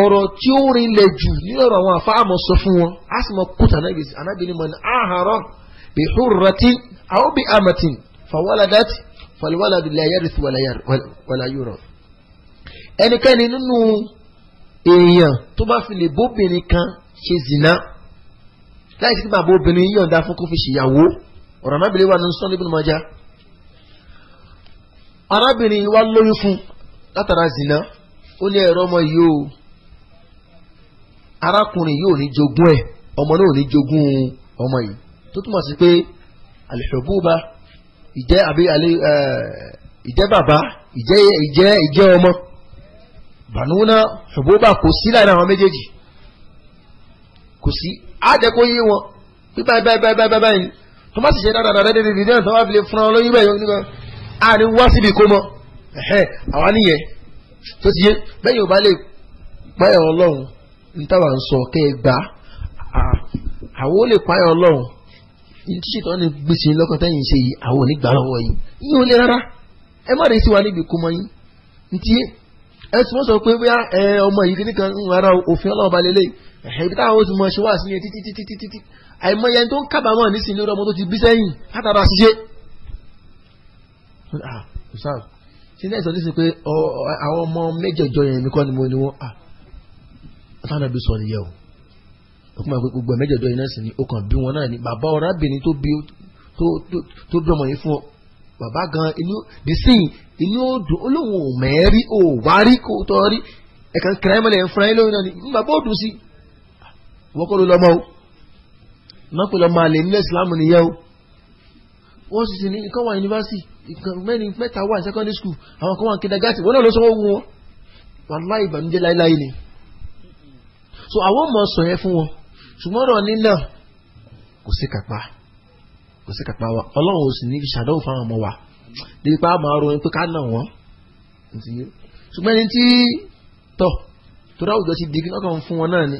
ọ̀rọ̀ tí ó rinlẹ̀ jù nínú ọ̀rọ̀ àwọn àfáàmọ̀ sọ fún wọn a sì mọ kúta anábìrin mọ̀ ní àhàrọ̀ bí hurrati àwọn bí amatin fàwọ́ládàtì fàlúwàládì lẹ́yẹrìsì ẹnikẹ́ni nínú èèyàn tó bá fi lè bóbìnrin kan ṣe zina láì sí bàbá obìnrin yọ̀ǹda fún kó fi ṣèyàwó ọ̀rọ̀ arábìnrin wa ní sọ́ni ibùdó mọ́jà arábìnrin wa lóyún fún látara zina ó ní ẹ̀rọ ọmọ yìí o arákùnrin yóò ní jogún ẹ̀ ọmọ náà ò ní jogún ọmọ yìí tó túmọ̀ sí pé àlùfẹ́bùbá ìjẹ́ àbí ìjẹ́ bàbá ìjẹ́ ìjẹ́ ìjẹ́ ọmọ. bànúnà ṣùgbọ́n kò sí láàrin àwọn méjèèjì kò sí àjẹkọ yé wọn bí báyìí báyìí báyìí báyìí báyìí tó má sì ṣe dáadáa dáadáa dédé dédé tó má fi lè fún ọ lóyún báyìí nígbà á ní wá síbi kó mọ àwa nìyẹn tó ti yé bẹ́ẹ̀ yóò bá lè páyà ọlọ́run sọ kẹ́ ẹ gbà àwọn ò lè ọlọ́run gbèsè ẹ tí wọ́n sọ pé bóyá ẹ ọmọ yìí kìíní kan hmm, rárá òfin ọlọ́run ba lélẹ̀ ẹ̀ ibi táwọn ti mọ ṣe wá sí yẹn títí títí títí àìmọye tó ń kábàámọ̀ nísìnyí lórí ọmọ tó ti bí sẹ́yìn látara ṣiṣẹ́. ṣé náà ah, sọ ní sọ pé àwọn ọmọ mẹ́jọ̀jọ yẹn mi kọ́ ni mo ni wọ́n ah, à fáwọn sọ nìyẹn o òkú máa pé gbogbo mẹ́jọ̀jọ yẹn náà sì ni ó kàn bí wọn náà ni bàbá ọ̀rábìnrin tó bí ọ bàbá gan inú sin, inú ó dùn olóhùn ò mẹ́rí ò wá rí kó tọ́ rí ẹ̀kan kìrẹ́mẹ́lẹ̀ ń fúnra yín lóyún náà ni bàbá ó dùn sí wọ́n kọ́ ló lọ́mọ o mọ́pẹ́ lọ́mọ àlè nílẹ̀ ìsìlámù nìyẹn o wọ́n sì sì ní ìkan yunifásitì ìkan mẹ́ta wà secondary school àwọn kan wà kindergarten wọ́n náà ló sanwó wọn wàláì ìbànújẹ́ láéláé ni so àwọn ọmọ sọ yẹn fún wọn ṣùgbọ́n ọ̀rọ̀ nínà kò sí kápá kò sí kápá wa ọlọ́run ò sì ní fi ṣàdánwò fáwọn ọmọ wa débi pa máa ronú pé ká nà wọ́n ṣùgbọ́n ẹni tí tọ̀ tó dáwùjọ ti di kíkọ́ kan fún wọn náà ni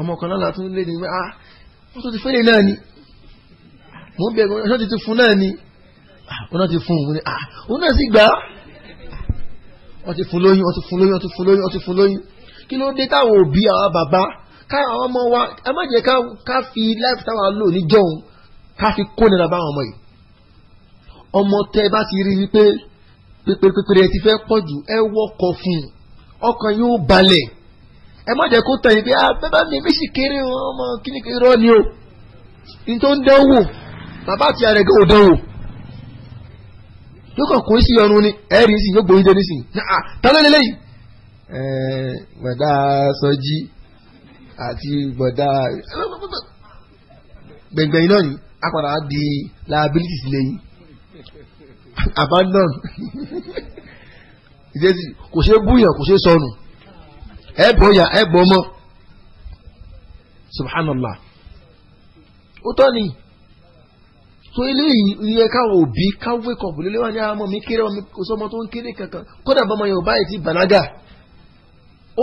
ọmọ kan náà látún lé ní pé ah wọ́n tó ti fẹ́lẹ̀ náà ni mò ń bẹ̀rù ọ̀nà ti fún náà ni ah, ọ̀nà ti fún òun ah òun náà sì gbà á wọ́n ti fún lóyún wọ́n ti fún lóyún wọ́n ti fún lóyún wọ́n ti fún lóyún kí ló dé táwọn òbí àwọn bàbá ká ọmọ wa ẹ má jẹ́ ká fi láìpẹ́ táwọn lò níjọ́ òun ká fi kó nira báwọn ọmọ yìí ọmọ tẹ bá ti rí wípé pépérépépéré ẹ ti fẹ́ pọ̀ jù ẹ wọkọ̀ fún un ọkàn yóò balẹ̀ ẹ má jẹ́ kó tàn yín pé ah, bàbá mi mi sì kéré ọmọ kíní kéré rọ ni o n tó ń dánwò bàbá àti ààrẹ gan ò dánwò yóò kàn kó sí ọrùn ni ẹ rí sí yóò gbóyún dé nísìnyí ah, ta ló lélẹ́yìí ẹ gbọ̀dá sọjí àti gbọ̀dá gbẹ̀ngbẹ̀yìn náà nìyí apàdà di liability sílẹ̀ abandon ìdẹ́sí kò ṣe é búyàn kò ṣe é sọnù ẹ bọ̀ yà ẹ bọ̀ mọ́ subhanallah ó tọ́ ni so eléyìí iye káwọn òbí káwé kọ̀ọ̀bù lélẹ́ wà ní àwọn ọmọ mi kéré ọmọ kò sọmọ tó ń kéré kankan kódà bọ́mọ yẹn ò báyìí ti bànágà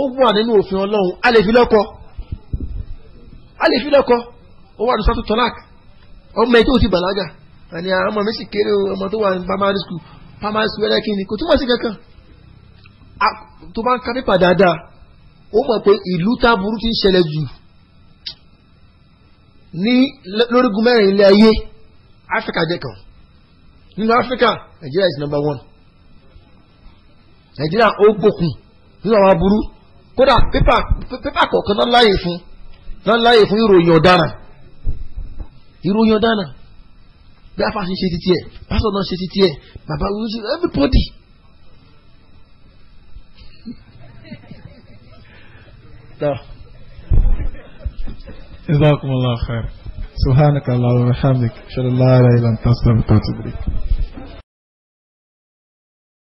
ó wà nínú òfin ọlọ́run a lè fi lọ́kọ a lè fi lọ́kọ ó wà ní sátú tọ́láàkì ọmọ ẹ tó ti bàlágà àní ọmọ mi sì kéré o ọmọ tó wà ní primary school primary school ẹlẹ́kìn ni kò túmọ̀ sí kankan tó bá ń ka pípa dáadáa ó mọ̀ pé ìlú táburú ti ń ṣẹlẹ̀ jù ní lórígun mẹ́rin ilé ayé áfíríkà jẹ́ kan nínú áfíríkà nàìjíríà is number one nàìjíríà ó gbókun nínú àwọn aburú kódà pépà kọ̀ọ̀kan náà láàyè fún náà láàyè fún ìròyìn ọ̀daràn ìròyìn ọ̀daràn náà bí afa ṣe ṣe titi ẹ pásọ náà ṣe titi ẹ bàbá wo ṣe everybody. جزاكم الله خير سبحانك اللهم وبحمدك اشهد ان لا اله الا انت استغفرك واتوب اليك